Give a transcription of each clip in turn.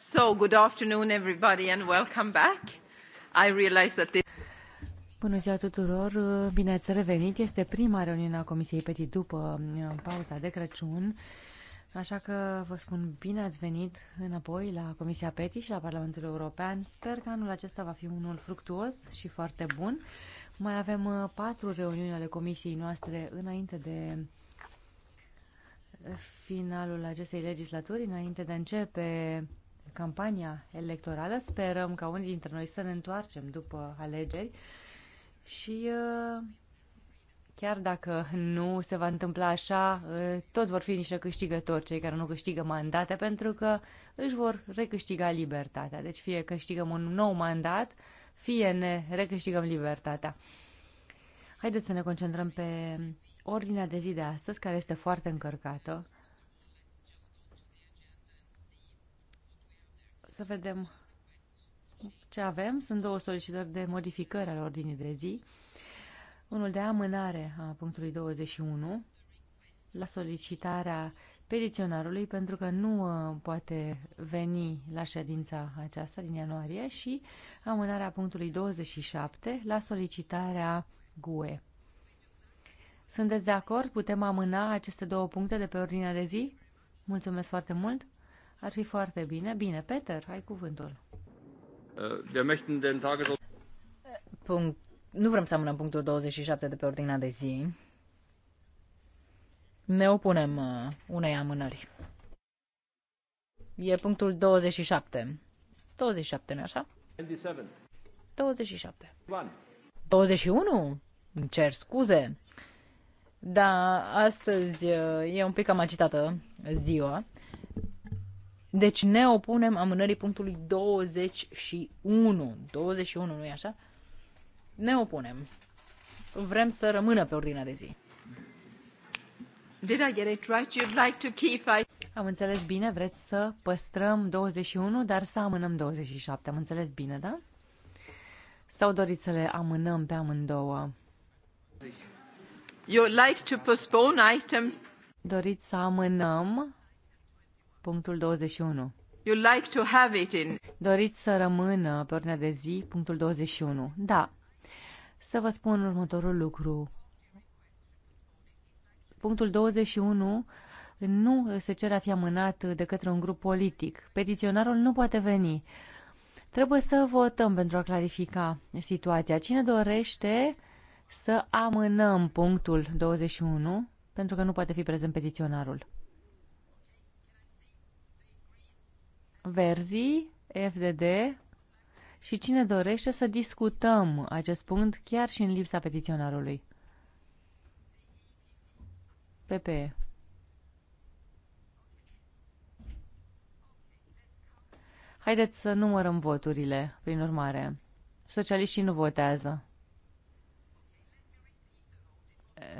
So, good afternoon everybody and welcome back. I realize that this... Bună ziua tuturor, bine ați revenit. Este prima reuniune a Comisiei Peti după uh, pauza de Crăciun. Așa că vă spun bine ați venit înapoi la Comisia Peti și la Parlamentul European. Sper că anul acesta va fi unul fructuos și foarte bun. Mai avem uh, patru reuniuni ale comisiei noastre înainte de uh, finalul acestei legislaturi, înainte de a începe campania electorală. Sperăm ca unii dintre noi să ne întoarcem după alegeri și uh, chiar dacă nu se va întâmpla așa, uh, tot vor fi niște câștigători cei care nu câștigă mandate pentru că își vor recâștiga libertatea. Deci fie câștigăm un nou mandat, fie ne recâștigăm libertatea. Haideți să ne concentrăm pe ordinea de zi de astăzi, care este foarte încărcată. Să vedem ce avem. Sunt două solicitări de modificări al ordinii de zi. Unul de amânare a punctului 21 la solicitarea petiționarului pentru că nu uh, poate veni la ședința aceasta din ianuarie și amânarea punctului 27 la solicitarea GUE. Sunteți de acord? Putem amâna aceste două puncte de pe ordinea de zi? Mulțumesc foarte mult! Ar fi foarte bine. Bine, Peter, ai cuvântul. Eh, Punct. Nu vrem să amânăm punctul 27 de pe ordinea de zi. Ne opunem eh, unei amânări. E punctul 27. 27, nu așa? 27. 27. 21? Îmi cer scuze. Da, astăzi eh, e un pic cam agitată ziua. Deci ne opunem amânării punctului 21. 21, nu-i așa? Ne opunem. Vrem să rămână pe ordinea de zi. Did I get it right? You'd like to keep I... Am înțeles bine, vreți să păstrăm 21, dar să amânăm 27. Am înțeles bine, da? Sau doriți să le amânăm pe amândouă? You like to postpone item? Doriți să amânăm punctul 21. You like to have it in... Doriți să rămână pe ordinea de zi punctul 21. Da. Să vă spun următorul lucru. Punctul 21 nu se cere a fi amânat de către un grup politic. Petiționarul nu poate veni. Trebuie să votăm pentru a clarifica situația. Cine dorește să amânăm punctul 21 pentru că nu poate fi prezent petiționarul? Verzii, FDD și cine dorește să discutăm acest punct chiar și în lipsa petiționarului. PPE. Haideți să numărăm voturile, prin urmare. Socialiștii nu votează.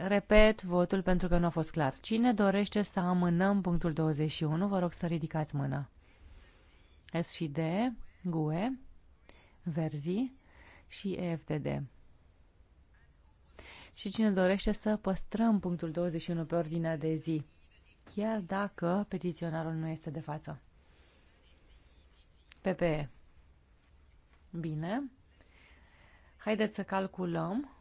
Repet votul pentru că nu a fost clar. Cine dorește să amânăm punctul 21, vă rog să ridicați mâna. S și D, GUE, Verzi și EFTD. Și cine dorește să păstrăm punctul 21 pe ordinea de zi, chiar dacă petiționarul nu este de față. PPE. Bine. Haideți să calculăm.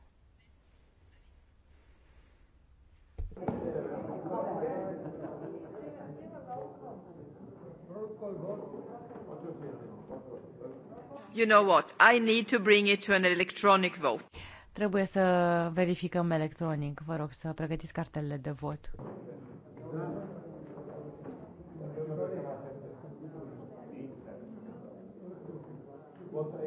you know what, I need to bring it to an electronic vote. Trebuie să verificăm electronic. Vă rog să pregătiți cartelele de vot. What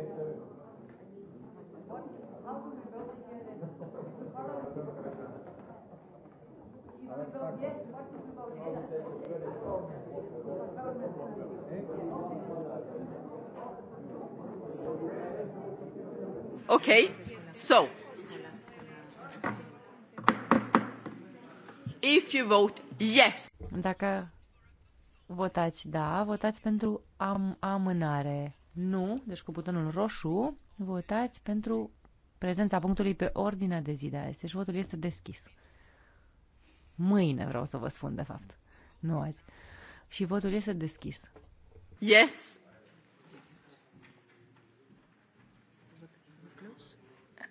Okay, so if you vote yes. Dacă votați da, votați pentru am amânare. Nu, deci cu butonul roșu, votați pentru prezența punctului pe ordinea de zi de azi. Deci votul este deschis. Mâine vreau să vă spun, de fapt. Nu azi. Și votul este deschis. Yes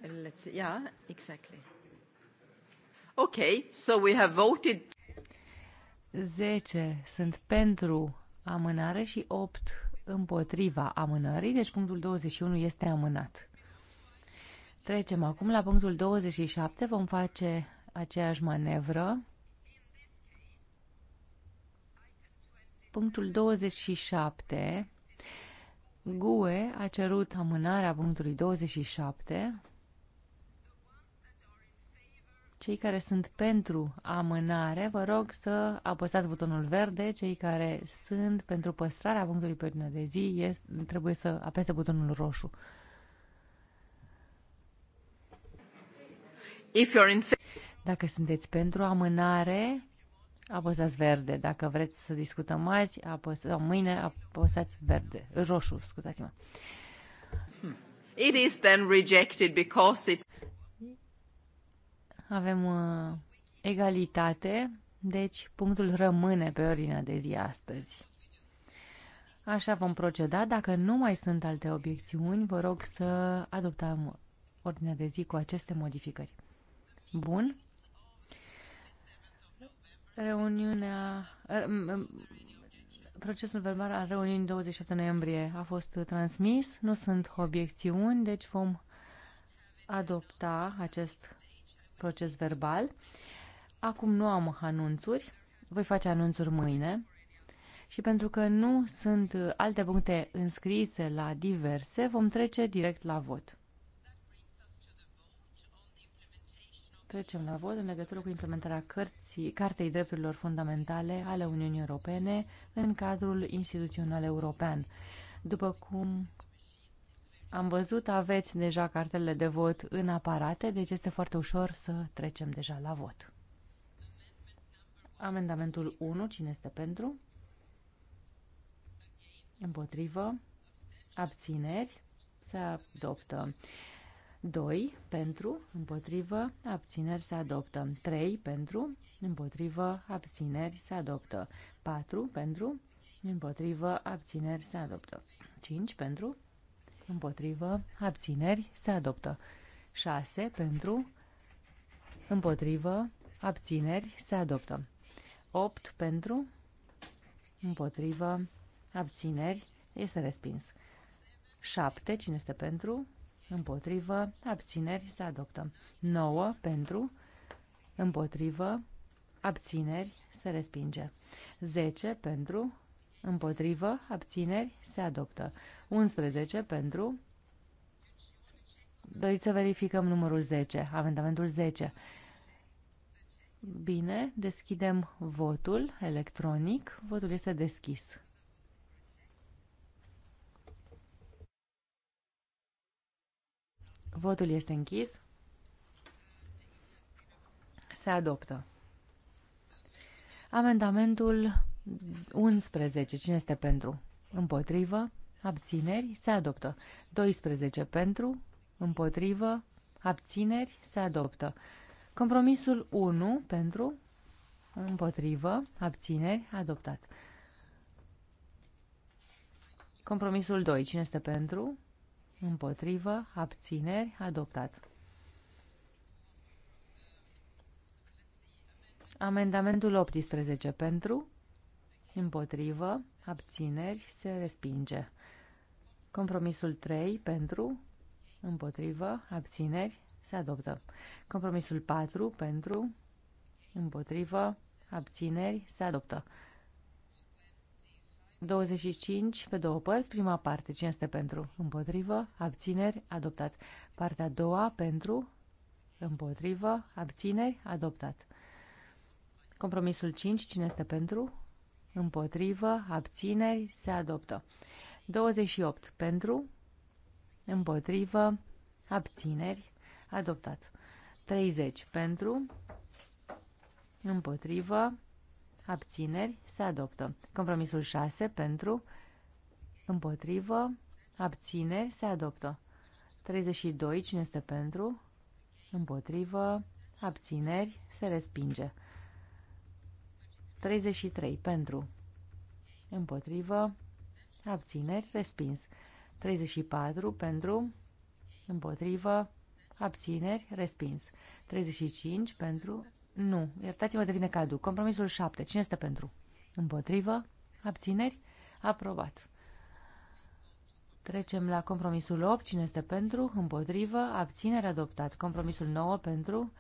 Let's see. Yeah, exactly. Okay, so we have voted 10 sunt pentru amânare și 8 împotriva amânării, deci punctul 21 este amânat. Trecem acum la punctul 27, vom face aceeași manevră. Punctul 27, GUE a cerut amânarea punctului 27, cei care sunt pentru amânare, vă rog să apăsați butonul verde. Cei care sunt pentru păstrarea punctului pe ordinea de zi, trebuie să apese butonul roșu. If you're in... Dacă sunteți pentru amânare, apăsați verde. Dacă vreți să discutăm azi, apăsați, sau mâine, apăsați verde, roșu, scuzați-mă. Hmm. It is then rejected because it's avem uh, egalitate, deci punctul rămâne pe ordinea de zi astăzi. Așa vom proceda. Dacă nu mai sunt alte obiecțiuni, vă rog să adoptăm ordinea de zi cu aceste modificări. Bun. Reuniunea, procesul verbal al reuniunii 27 noiembrie a fost transmis, nu sunt obiecțiuni, deci vom adopta acest proces verbal. Acum nu am anunțuri, voi face anunțuri mâine și pentru că nu sunt alte puncte înscrise la diverse, vom trece direct la vot. Trecem la vot în legătură cu implementarea cărții, Cartei Drepturilor Fundamentale ale Uniunii Europene în cadrul instituțional european. După cum am văzut, aveți deja cartele de vot în aparate, deci este foarte ușor să trecem deja la vot. Amendamentul 1, cine este pentru? Împotrivă. Abțineri. Se adoptă. 2 pentru, împotrivă, abțineri se adoptă. 3 pentru, împotrivă, abțineri se adoptă. 4 pentru, împotrivă, abțineri se adoptă. 5 pentru, împotrivă, abțineri, se adoptă. 6 pentru, împotrivă, abțineri, se adoptă. 8 pentru, împotrivă, abțineri, este respins. 7, cine este pentru, împotrivă, abțineri, se adoptă. 9 pentru, împotrivă, abțineri, se respinge. 10 pentru, Împotrivă, abțineri, se adoptă. 11 pentru. Doriți să verificăm numărul 10, amendamentul 10. Bine, deschidem votul electronic. Votul este deschis. Votul este închis. Se adoptă. Amendamentul 11. Cine este pentru? Împotrivă. Abțineri. Se adoptă. 12. Pentru. Împotrivă. Abțineri. Se adoptă. Compromisul 1. Pentru. Împotrivă. Abțineri. Adoptat. Compromisul 2. Cine este pentru? Împotrivă. Abțineri. Adoptat. Amendamentul 18 pentru, împotrivă, abțineri, se respinge. Compromisul 3 pentru, împotrivă, abțineri, se adoptă. Compromisul 4 pentru, împotrivă, abțineri, se adoptă. 25 pe două părți, prima parte, cine este pentru, împotrivă, abțineri, adoptat. Partea a doua, pentru, împotrivă, abțineri, adoptat. Compromisul 5, cine este pentru, împotrivă, abțineri, se adoptă. 28 pentru, împotrivă, abțineri, adoptat. 30 pentru, împotrivă, abțineri, se adoptă. Compromisul 6 pentru, împotrivă, abțineri, se adoptă. 32, cine este pentru, împotrivă, abțineri, se respinge. 33 pentru. Împotrivă. Abțineri. Respins. 34 pentru. Împotrivă. Abțineri. Respins. 35 pentru. Nu. Iertați-mă, devine cadu. Compromisul 7. Cine este pentru? Împotrivă. Abțineri. Aprobat. Trecem la compromisul 8. Cine este pentru? Împotrivă. Abținere adoptat. Compromisul 9 pentru.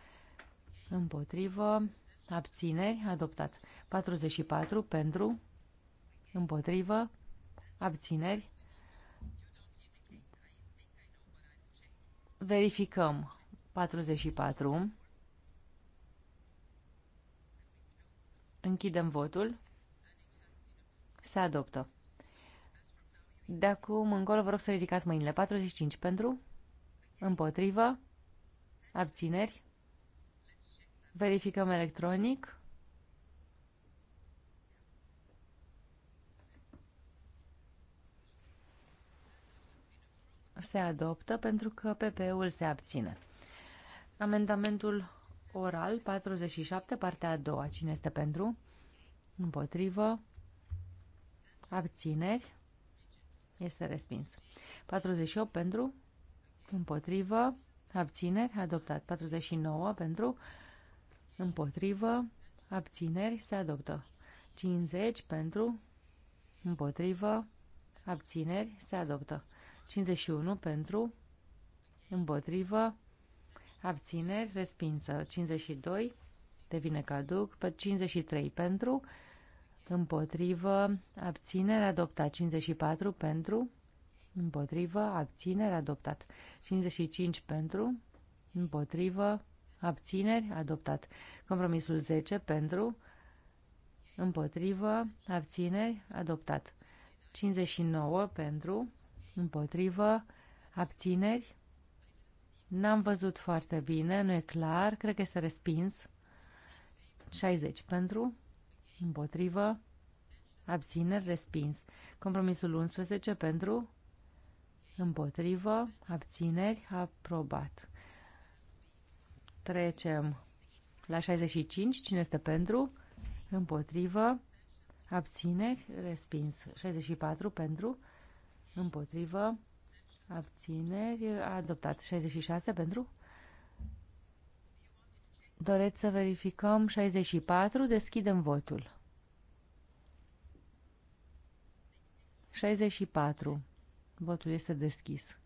Împotrivă abțineri, adoptat. 44 pentru, împotrivă, abțineri. Verificăm 44. Închidem votul. Se adoptă. De acum încolo vă rog să ridicați mâinile. 45 pentru, împotrivă, abțineri, Verificăm electronic. Se adoptă pentru că PP-ul se abține. Amendamentul oral 47, partea a doua. Cine este pentru? Împotrivă. Abțineri. Este respins. 48 pentru. Împotrivă. Abțineri. Adoptat. 49 pentru împotrivă, abțineri, se adoptă. 50 pentru, împotrivă, abțineri, se adoptă. 51 pentru, împotrivă, abțineri, respinsă. 52 devine caduc, 53 pentru, împotrivă, abținere, adoptat. 54 pentru, împotrivă, abținere, adoptat. 55 pentru, împotrivă, abțineri, adoptat. Compromisul 10 pentru, împotrivă, abțineri, adoptat. 59 pentru, împotrivă, abțineri. N-am văzut foarte bine, nu e clar, cred că este respins. 60 pentru, împotrivă, abțineri, respins. Compromisul 11 pentru, împotrivă, abțineri, aprobat. Trecem la 65. Cine este pentru? Împotrivă. Abțineri. Respins. 64 pentru. Împotrivă. Abțineri. Adoptat. 66 pentru. Doreți să verificăm 64? Deschidem votul. 64. Votul este deschis.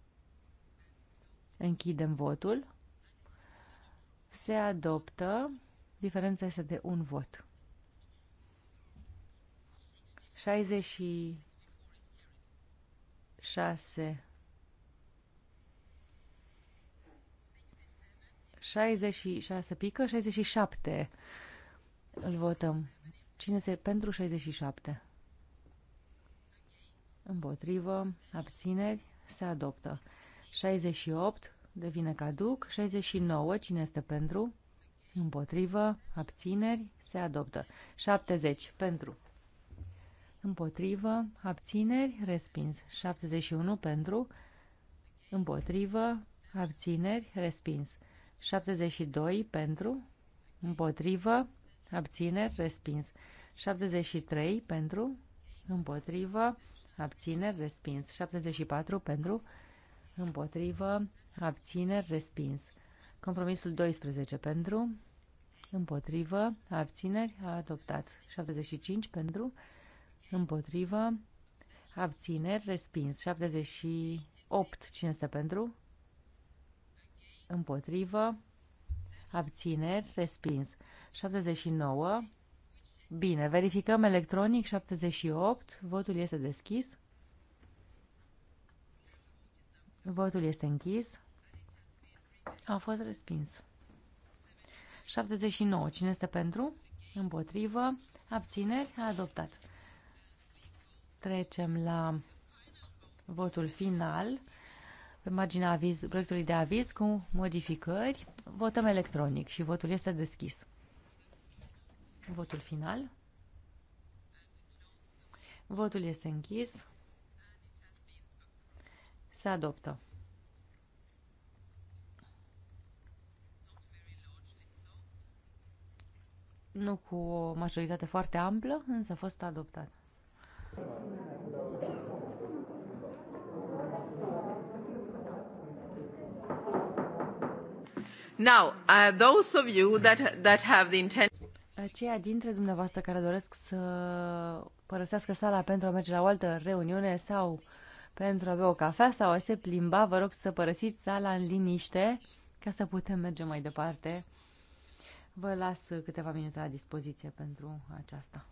Închidem votul se adoptă. Diferența este de un vot. 66 66 pică, 67 îl votăm. Cine se pentru 67? Împotrivă, abțineri, se adoptă. 68 devine caduc. 69. Cine este pentru? Împotrivă. Abțineri. Se adoptă. 70. Pentru. Împotrivă. Abțineri. Respins. 71. Pentru. Împotrivă. Abțineri. Respins. 72. Pentru. Împotrivă. Abțineri. Respins. 73. Pentru. Împotrivă. Abțineri. Respins. 74. Pentru. Împotrivă abțineri, respins. Compromisul 12 pentru, împotrivă, abțineri, adoptat. 75 pentru, împotrivă, abțineri, respins. 78, cine este pentru? Împotrivă, abțineri, respins. 79, bine, verificăm electronic, 78, votul este deschis. Votul este închis. A fost respins. 79. Cine este pentru? Împotrivă. Abțineri. A adoptat. Trecem la votul final pe marginea aviz, proiectului de aviz cu modificări. Votăm electronic și votul este deschis. Votul final. Votul este închis. Se adoptă. Nu cu o majoritate foarte amplă, însă a fost adoptat. Now, uh, those of you that, that have the intent... Aceia dintre dumneavoastră care doresc să părăsească sala pentru a merge la o altă reuniune sau pentru a bea o cafea sau a se plimba, vă rog să părăsiți sala în liniște ca să putem merge mai departe. Vă las câteva minute la dispoziție pentru aceasta.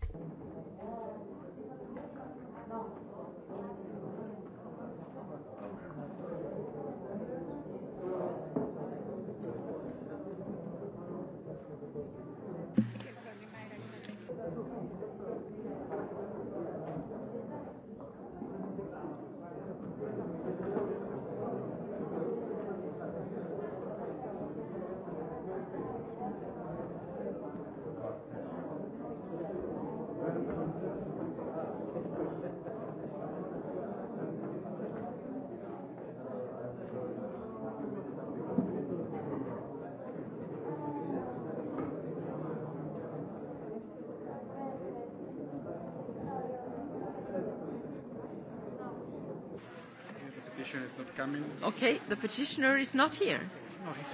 Okay, the petitioner is not here.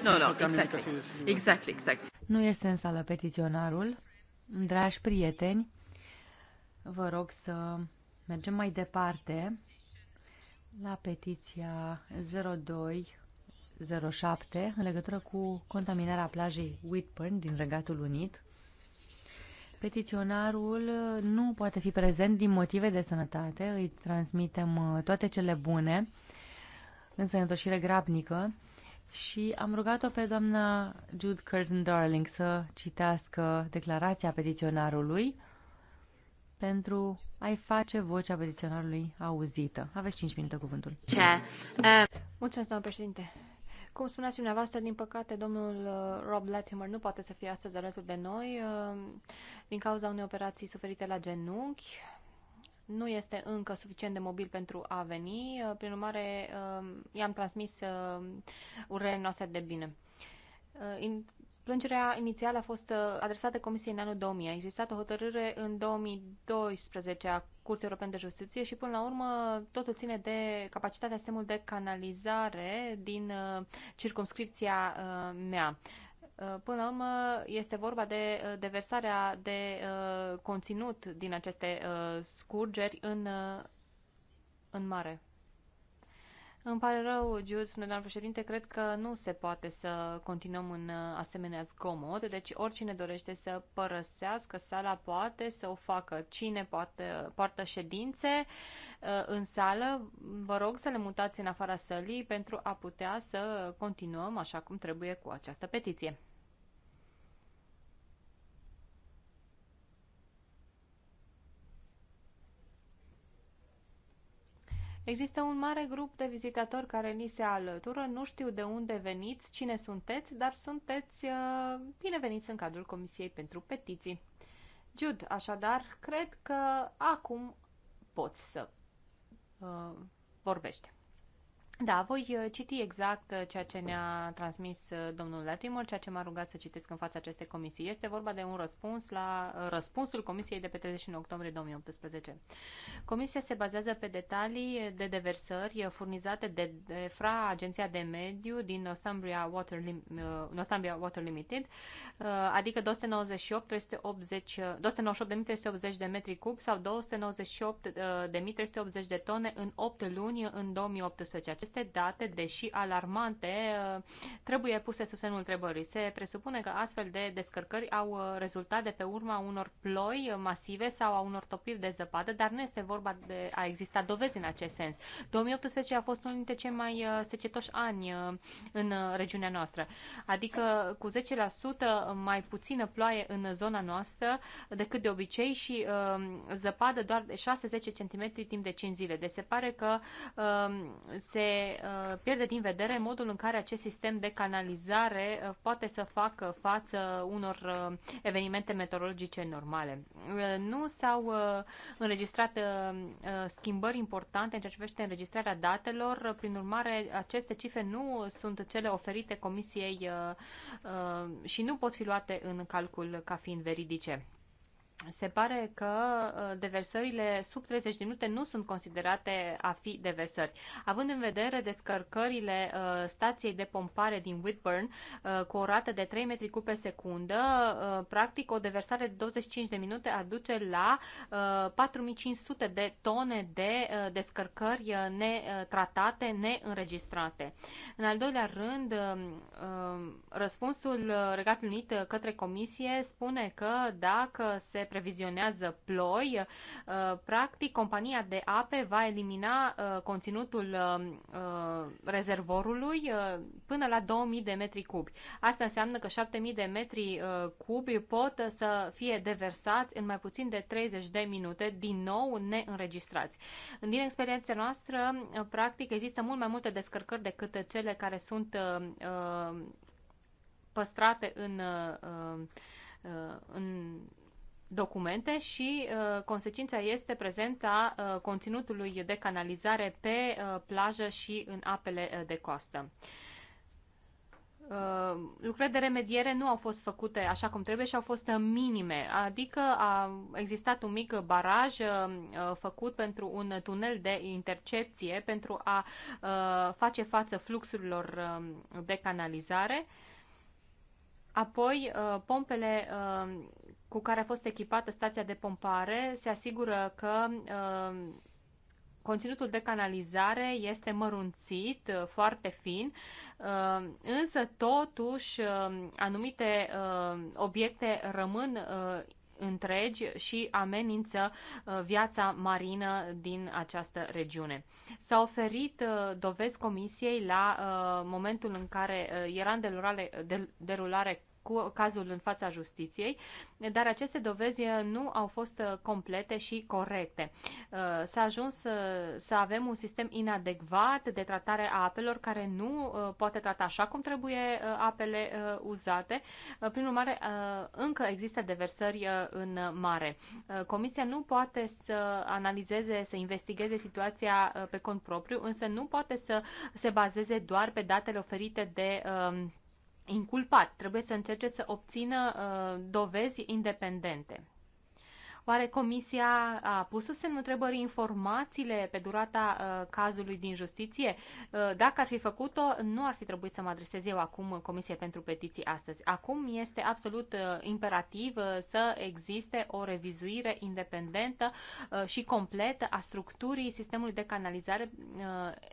No, no, exactly. Exactly, exactly. Nu este în sală petiționarul. Dragi prieteni, vă rog să mergem mai departe la petiția 0207 în legătură cu contaminarea plajei Whitburn din Regatul Unit. Petiționarul nu poate fi prezent din motive de sănătate. Îi transmitem uh, toate cele bune însănătoșire grabnică și am rugat-o pe doamna Jude Curtin Darling să citească declarația petiționarului pentru a-i face vocea petiționarului auzită. Aveți 5 minute cuvântul. Ce? Uh, Mulțumesc, doamnă președinte. Cum spuneați dumneavoastră, din păcate, domnul uh, Rob Latimer nu poate să fie astăzi alături de noi uh, din cauza unei operații suferite la genunchi nu este încă suficient de mobil pentru a veni, uh, prin urmare uh, i-am transmis uh, urările noastre de bine. Plângerea inițială a fost adresată Comisiei în anul 2000. A existat o hotărâre în 2012 a Curții Europene de Justiție și până la urmă totul ține de capacitatea sistemului de canalizare din circumscripția mea. Uh, până la urmă, este vorba de deversarea uh, de uh, conținut din aceste scurgeri în, în mare. Îmi pare rău, Giul, spune doamna președinte, cred că nu se poate să continuăm în asemenea zgomot, deci oricine dorește să părăsească sala poate să o facă. Cine poate, poartă ședințe în sală, vă rog să le mutați în afara sălii pentru a putea să continuăm așa cum trebuie cu această petiție. Există un mare grup de vizitatori care ni se alătură, nu știu de unde veniți, cine sunteți, dar sunteți uh, bineveniți în cadrul Comisiei pentru Petiții. Jude, așadar, cred că acum poți să uh, vorbești. Da, voi uh, citi exact uh, ceea ce ne-a transmis uh, domnul Latimor, ceea ce m-a rugat să citesc în fața acestei comisii. Este vorba de un răspuns la răspunsul comisiei de pe 31 octombrie 2018. Comisia se bazează pe detalii de deversări furnizate de, de FRA, Agenția de Mediu din Northumbria Water, Lim, Northumbria Water Limited, adică 298, 298.380 de metri cub sau 298.380 de tone în 8 luni în 2018 aceste date, deși alarmante, trebuie puse sub semnul întrebării. Se presupune că astfel de descărcări au uh, rezultat de pe urma unor ploi masive sau a unor topiri de zăpadă, dar nu este vorba de a exista dovezi în acest sens. 2018 a fost unul dintre cei mai uh, secetoși ani uh, în regiunea noastră, adică cu 10% mai puțină ploaie în zona noastră decât de obicei și um, zăpadă doar de 6-10 cm timp de 5 zile. Deci se pare că um, se Uh, pierde din vedere modul în care acest sistem de canalizare uh, poate să facă față unor uh, evenimente meteorologice normale. Nu s-au înregistrat schimbări importante în ceea ce privește înregistrarea datelor, prin urmare aceste cifre nu sunt cele oferite Comisiei și nu pot fi luate în calcul ca fiind veridice se pare că ă, deversările sub 30 de minute nu sunt considerate a fi deversări. Având în vedere descărcările ă, stației de pompare din Whitburn ă, cu o rată de 3 metri cu pe secundă, practic o deversare de 25 de minute aduce la 4500 de tone de descărcări netratate, neînregistrate. În al doilea rând, răspunsul regatul Unit către Comisie spune că dacă se previzionează ploi, uh, practic compania de ape va elimina uh, conținutul uh, rezervorului până la 2000 de metri cubi. Asta înseamnă că 7000 de metri cubi pot să fie deversați în mai puțin de 30 de minute, din nou neînregistrați. Din experiența noastră, practic, există mult mai multe descărcări decât cele care sunt păstrate în, în documente și uh, consecința este prezenta uh, conținutului de canalizare pe uh, plajă și în apele uh, de coastă. Uh, lucrări de remediere nu au fost făcute așa cum trebuie și au fost uh, minime, adică a existat un mic baraj uh, uh, făcut pentru un tunel de intercepție pentru a uh, face față fluxurilor uh, de canalizare. Apoi, pompele cu care a fost echipată stația de pompare se asigură că uh, conținutul de canalizare este mărunțit, uh, foarte fin, uh, însă totuși uh, anumite obiecte rămân întregi și amenință viața marină din această regiune. S-a oferit dovezi comisiei la momentul în care era în derulare cu cazul în fața justiției, dar aceste dovezi nu au fost uh, complete și corecte. Uh, s-a ajuns uh, să avem un sistem inadecvat de tratare a apelor care nu poate trata așa cum trebuie apele uzate. Prin urmare, încă există deversări în mare. Comisia nu poate să analizeze, să investigeze situația pe cont propriu, însă nu poate să se bazeze doar pe datele oferite de um, inculpat, trebuie să încerce să obțină uh, dovezi independente. Oare Comisia a pus sub semnul întrebării informațiile pe durata uh, cazului din justiție? Uh, dacă ar fi făcut-o, nu ar fi trebuit să mă adresez eu acum Comisie pentru Petiții astăzi. Acum este absolut uh, imperativ uh, să existe o revizuire independentă uh, și completă a structurii sistemului de canalizare uh,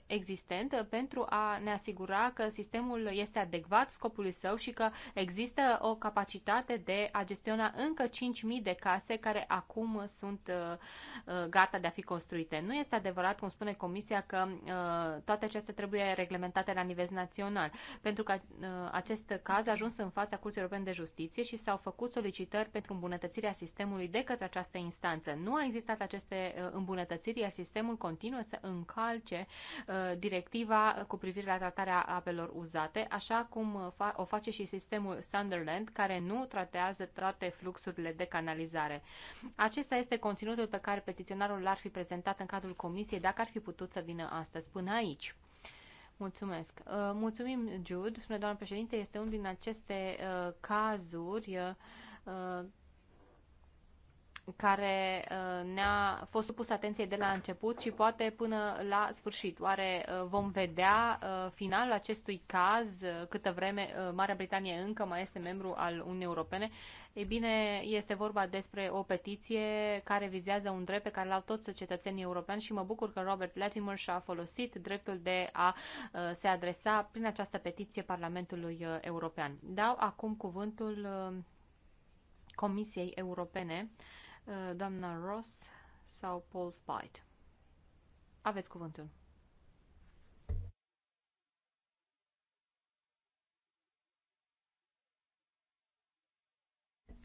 existent uh, pentru a ne asigura că sistemul este adecvat scopului său și că există o capacitate de a gestiona încă 5.000 de case care acum acum sunt uh, uh, gata de a fi construite. Nu este adevărat, cum spune Comisia, că uh, toate acestea trebuie reglementate la nivel național, pentru că acest caz a ajuns în fața Curții Europene de Justiție și s-au făcut solicitări pentru îmbunătățirea sistemului de către această instanță. Nu a existat aceste îmbunătățiri, iar sistemul continuă să încalce directiva cu privire la tratarea apelor uzate, așa cum o face și sistemul Sunderland, care nu tratează toate fluxurile de canalizare. Acesta este conținutul pe care petiționarul l-ar fi prezentat în cadrul comisiei dacă ar fi putut să vină astăzi până aici. Mulțumesc. Uh, mulțumim, Jude. Spune doamna președinte, este unul din aceste uh, cazuri uh, care uh, ne-a fost supus atenție de la început și poate până la sfârșit. Oare uh, vom vedea uh, finalul acestui caz câtă vreme Marea Britanie încă mai este membru al Uniunii Europene? Ei bine, este vorba despre o petiție care vizează un drept pe care l-au toți cetățenii europeni și mă bucur că Robert Latimer și-a folosit dreptul de a se adresa prin această petiție Parlamentului European. Dau acum cuvântul Comisiei Europene Uh, doamna Ross sau Paul Spite. Aveți cuvântul.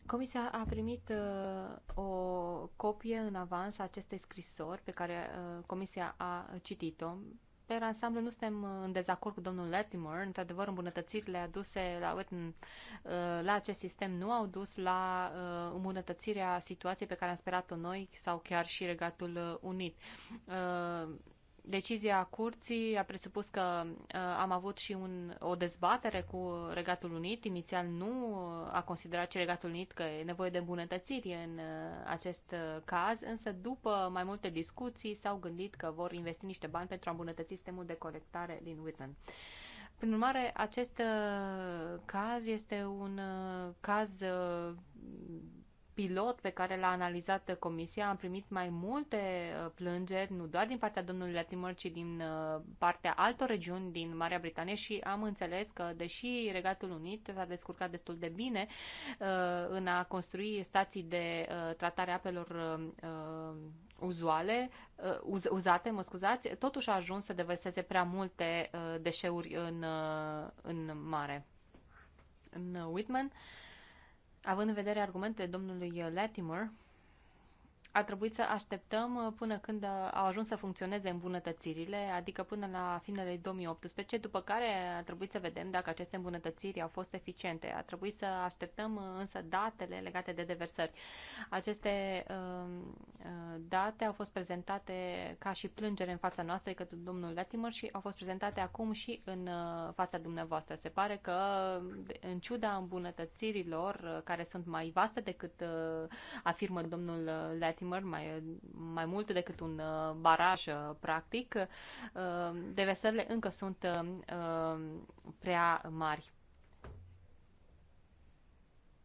Comisia a primit uh, o copie în avans a acestei scrisori pe care uh, Comisia a citit-o pe ansamblu nu suntem uh, în dezacord cu domnul Latimer. Într-adevăr, îmbunătățirile aduse la, uh, la acest sistem nu au dus la uh, îmbunătățirea situației pe care am sperat-o noi sau chiar și Regatul Unit. Decizia curții a presupus că uh, am avut și un, o dezbatere cu Regatul Unit. Inițial nu uh, a considerat și Regatul Unit că e nevoie de îmbunătățiri în uh, acest uh, caz, însă după mai multe discuții s-au gândit că vor investi niște bani pentru a îmbunătăți sistemul de colectare din Whitman. Prin urmare, acest uh, caz este un uh, caz uh, pilot pe care l-a analizat comisia, am primit mai multe uh, plângeri, nu doar din partea domnului Latimer, ci din uh, partea altor regiuni din Marea Britanie și am înțeles că, deși Regatul Unit s-a descurcat destul de bine uh, în a construi stații de tratare apelor uzuale, uz, uzate, mă scuzați, totuși a ajuns să deverseze prea multe deșeuri în, în mare. În Whitman, Având în vedere argumentele domnului Latimer, a trebuit să așteptăm uh, până când uh, au ajuns să funcționeze îmbunătățirile, adică până la finele 2018, după care a trebuit să vedem dacă aceste îmbunătățiri au fost eficiente. A trebuit să așteptăm uh, însă datele legate de deversări. Aceste um, date au fost prezentate ca și plângere în fața noastră către domnul Latimer și au fost prezentate acum și în fața dumneavoastră. Se pare că, în ciuda îmbunătățirilor care sunt mai vaste decât afirmă domnul Latimer, Latimer, mai, mai mult decât un uh, baraj, uh, practic, uh, deversările încă sunt prea mari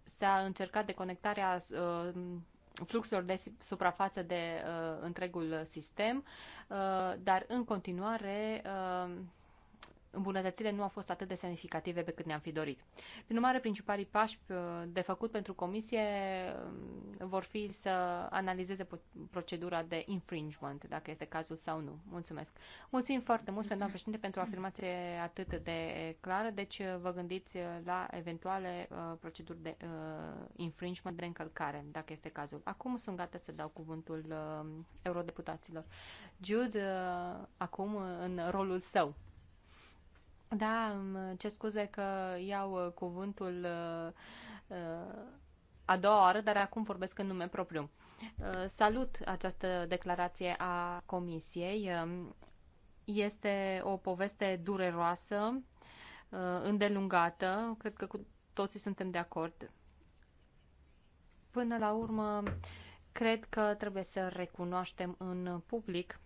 s-a încercat deconectarea uh, fluxurilor de suprafață de uh, întregul sistem, uh, dar în continuare uh, îmbunătățirile nu au fost atât de semnificative pe cât ne-am fi dorit. Prin urmare, principalii pași uh, de făcut pentru comisie um, vor fi să analizeze procedura de infringement, dacă este cazul sau nu. Mulțumesc. Mulțumim foarte mult, doamna președinte, pentru o afirmație atât de clară. Deci uh, vă gândiți uh, la eventuale proceduri de infringement, de încălcare, dacă este cazul. Acum sunt gata să dau cuvântul um, eurodeputaților. Jude, acum în rolul său da, ce scuze că iau uh, cuvântul uh, uh, a doua oară, dar acum vorbesc în nume propriu. Salut această declarație a Comisiei. Um, este o poveste dureroasă, îndelungată. Cred că cu toții suntem de acord. Până la urmă, cred că trebuie să recunoaștem în public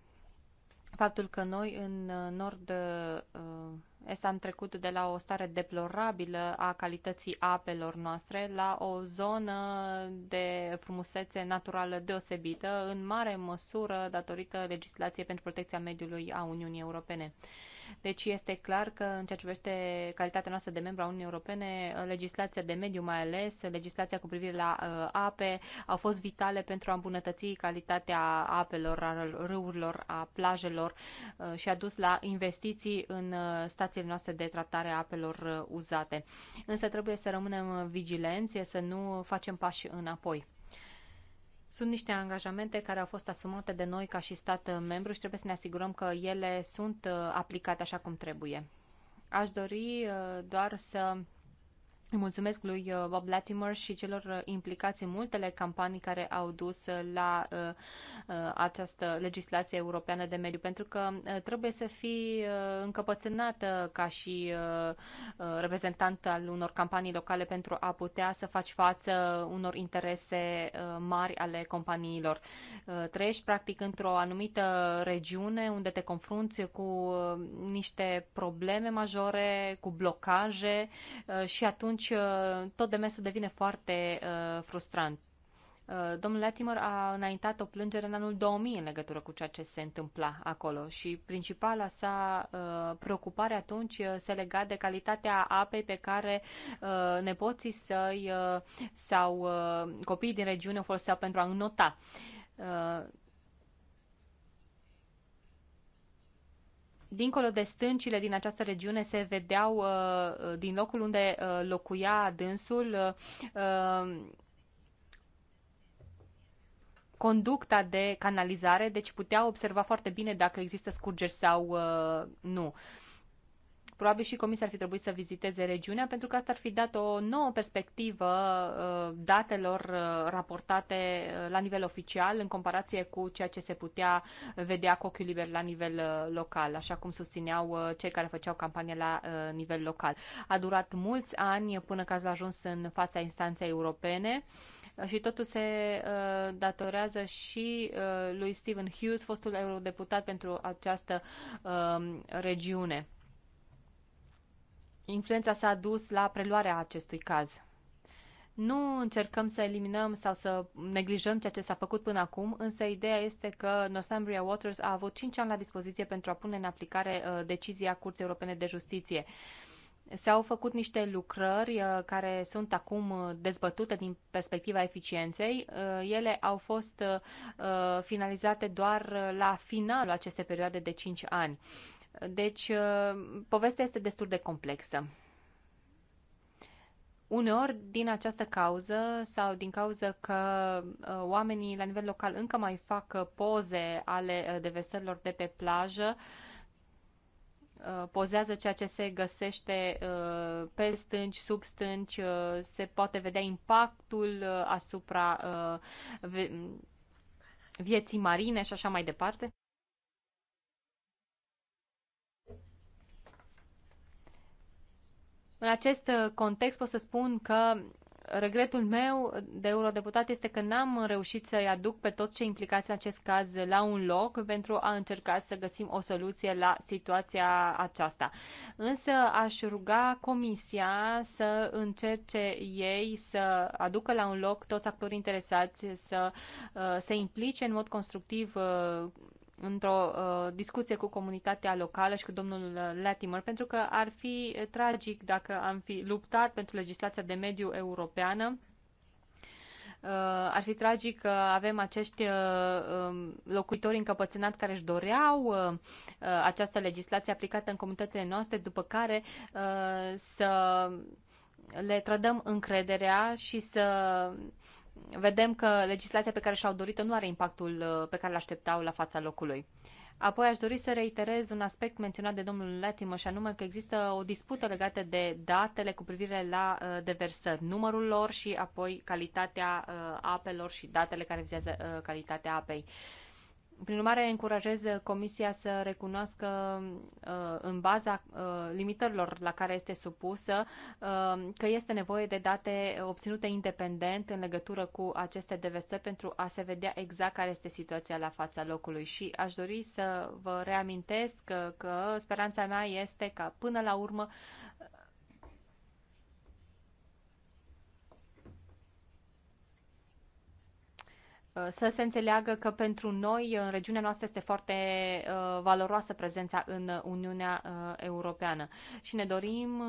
faptul că noi în uh, nord-est uh, am trecut de la o stare deplorabilă a calității apelor noastre la o zonă de frumusețe naturală deosebită, în mare măsură datorită legislației pentru protecția mediului a Uniunii Europene. Deci este clar că în ceea ce privește calitatea noastră de membru a Uniunii Europene, legislația de mediu mai ales, legislația cu privire la uh, ape, au fost vitale pentru a îmbunătăți calitatea apelor, a râurilor, a plajelor uh, și a dus la investiții în uh, stațiile noastre de tratare a apelor uzate. Însă trebuie să rămânem vigilenți, să nu facem pași înapoi. Sunt niște angajamente care au fost asumate de noi ca și stat membru și trebuie să ne asigurăm că ele sunt uh, aplicate așa cum trebuie. Aș dori uh, doar să îi mulțumesc lui uh, Bob Latimer și celor uh, implicați în multele campanii care au dus uh, la această legislație europeană de mediu, pentru că trebuie să fii încăpățânată ca și reprezentant al unor campanii locale pentru a putea să faci față unor interese mari ale companiilor. Trăiești practic într-o anumită regiune unde te confrunți cu niște probleme majore, cu blocaje și atunci atunci uh, tot demersul devine foarte uh, frustrant. Uh, domnul Latimer a înaintat o plângere în anul 2000 în legătură cu ceea ce se întâmpla acolo și principala sa preocupare atunci se lega de calitatea apei pe care nepoții săi sau copiii din regiune o foloseau pentru a înnota dincolo de stâncile din această regiune se vedeau uh, din locul unde uh, locuia dânsul uh, conducta de canalizare, deci puteau observa foarte bine dacă există scurgeri sau nu. Probabil și Comisia ar fi trebuit să viziteze regiunea, pentru că asta ar fi dat o nouă perspectivă uh, datelor uh, raportate uh, la nivel oficial în comparație cu ceea ce se putea vedea cu ochiul liber la nivel local, așa cum susțineau cei care făceau campanie la nivel local. A durat mulți ani până că ați ajuns în fața instanței europene și totul se uh, datorează și uh, lui Stephen Hughes, fostul eurodeputat pentru această uh, regiune influența s-a dus la preluarea acestui caz. Nu încercăm să eliminăm sau să neglijăm ceea ce s-a făcut până acum, însă ideea este că Northumbria Waters a avut 5 ani la dispoziție pentru a pune în aplicare uh, decizia Curții Europene de Justiție. S-au făcut niște lucrări uh, care sunt acum uh, dezbătute din perspectiva eficienței. Uh, ele au fost uh, uh, finalizate doar la finalul acestei perioade de 5 ani. Deci, uh, povestea este destul de complexă. Uneori, din această cauză sau din cauză că uh, oamenii la nivel local încă mai fac uh, poze ale deversărilor de pe plajă, pozează ceea ce se găsește pe stânci, sub stânci, se poate vedea impactul asupra vieții marine și așa mai departe. În acest uh, context pot să spun că regretul meu de eurodeputat este că n-am reușit să-i aduc pe toți cei implicați în acest caz la un loc pentru a încerca să găsim o soluție la situația aceasta. Însă aș ruga Comisia să încerce ei să aducă la un loc toți actorii interesați să uh, se implice în mod constructiv uh, într-o uh, discuție cu comunitatea locală și cu domnul uh, Latimer, pentru că ar fi tragic dacă am fi luptat pentru legislația de mediu europeană. Uh, ar fi tragic că avem acești uh, um, locuitori încăpățânați care își doreau uh, uh, această legislație aplicată în comunitățile noastre, după care uh, să le trădăm încrederea și să vedem că legislația pe care și-au dorit-o nu are impactul uh, pe care l-așteptau la fața locului. Apoi aș dori să reiterez un aspect menționat de domnul Latimă și anume că există o dispută legată de datele cu privire la uh, deversări, numărul lor și apoi calitatea uh, apelor și datele care vizează uh, calitatea apei. Uh, prin urmare, încurajez Comisia să recunoască uh, în baza uh, limitărilor la care este supusă uh, că este nevoie de date obținute independent în legătură cu aceste devestări pentru a se vedea exact care este situația la fața locului. Și aș dori să vă reamintesc că, că speranța mea este ca până la urmă Uh, să se înțeleagă că pentru noi, uh, în regiunea noastră, este foarte uh, valoroasă prezența în Uniunea Europeană. Și ne dorim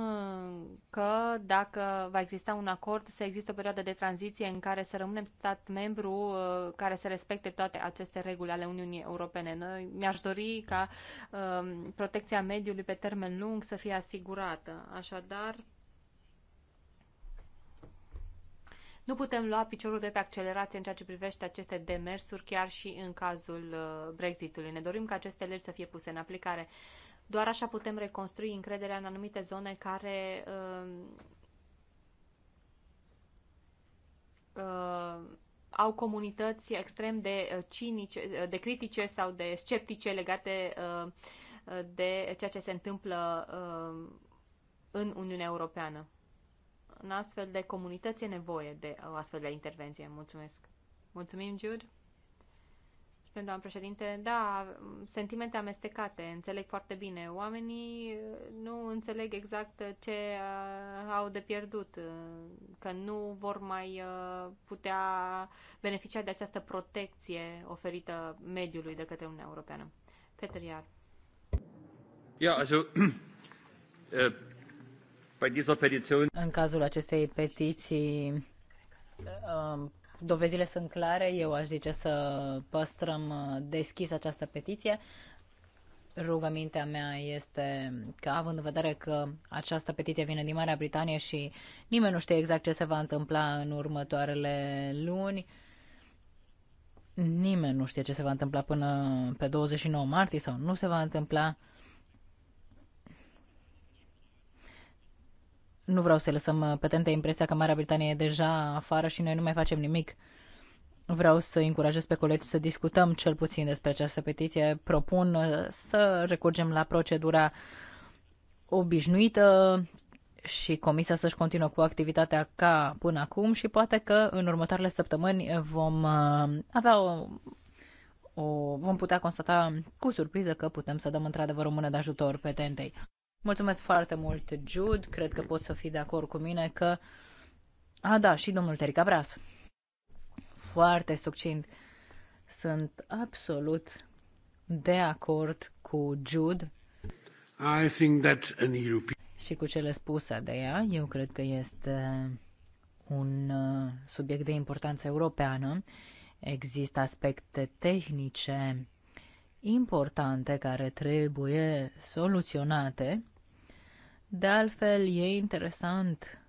că, dacă va exista un acord, să există o perioadă de tranziție în care să rămânem stat membru care să respecte toate aceste reguli ale Uniunii Europene. Noi, mi-aș dori ca protecția mediului pe termen lung să fie asigurată. Așadar, Nu putem lua piciorul de pe accelerație în ceea ce privește aceste demersuri, chiar și în cazul uh, Brexitului. Ne dorim ca aceste legi să fie puse în aplicare. Doar așa putem reconstrui încrederea în anumite zone care uh, uh, au comunități extrem de uh, cinice, uh, de critice sau de sceptice legate uh, de ceea ce se întâmplă uh, în Uniunea Europeană în astfel de comunități e nevoie de o astfel de intervenție. Mulțumesc. Mulțumim, Jude. Spune, doamnă președinte, da, sentimente amestecate, înțeleg foarte bine. Oamenii uh, nu înțeleg exact uh, ce uh, au de pierdut, că nu vor mai putea beneficia de această protecție oferită mediului de către Uniunea Europeană. Peter Iar. Ja, also, äh, în cazul acestei petiții, um, dovezile sunt clare. Eu aș zice să păstrăm uh, deschis această petiție. Rugămintea mea este că, având în vedere că această petiție vine din Marea Britanie și nimeni nu știe exact ce se va întâmpla în următoarele luni, nimeni nu știe ce se va întâmpla până pe 29 martie sau nu se va întâmpla Nu vreau să lăsăm uh, petente impresia că Marea Britanie e deja afară și noi nu mai facem nimic. Vreau să încurajez pe colegi să discutăm cel puțin despre această petiție. Propun uh, să recurgem la procedura obișnuită și comisia să-și continuă cu activitatea ca până acum și poate că în următoarele săptămâni vom uh, avea o, o vom putea constata cu surpriză că putem să dăm într-adevăr o mână de ajutor pe Mulțumesc foarte mult, Jude. Cred că poți să fii de acord cu mine că... A, da, și domnul Terica Bras. Foarte succint. Sunt absolut de acord cu Jude. I think that an European... Și cu cele spuse de ea, eu cred că este un uh, subiect de importanță europeană. Există aspecte tehnice importante care trebuie soluționate. De altfel, e interesant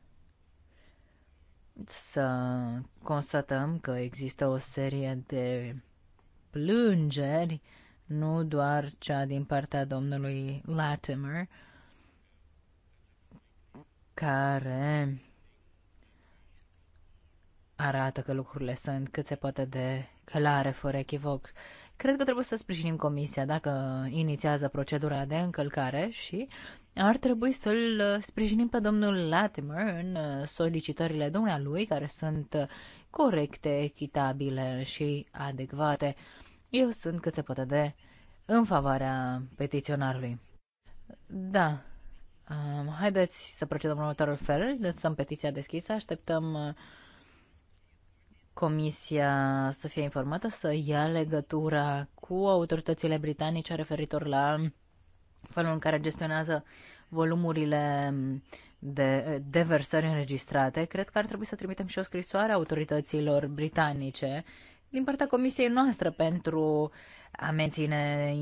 să constatăm că există o serie de plângeri, nu doar cea din partea domnului Latimer, care arată că lucrurile sunt cât se poate de clare, fără echivoc. Cred că trebuie să sprijinim comisia dacă inițiază procedura de încălcare și ar trebui să-l sprijinim pe domnul Latimer în solicitările dumnealui, care sunt corecte, echitabile și adecvate. Eu sunt cât se poate de în favoarea petiționarului. Da. Um, haideți să procedăm în următorul fel. Lăsăm petiția deschisă, așteptăm Comisia să fie informată, să ia legătura cu autoritățile britanice referitor la felul în care gestionează volumurile de deversări înregistrate, cred că ar trebui să trimitem și o scrisoare autorităților britanice din partea comisiei noastre pentru a menține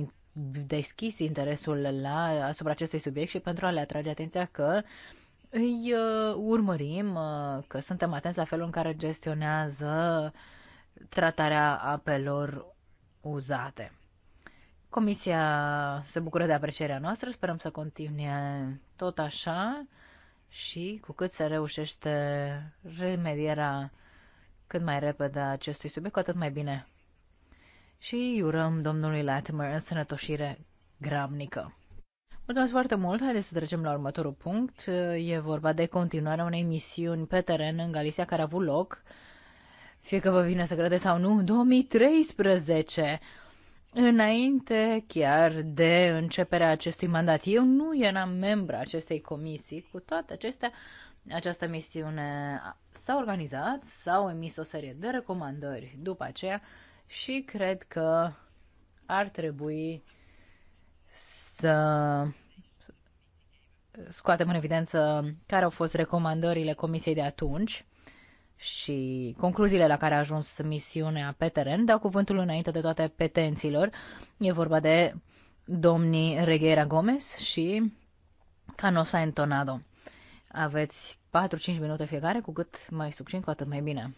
deschis interesul la, asupra acestui subiect și pentru a le atrage atenția că îi uh, urmărim, uh, că suntem atenți la felul în care gestionează tratarea apelor uzate. Comisia se bucură de aprecierea noastră, sperăm să continue tot așa și cu cât se reușește remedierea cât mai repede a acestui subiect, cu atât mai bine. Și urăm domnului Latimer sănătoșire gramnică. Mulțumesc foarte mult. Haideți să trecem la următorul punct. E vorba de continuarea unei misiuni pe teren în Galicia care a avut loc, fie că vă vine să credeți sau nu, în 2013 înainte chiar de începerea acestui mandat. Eu nu eram membra acestei comisii, cu toate acestea, această misiune s-a organizat, s-au emis o serie de recomandări după aceea și cred că ar trebui să scoatem în evidență care au fost recomandările comisiei de atunci și concluziile la care a ajuns misiunea pe teren, dau cuvântul înainte de toate petenților. E vorba de domnii Reghera Gomez și Canosa Entonado. Aveți 4-5 minute fiecare, cu cât mai succint, cu atât mai bine.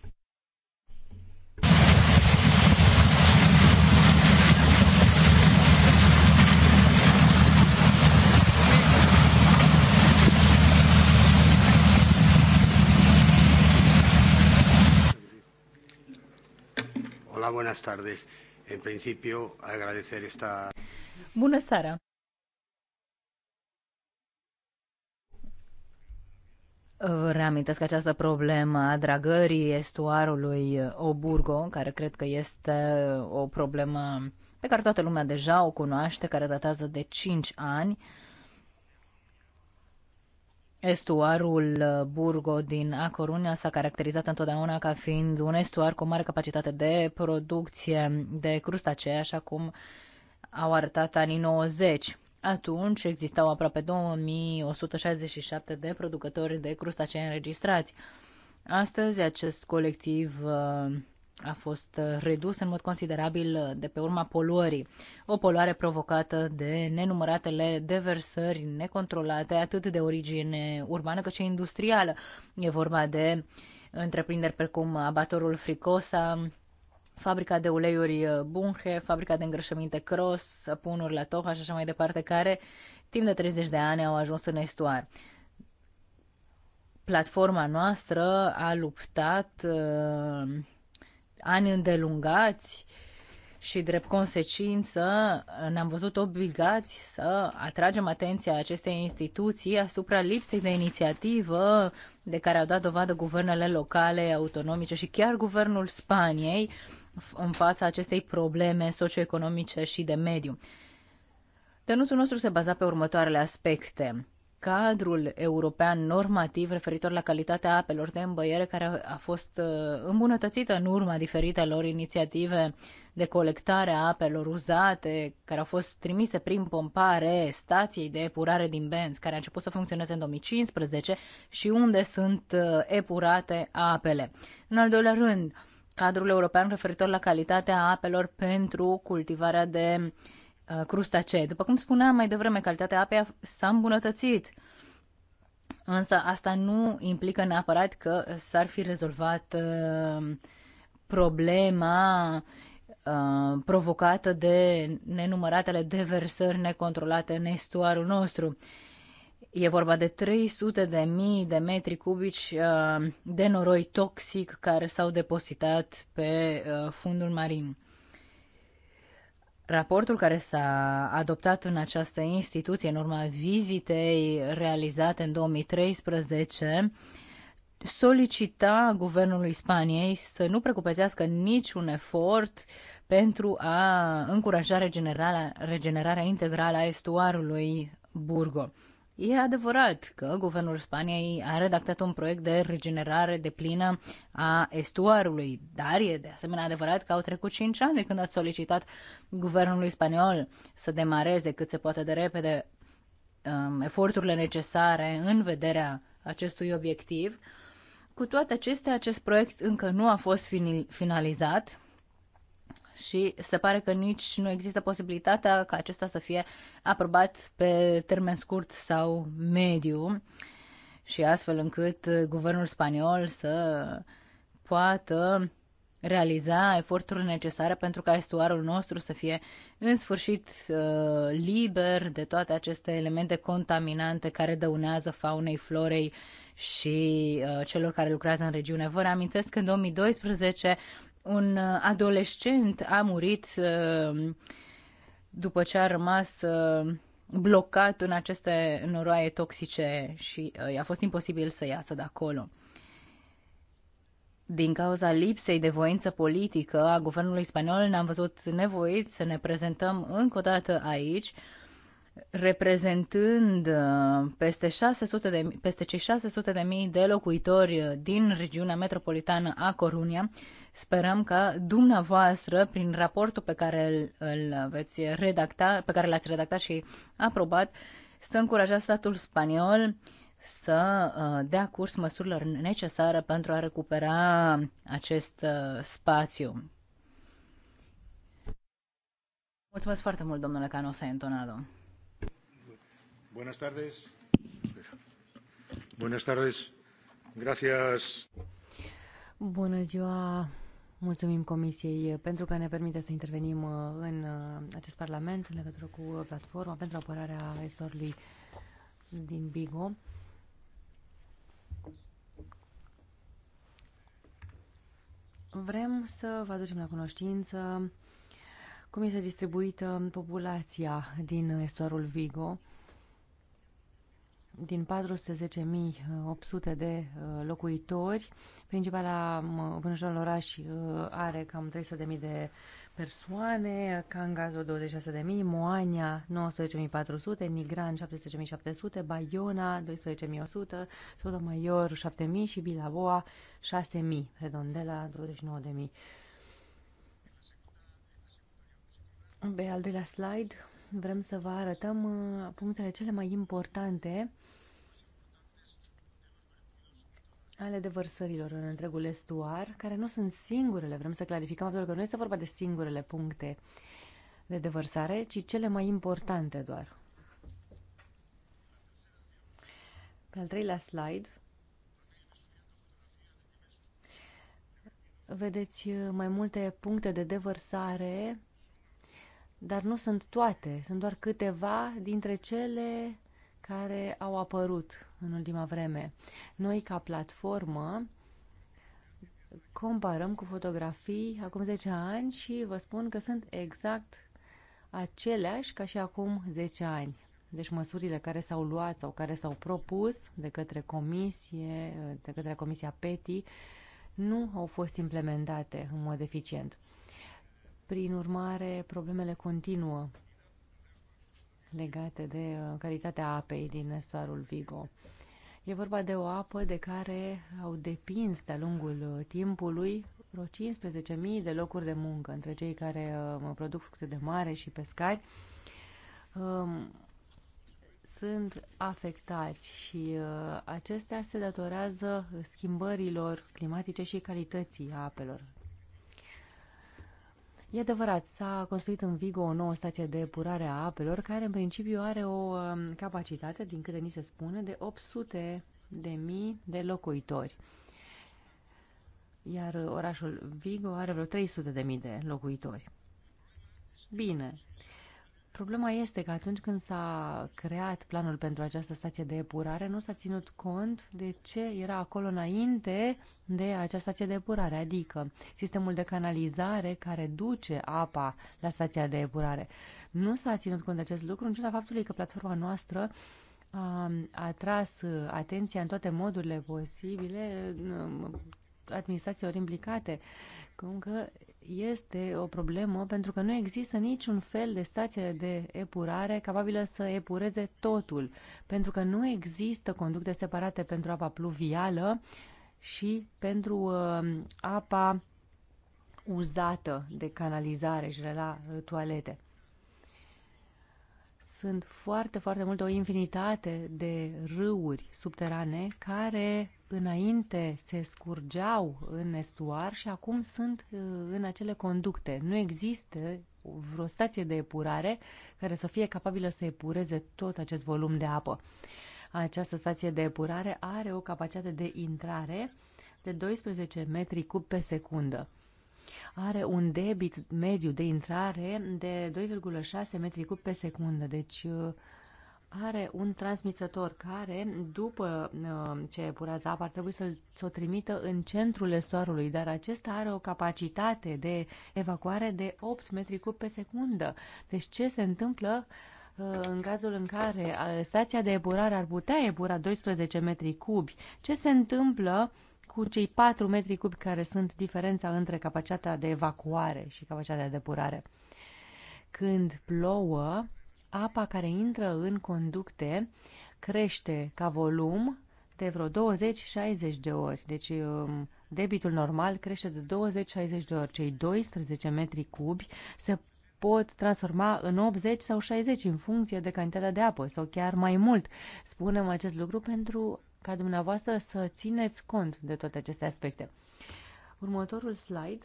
Hola, buenas tardes. En principio, agradecer esta... Bună seara! Vă reamintesc această problemă a dragării estuarului Oburgo, care cred că este o problemă pe care toată lumea deja o cunoaște, care datează de 5 ani. Estuarul uh, Burgo din A Coruña s-a caracterizat întotdeauna ca fiind un estuar cu mare capacitate de producție de crustacee, așa cum au arătat anii 90. Atunci existau aproape 2167 de producători de crustacee înregistrați. Astăzi acest colectiv uh, a fost uh, redus în mod considerabil uh, de pe urma poluării. O poluare provocată de nenumăratele deversări necontrolate, atât de origine urbană cât și industrială. E vorba de întreprinderi precum abatorul Fricosa, fabrica de uleiuri uh, Bunhe, fabrica de îngrășăminte Cross, punuri la Toha și așa mai departe, care timp de 30 de ani au ajuns în estuar platforma noastră a luptat uh, ani îndelungați și drept consecință ne-am văzut obligați să atragem atenția acestei instituții asupra lipsei de inițiativă de care au dat dovadă guvernele locale, autonomice și chiar guvernul Spaniei în fața acestei probleme socioeconomice și de mediu. Denunțul nostru se baza pe următoarele aspecte cadrul european normativ referitor la calitatea apelor de îmbăiere care a fost uh, îmbunătățită în urma diferitelor inițiative de colectare a apelor uzate care au fost trimise prin pompare stației de epurare din Benz care a început să funcționeze în 2015 și unde sunt uh, epurate apele. În al doilea rând, cadrul european referitor la calitatea apelor pentru cultivarea de uh, Uh, crustacee. După cum spuneam mai devreme, calitatea apei s-a îmbunătățit. Însă asta nu implică neapărat că s-ar fi rezolvat uh, problema uh, provocată de nenumăratele deversări necontrolate în estuarul nostru. E vorba de 300 de mii de metri cubici de noroi toxic care s-au depozitat pe fundul marin. Raportul care s-a adoptat în această instituție în urma vizitei realizate în 2013 solicita guvernului Spaniei să nu precupețească niciun efort pentru a încuraja regenerarea, regenerarea integrală a estuarului Burgo. E adevărat că guvernul Spaniei a redactat un proiect de regenerare de plină a estuarului, dar e de asemenea adevărat că au trecut 5 ani de când a solicitat guvernului spaniol să demareze cât se poate de repede um, eforturile necesare în vederea acestui obiectiv. Cu toate acestea, acest proiect încă nu a fost finalizat și se pare că nici nu există posibilitatea ca acesta să fie aprobat pe termen scurt sau mediu și astfel încât guvernul spaniol să poată realiza eforturile necesare pentru ca estuarul nostru să fie în sfârșit uh, liber de toate aceste elemente contaminante care dăunează faunei, florei și uh, celor care lucrează în regiune. Vă reamintesc că în 2012 un uh, adolescent a murit uh, după ce a rămas uh, blocat în aceste noroaie toxice și i-a fost imposibil să iasă de acolo. Din cauza lipsei de voință politică a guvernului spaniol, ne-am văzut nevoiți să ne prezentăm încă o dată aici reprezentând uh, peste, 600 de, peste cei 600 de mii de locuitori uh, din regiunea metropolitană a Corunia, sperăm că dumneavoastră, prin raportul pe care îl, îl veți redacta, pe care l-ați redactat și aprobat, să încurajați statul spaniol să uh, dea curs măsurilor necesare pentru a recupera acest spațiu. Mulțumesc foarte mult, domnule Canosa Entonado. Buenas tardes. Buenas tardes. Gracias. Bună ziua. Mulțumim Comisiei pentru că ne permite să intervenim uh, în uh, acest Parlament în legătură cu platforma pentru apărarea estorului din Bigo. Vrem să vă aducem la cunoștință cum este distribuită populația din estorul Vigo din 410.800 de uh, locuitori, principala vânjol oraș uh, are cam 300.000 de persoane, Cangazo 26.000, Moania 19.400, Nigran 17.700, Baiona 12.100, Sotomayor 7.000 și Bilavoa 6.000, Redondela 29.000. Pe al doilea slide vrem să vă arătăm uh, punctele cele mai importante ale devărsărilor în întregul estuar, care nu sunt singurele, vrem să clarificăm faptul că nu este vorba de singurele puncte de devărsare, ci cele mai importante doar. Pe al treilea slide vedeți mai multe puncte de devărsare, dar nu sunt toate, sunt doar câteva dintre cele care au apărut în ultima vreme. Noi, ca platformă, comparăm cu fotografii acum 10 ani și vă spun că sunt exact aceleași ca și acum 10 ani. Deci măsurile care s-au luat sau care s-au propus de către comisie, de către Comisia PETI, nu au fost implementate în mod eficient. Prin urmare, problemele continuă legate de uh, calitatea apei din estuarul Vigo. E vorba de o apă de care au depins de-a lungul uh, timpului vreo 15.000 de locuri de muncă între cei care uh, produc fructe de mare și pescari. Um, sunt afectați și acestea se datorează schimbărilor climatice și calității apelor E adevărat, s-a construit în Vigo o nouă stație de epurare a apelor, care în principiu are o um, capacitate, din câte ni se spune, de 800 de mii de locuitori. Iar orașul Vigo are vreo 300 de mii de locuitori. Bine, Problema este că atunci când s-a creat planul pentru această stație de epurare, nu s-a ținut cont de ce era acolo înainte de această stație de epurare, adică sistemul de canalizare care duce apa la stația de epurare. Nu s-a ținut cont de acest lucru, în ciuda faptului că platforma noastră a atras atenția în toate modurile posibile administrațiilor implicate, cum că este o problemă pentru că nu există niciun fel de stație de epurare capabilă să epureze totul, pentru că nu există conducte separate pentru apa pluvială și pentru uh, apa uzată de canalizare și de la uh, toalete. Sunt foarte, foarte multe, o infinitate de râuri subterane care înainte se scurgeau în estuar și acum sunt uh, în acele conducte. Nu există vreo stație de epurare care să fie capabilă să epureze tot acest volum de apă. Această stație de epurare are o capacitate de intrare de 12 metri cub pe secundă are un debit mediu de intrare de 2,6 metri cub pe secundă, deci uh, are un transmisător care, după uh, ce epurează apa, ar trebui să, să o trimită în centrul estuarului, dar acesta are o capacitate de evacuare de 8 metri cub pe secundă. Deci ce se întâmplă uh, în cazul în care stația de epurare ar putea epura 12 metri cubi? Ce se întâmplă uh, cu cei 4 metri cubi care sunt diferența între capacitatea de evacuare și capacitatea de depurare. Când plouă, apa care intră în conducte crește ca volum de vreo 20-60 de ori. Deci um, debitul normal crește de 20-60 de ori. Cei 12 metri cubi se pot transforma în 80 sau 60 în funcție de cantitatea de apă sau chiar mai mult. Spunem acest lucru pentru ca dumneavoastră să țineți cont de toate aceste aspecte. Următorul slide.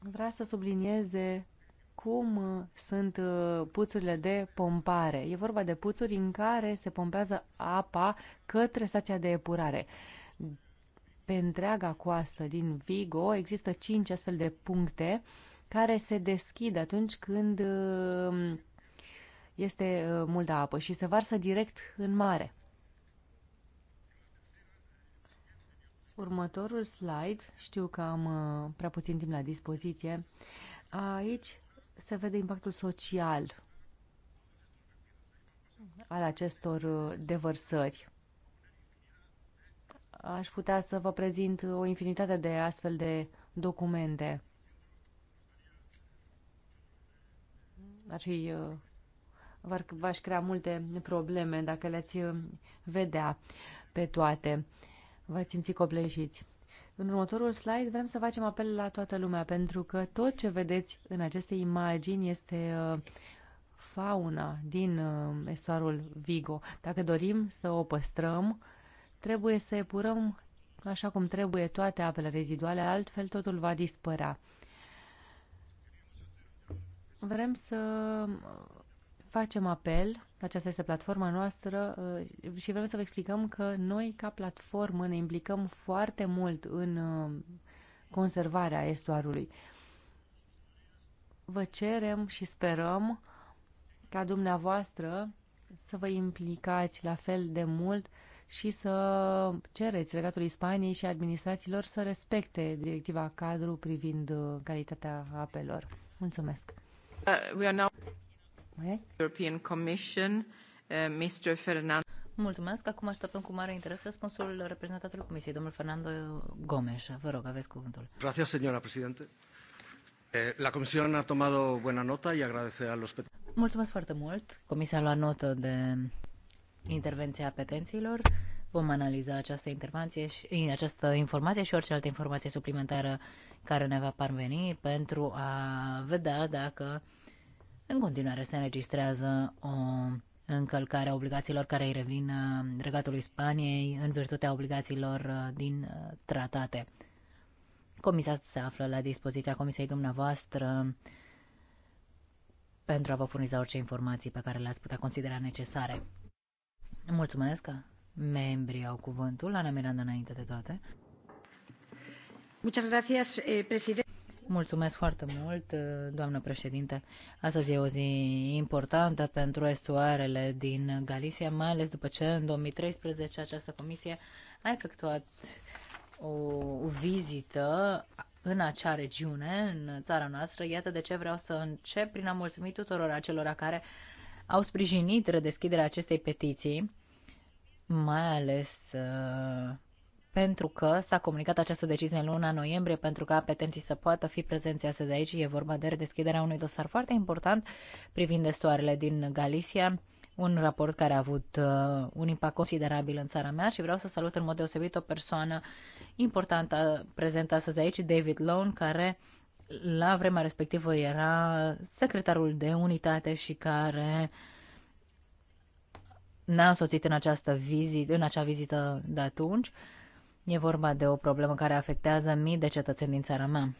Vreau să sublinieze cum sunt uh, puțurile de pompare. E vorba de puțuri în care se pompează apa către stația de epurare. Pe întreaga coastă din Vigo există 5 astfel de puncte uh, care se deschid atunci când uh, este uh, multă apă și se varsă direct în mare. Următorul slide, știu că am uh, prea puțin timp la dispoziție, aici se vede impactul social al acestor devărsări. Aș putea să vă prezint o infinitate de astfel de documente. ar fi, uh, v-aș crea multe probleme dacă le-ați uh, vedea pe toate. V-ați simți copleșiți. În următorul slide vrem să facem apel la toată lumea, pentru că tot ce vedeți în aceste imagini este uh, fauna din estuarul Vigo. Dacă dorim să o păstrăm, trebuie să epurăm așa cum trebuie toate apele reziduale, altfel totul va dispărea. Vrem să facem apel, aceasta este platforma noastră uh, și vrem să vă explicăm că noi ca platformă ne implicăm foarte mult în uh, conservarea estuarului. Vă cerem și sperăm ca dumneavoastră să vă implicați la fel de mult și să cereți legatului Spaniei și administrațiilor să respecte directiva cadru privind uh, calitatea apelor. Mulțumesc! Uh, European Commission, uh, Mr. Fernando. Mulțumesc. Acum așteptăm cu mare interes răspunsul reprezentantului Comisiei, domnul Fernando Gomes. Vă rog, aveți cuvântul. Gracias, señora presidente. Eh, la Comisión a tomado buena nota y agradece a los Mulțumesc foarte mult. Comisia a luat notă de intervenția petenților. Vom analiza această intervenție și eh, această informație și orice altă informație suplimentară care ne va parveni pentru a vedea dacă în continuare se înregistrează o încălcare a obligațiilor care îi revin uh, regatului Spaniei în virtutea obligațiilor uh, din uh, tratate. Comisia se află la dispoziția comisiei dumneavoastră pentru a vă furniza orice informații pe care le-ați putea considera necesare. Mulțumesc! Membrii au cuvântul, Ana Miranda înainte de toate. Eh, Mulțumesc foarte mult, eh, doamnă președinte. Astăzi e o zi importantă pentru estuarele din Galicia, mai ales după ce în 2013 această comisie a efectuat o vizită în acea regiune, în țara noastră. Iată de ce vreau să încep prin a mulțumi tuturor acelora care au sprijinit redeschiderea acestei petiții, mai ales eh, pentru că s-a comunicat această decizie în luna noiembrie pentru ca petenții să poată fi prezenți astăzi aici. E vorba de redeschiderea unui dosar foarte important privind destoarele din Galicia, un raport care a avut uh, un impact considerabil în țara mea și vreau să salut în mod deosebit o persoană importantă prezentă astăzi aici, David Lone, care la vremea respectivă era secretarul de unitate și care ne-a însoțit în această vizită, în acea vizită de atunci. Uh, E vorba de o problemă care afectează mii de cetățeni din țara mea.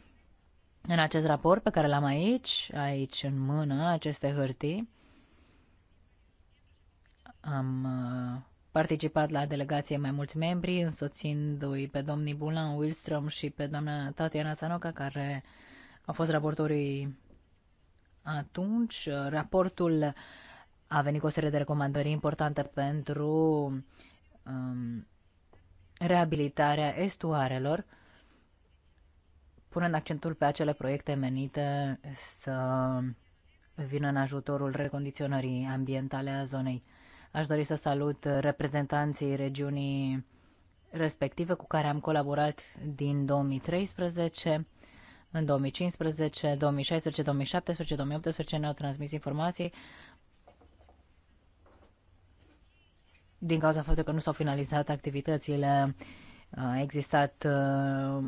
În acest raport pe care l-am aici, aici în mână, aceste hârtii, am uh, participat la delegație mai mulți membri, însoțindu-i pe domnii Bulan Wilström și pe doamna Tatiana Țanoca, care au fost raportorii atunci. Raportul a venit cu o serie de recomandări importante pentru um, reabilitarea estuarelor, punând accentul pe acele proiecte menite să vină în ajutorul recondiționării ambientale a zonei. Aș dori să salut reprezentanții regiunii respective cu care am colaborat din 2013. În 2015, 2016, 2017, 2018 ne-au transmis informații din cauza faptului că nu s-au finalizat activitățile a existat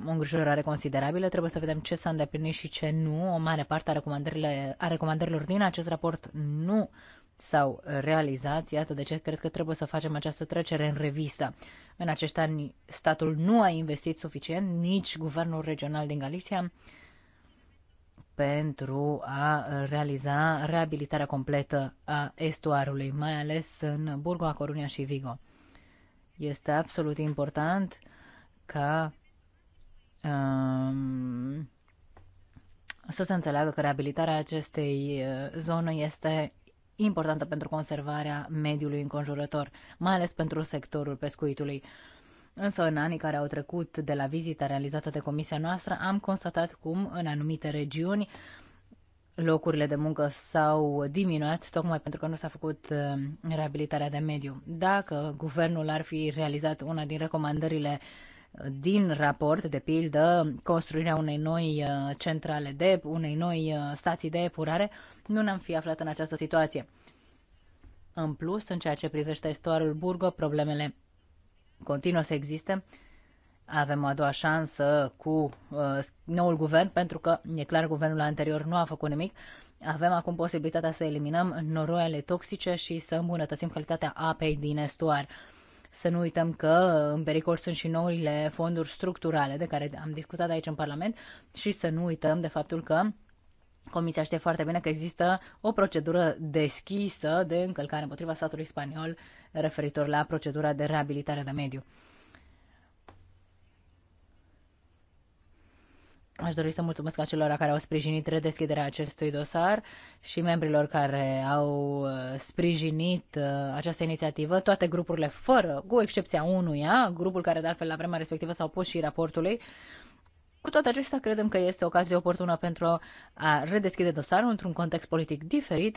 o îngrijorare considerabilă. Trebuie să vedem ce s-a îndeplinit și ce nu. O mare parte a, recomandările, a recomandărilor din acest raport nu s-au realizat. Iată de ce cred că trebuie să facem această trecere în revistă. În acești ani statul nu a investit suficient, nici guvernul regional din Galicia pentru a realiza reabilitarea completă a estuarului, mai ales în Burgo, Corunia și Vigo. Este absolut important ca um, să se înțeleagă că reabilitarea acestei uh, zone este importantă pentru conservarea mediului înconjurător, mai ales pentru sectorul pescuitului. Însă în anii care au trecut de la vizita realizată de comisia noastră, am constatat cum în anumite regiuni locurile de muncă s-au diminuat tocmai pentru că nu s-a făcut uh, reabilitarea de mediu. Dacă guvernul ar fi realizat una din recomandările din raport, de pildă, construirea unei noi uh, centrale de, unei noi uh, stații de epurare, nu ne-am fi aflat în această situație. În plus, în ceea ce privește estuarul Burgo, problemele continuă să existe. Avem o a doua șansă cu uh, noul guvern, pentru că, e clar, guvernul anterior nu a făcut nimic. Avem acum posibilitatea să eliminăm noroile toxice și să îmbunătățim calitatea apei din estuar. Să nu uităm că în pericol sunt și noile fonduri structurale de care am discutat aici în Parlament și să nu uităm de faptul că Comisia știe foarte bine că există o procedură deschisă de încălcare împotriva statului spaniol referitor la procedura de reabilitare de mediu. Aș dori să mulțumesc acelora care au sprijinit redeschiderea acestui dosar și membrilor care au uh, sprijinit uh, această inițiativă, toate grupurile fără, cu excepția unuia, grupul care de altfel la vremea respectivă s au opus și raportului, cu toate acestea, credem că este o ocazie oportună pentru a redeschide dosarul într-un context politic diferit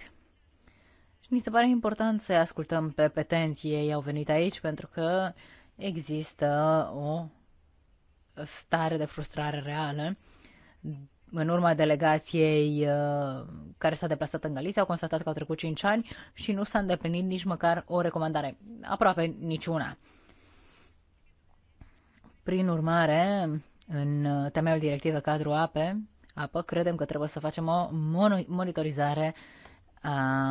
și ni se pare important să ascultăm pe petenții. Ei au venit aici pentru că există o stare de frustrare reală. În urma delegației uh, care s-a deplasat în Galicia, au constatat că au trecut 5 ani și nu s-a îndeplinit nici măcar o recomandare, aproape niciuna. Prin urmare, în uh, temeiul directivă cadru ape, apă, credem că trebuie să facem o monitorizare a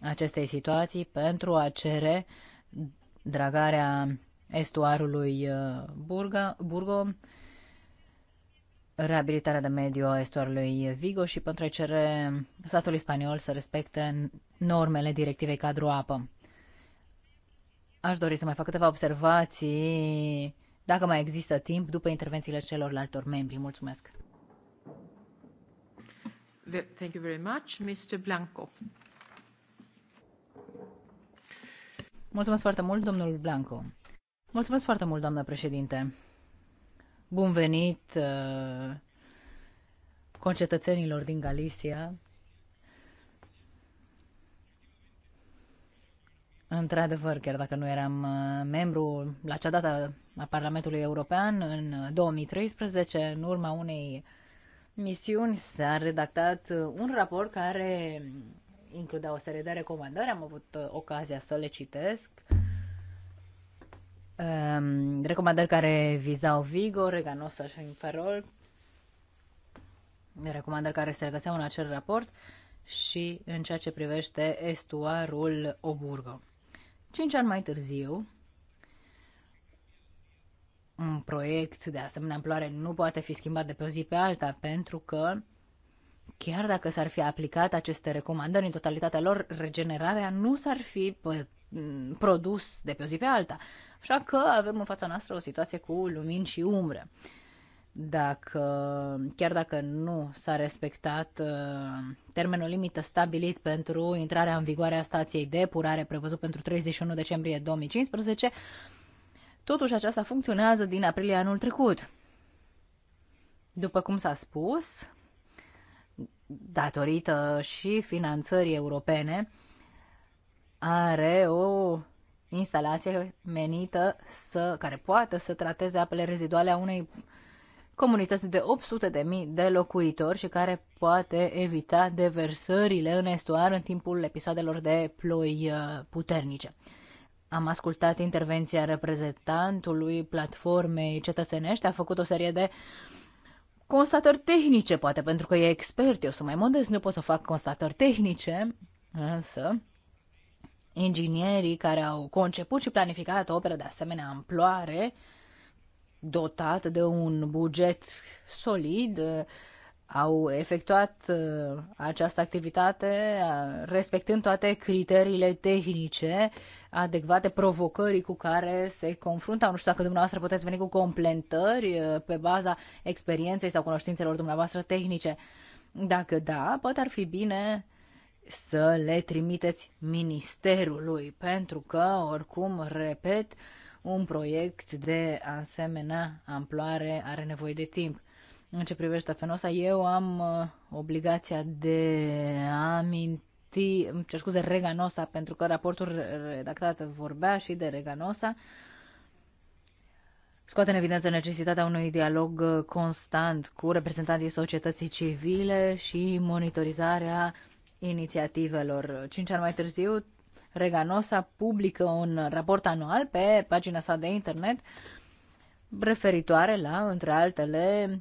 acestei situații pentru a cere dragarea estuarului uh, Burga, Burgo, reabilitarea de mediu a estuarului Vigo și pentru a cere statului spaniol să respecte normele directivei cadru apă. Aș dori să mai fac câteva observații dacă mai există timp, după intervențiile celorlaltor membri. Mulțumesc! Thank you very much. Mr. Blanco. Mulțumesc foarte mult, domnul Blanco. Mulțumesc foarte mult, doamnă președinte. Bun venit uh, concetățenilor din Galicia. Într-adevăr, chiar dacă nu eram uh, membru la cea dată a Parlamentului European, în 2013, uh, în urma unei misiuni, s-a redactat uh, un raport care includea o serie de recomandări. Am avut ocazia să le citesc. Um, recomandări care vizau Vigo, Reganosa și Inferol. Recomandări care se regăseau în acel raport și în ceea ce privește estuarul Oburgo. Cinci ani mai târziu, un proiect de asemenea amploare nu poate fi schimbat de pe o zi pe alta, pentru că chiar dacă s-ar fi aplicat aceste recomandări în totalitatea lor, regenerarea nu s-ar fi produs de pe o zi pe alta. Așa că avem în fața noastră o situație cu lumini și umbre dacă, chiar dacă nu s-a respectat uh, termenul limită stabilit pentru intrarea în vigoare a stației de purare prevăzut pentru 31 decembrie 2015, totuși aceasta funcționează din aprilie anul trecut. După cum s-a spus, datorită și finanțării europene, are o instalație menită să, care poate să trateze apele reziduale a unei comunități de 800.000 de de locuitori și care poate evita deversările în estuar în timpul episoadelor de ploi uh, puternice. Am ascultat intervenția reprezentantului platformei cetățenești, a făcut o serie de constatări tehnice, poate pentru că e expert, eu sunt mai modest, nu pot să fac constatări tehnice, însă inginierii care au conceput și planificat o operă de asemenea amploare uh, dotat de un buget solid, au efectuat uh, această activitate uh, respectând toate criteriile tehnice adecvate provocării cu care se confruntau. Nu știu dacă dumneavoastră puteți veni cu completări uh, pe baza experienței sau cunoștințelor dumneavoastră tehnice. Dacă da, poate ar fi bine să le trimiteți ministerului, pentru că, oricum, repet, uh, un proiect de asemenea amploare are nevoie de timp. În ce privește Fenosa, eu am uh, obligația de a aminti, îmi cer scuze, Reganosa, pentru că raportul redactat vorbea și de Reganosa, scoate în evidență necesitatea unui dialog uh, constant cu reprezentanții societății civile și monitorizarea inițiativelor. Cinci ani mai târziu Reganosa publică un raport anual pe pagina sa de internet referitoare la, între altele,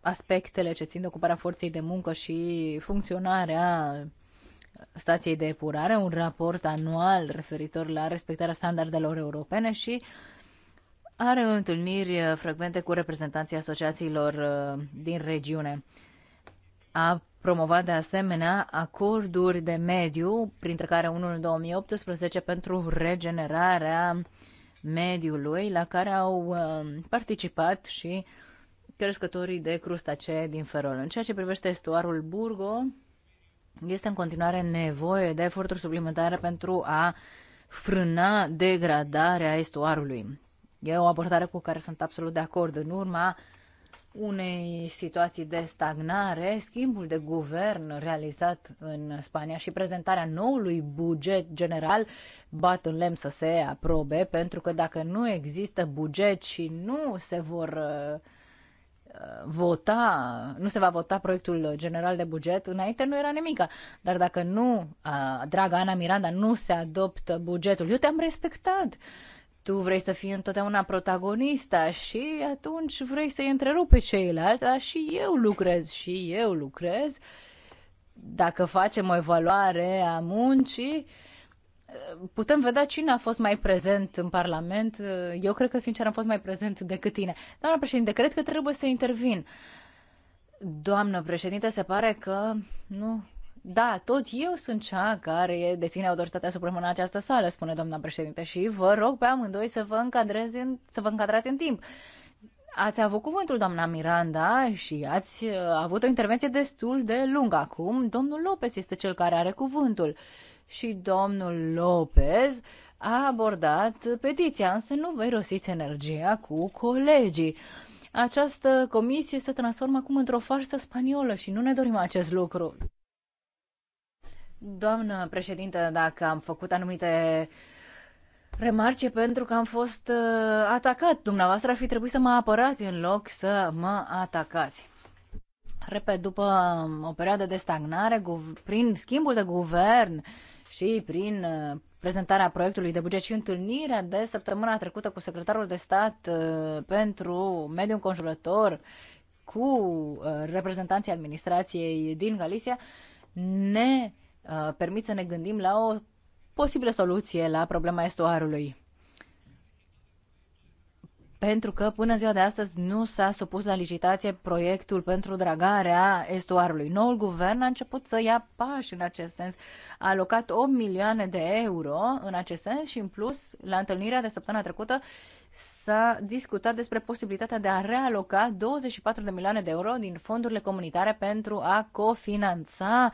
aspectele ce țin de ocuparea forței de muncă și funcționarea stației de epurare, un raport anual referitor la respectarea standardelor europene și are întâlniri frecvente cu reprezentanții asociațiilor uh, din regiune a promovat de asemenea acorduri de mediu, printre care unul în 2018 pentru regenerarea mediului, la care au uh, participat și crescătorii de crustacee din Ferol. În ceea ce privește estuarul Burgo, este în continuare nevoie de eforturi suplimentare pentru a frâna degradarea estuarului. E o abordare cu care sunt absolut de acord. În urma unei situații de stagnare, schimbul de guvern realizat în Spania și prezentarea noului buget general bat în lemn să se aprobe, pentru că dacă nu există buget și nu se vor uh, uh, vota, nu se va vota proiectul general de buget, înainte nu era nimica. Dar dacă nu, uh, draga Ana Miranda, nu se adoptă bugetul, eu te-am respectat tu vrei să fii întotdeauna protagonista și atunci vrei să-i întrerupi pe ceilalți, dar și eu lucrez, și eu lucrez. Dacă facem o evaluare a muncii, putem vedea cine a fost mai prezent în Parlament. Eu cred că, sincer, am fost mai prezent decât tine. Doamna președinte, cred că trebuie să intervin. Doamnă președinte, se pare că nu da, tot eu sunt cea care deține autoritatea supremă în această sală, spune doamna președinte, și vă rog pe amândoi să vă, încadrezi în, să vă încadrați în timp. Ați avut cuvântul, doamna Miranda, și ați uh, avut o intervenție destul de lungă acum. Domnul Lopez este cel care are cuvântul. Și domnul Lopez a abordat petiția, însă nu vă rosiți energia cu colegii. Această comisie se transformă acum într-o farsă spaniolă și nu ne dorim acest lucru. Doamnă președintă, dacă am făcut anumite remarce pentru că am fost uh, atacat, dumneavoastră ar fi trebuit să mă apărați în loc să mă atacați. Repet, după um, o perioadă de stagnare, prin schimbul de guvern și prin uh, prezentarea proiectului de buget și întâlnirea de săptămâna trecută cu secretarul de stat uh, pentru mediul înconjurător cu reprezentanții administrației din Galicia, ne Uh, permit să ne gândim la o posibilă soluție la problema estuarului. Pentru că până ziua de astăzi nu s-a supus la licitație proiectul pentru dragarea estuarului. Noul guvern a început să ia pași în acest sens. A alocat 8 milioane de euro în acest sens și în plus, la întâlnirea de săptămâna trecută, s-a discutat despre posibilitatea de a realoca 24 de milioane de euro din fondurile comunitare pentru a cofinanța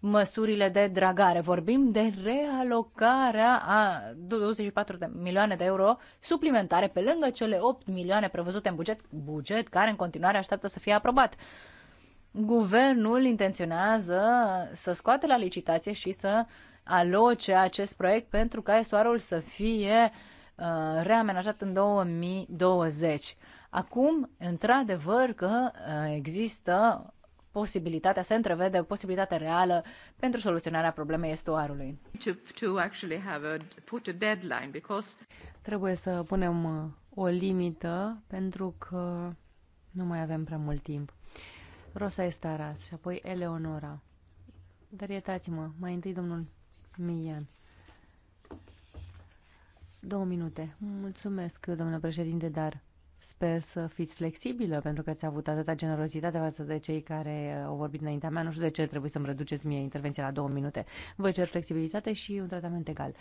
măsurile de dragare. Vorbim de realocarea a 24 de milioane de euro suplimentare pe lângă cele 8 milioane prevăzute în buget, buget care în continuare așteaptă să fie aprobat. Guvernul intenționează să scoate la licitație și să aloce acest proiect pentru ca estuarul să fie uh, reamenajat în 2020. Acum, într-adevăr că uh, există posibilitatea, se întrevede posibilitatea reală pentru soluționarea problemei estuarului. To, to actually have a, put a deadline because... Trebuie să punem uh, o limită pentru că nu mai avem prea mult timp. Rosa aras și apoi Eleonora. Dar iertați-mă, mai întâi domnul Mian. Două minute. Mulțumesc, domnule președinte, dar Sper să fiți flexibilă, pentru că ți-a avut atâta generozitate față de cei care uh, au vorbit înaintea mea. Nu știu de ce trebuie să-mi reduceți mie intervenția la două minute. Vă cer flexibilitate și un tratament egal.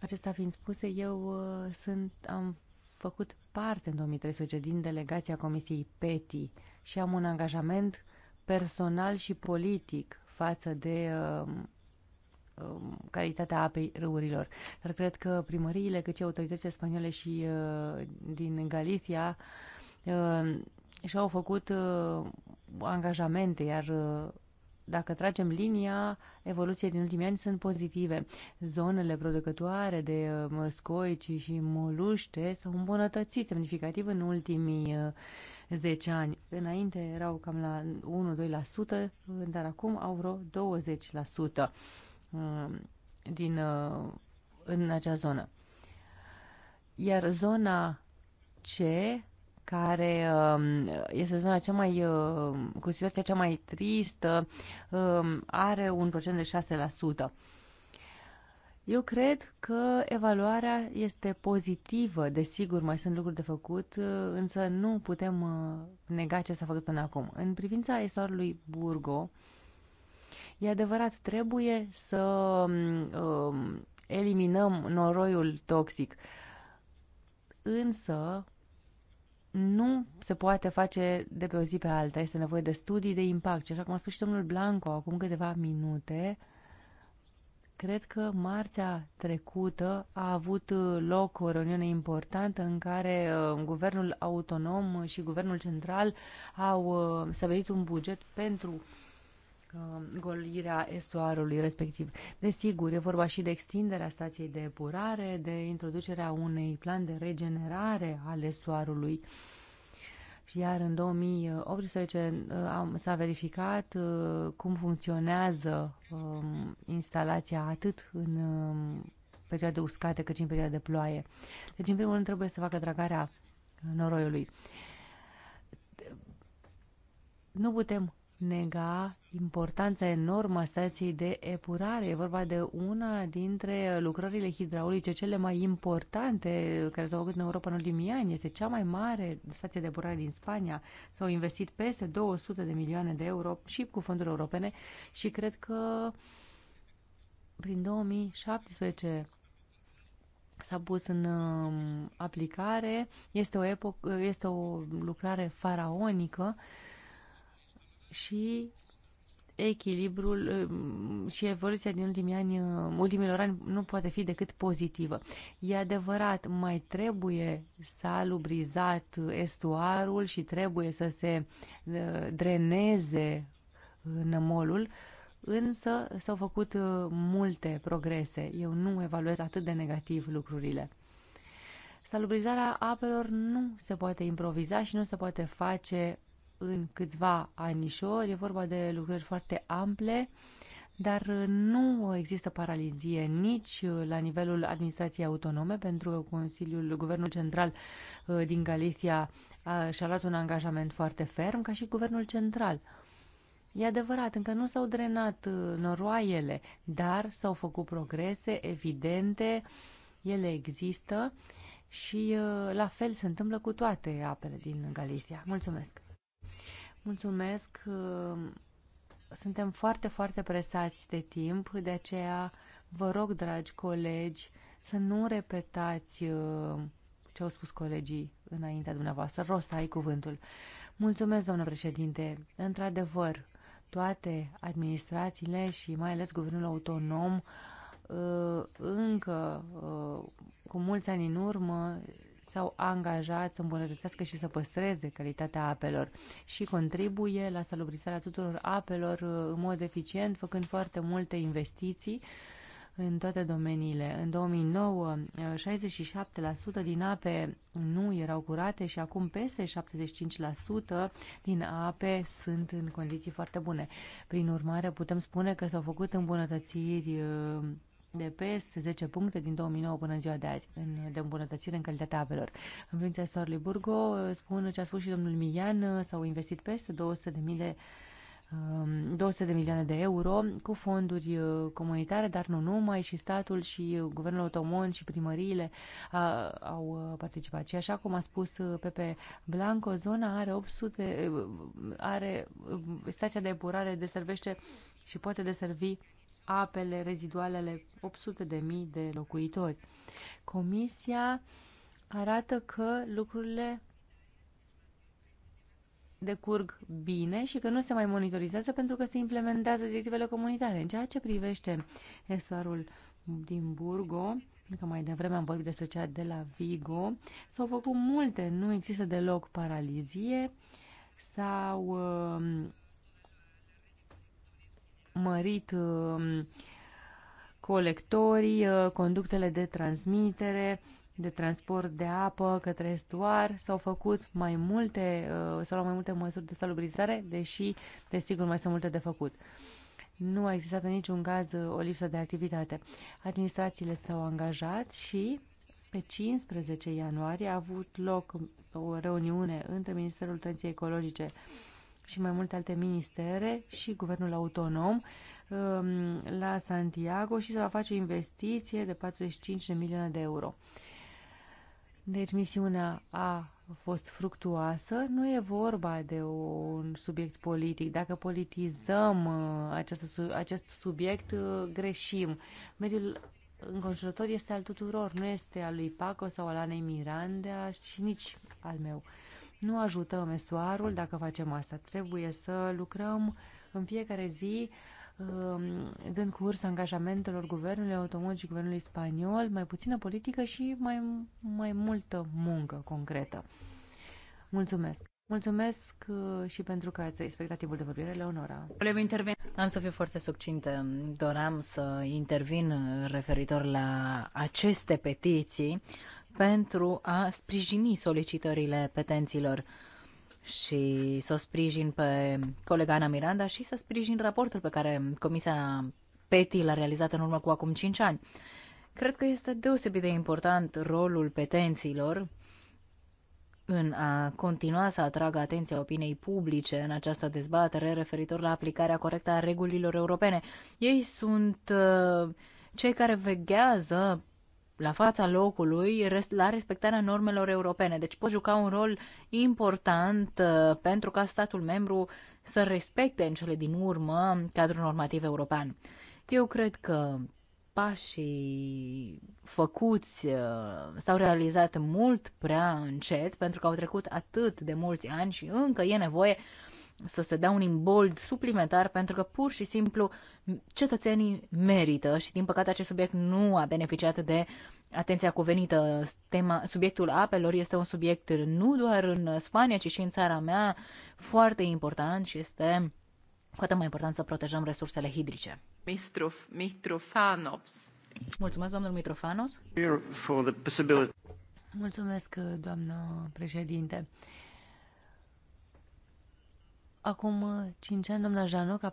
Acesta fiind spuse, eu uh, sunt, am făcut parte în 2013 din delegația Comisiei PETI și am un angajament personal și politic față de uh, Um, calitatea apei râurilor. Dar cred că primăriile, cât și autoritățile spaniole și uh, din Galicia uh, și-au făcut uh, angajamente, iar dacă tragem linia, evoluție din ultimii ani sunt pozitive. Zonele producătoare de scoici și moluște s-au îmbunătățit semnificativ în ultimii 10 ani. Înainte erau cam la 1-2%, dar acum au vreo 20%. Uh, din, uh, în acea zonă. Iar zona C, care um, este zona cea mai, uh, cu situația cea mai tristă, um, are un procent de 6%. Eu cred că evaluarea este pozitivă, desigur, mai sunt lucruri de făcut, însă nu putem nega ce s-a făcut până acum. În privința esorului Burgo, E adevărat, trebuie să uh, eliminăm noroiul toxic, însă nu se poate face de pe o zi pe alta. Este nevoie de studii de impact. Și așa cum a spus și domnul Blanco acum câteva minute, cred că marțea trecută a avut loc o reuniune importantă în care uh, guvernul autonom și guvernul central au uh, stabilit un buget pentru golirea estuarului respectiv. Desigur, e vorba și de extinderea stației de epurare, de introducerea unui plan de regenerare al estuarului. Iar în 2018 uh, s-a verificat uh, cum funcționează um, instalația atât în um, perioade uscate cât și în perioade de ploaie. Deci, în primul rând, trebuie să facă dragarea noroiului. Nu putem nega importanța enormă a stației de epurare. E vorba de una dintre lucrările hidraulice cele mai importante care s-au făcut în Europa în ultimii ani. Este cea mai mare stație de epurare din Spania. S-au investit peste 200 de milioane de euro și cu fonduri europene și cred că prin 2017 s-a pus în um, aplicare. Este o, epocă, este o lucrare faraonică uh, și echilibrul um, și evoluția din ultimii ani, um, ultimilor ani nu poate fi decât pozitivă. E adevărat, mai trebuie să lubrizat estuarul și trebuie să se uh, dreneze uh, nămolul, însă s-au făcut uh, multe progrese. Eu nu evaluez atât de negativ lucrurile. Salubrizarea apelor nu se poate improviza și nu se poate face în câțiva anișori. E vorba de lucrări foarte ample, dar nu există paralizie nici la nivelul administrației autonome, pentru că Consiliul, Guvernul Central uh, din Galicia și-a luat un angajament foarte ferm, ca și Guvernul Central. E adevărat, încă nu s-au drenat uh, noroaiele, dar s-au făcut progrese evidente, ele există și uh, la fel se întâmplă cu toate apele din Galicia. Mulțumesc! Mulțumesc. Suntem foarte, foarte presați de timp, de aceea vă rog, dragi colegi, să nu repetați uh, ce au spus colegii înaintea dumneavoastră. Rost, ai cuvântul. Mulțumesc, doamnă președinte. Într-adevăr, toate administrațiile și mai ales guvernul autonom uh, încă uh, cu mulți ani în urmă s-au angajat să îmbunătățească și să păstreze calitatea apelor și contribuie la salubrizarea tuturor apelor uh, în mod eficient, făcând foarte multe investiții în toate domeniile. În 2009, 67% uh, din ape nu erau curate și acum peste 75% din ape sunt în condiții foarte bune. Prin urmare, putem spune că s-au făcut îmbunătățiri uh, de peste 10 puncte din 2009 până în ziua de azi, în, de îmbunătățire în calitatea apelor. În privința Storli Burgo, spun ce a spus și domnul Milian, s-au investit peste 200 de mile, 200 um, de milioane de euro cu fonduri uh, comunitare, dar nu numai, și statul și uh, guvernul otomon și primăriile a, au uh, participat. Și așa cum a spus Pepe Blanco, zona are 800, are stația de epurare, deservește și poate deservi apele reziduale 800 de mii de locuitori. Comisia arată că lucrurile decurg bine și că nu se mai monitorizează pentru că se implementează directivele comunitare. În ceea ce privește estuarul din Burgo, că mai devreme am vorbit despre cea de la Vigo, s-au făcut multe, nu există deloc paralizie sau uh, mărit um, colectorii, uh, conductele de transmitere, de transport de apă către estuar, s-au făcut mai multe, uh, s-au luat mai multe măsuri de salubrizare, deși, desigur, mai sunt multe de făcut. Nu a existat în niciun caz uh, o lipsă de activitate. Administrațiile s-au angajat și pe 15 ianuarie a avut loc o reuniune între Ministerul Tranției Ecologice și mai multe alte ministere și guvernul autonom um, la Santiago și se va face o investiție de 45 de milioane de euro. Deci misiunea a fost fructuoasă, nu e vorba de un subiect politic. Dacă politizăm uh, acest, acest subiect, uh, greșim. Mediul înconjurător este al tuturor, nu este al lui Paco sau al Anei Miranda și nici al meu. Nu ajutăm mesoarul dacă facem asta. Trebuie să lucrăm în fiecare zi um, dând curs angajamentelor guvernului automat și guvernului spaniol, mai puțină politică și mai, mai multă muncă concretă. Mulțumesc! Mulțumesc uh, și pentru că ați respectat timpul de vorbire, Leonora. Am să fiu foarte succintă. Doream să intervin referitor la aceste petiții pentru a sprijini solicitările petenților și să o sprijin pe colega Ana Miranda și să sprijin raportul pe care Comisia PETI l-a realizat în urmă cu acum 5 ani. Cred că este deosebit de important rolul petenților în a continua să atragă atenția opiniei publice în această dezbatere referitor la aplicarea corectă a regulilor europene. Ei sunt uh, cei care veghează la fața locului la respectarea normelor europene. Deci pot juca un rol important uh, pentru ca statul membru să respecte în cele din urmă cadrul normativ european. Eu cred că pașii făcuți uh, s-au realizat mult prea încet pentru că au trecut atât de mulți ani și încă e nevoie uh, să se dea un imbold suplimentar pentru că pur și simplu cetățenii merită și din păcate acest subiect nu a beneficiat de atenția cuvenită. Tema, subiectul apelor este un subiect nu doar în Spania, ci și în țara mea foarte important și este cu atât mai important să protejăm resursele hidrice. Mistruf, Mitrofanops. Mulțumesc, domnul Mitrofanos. Mulțumesc, doamnă președinte. Acum uh, cinci ani, doamna Jano, ca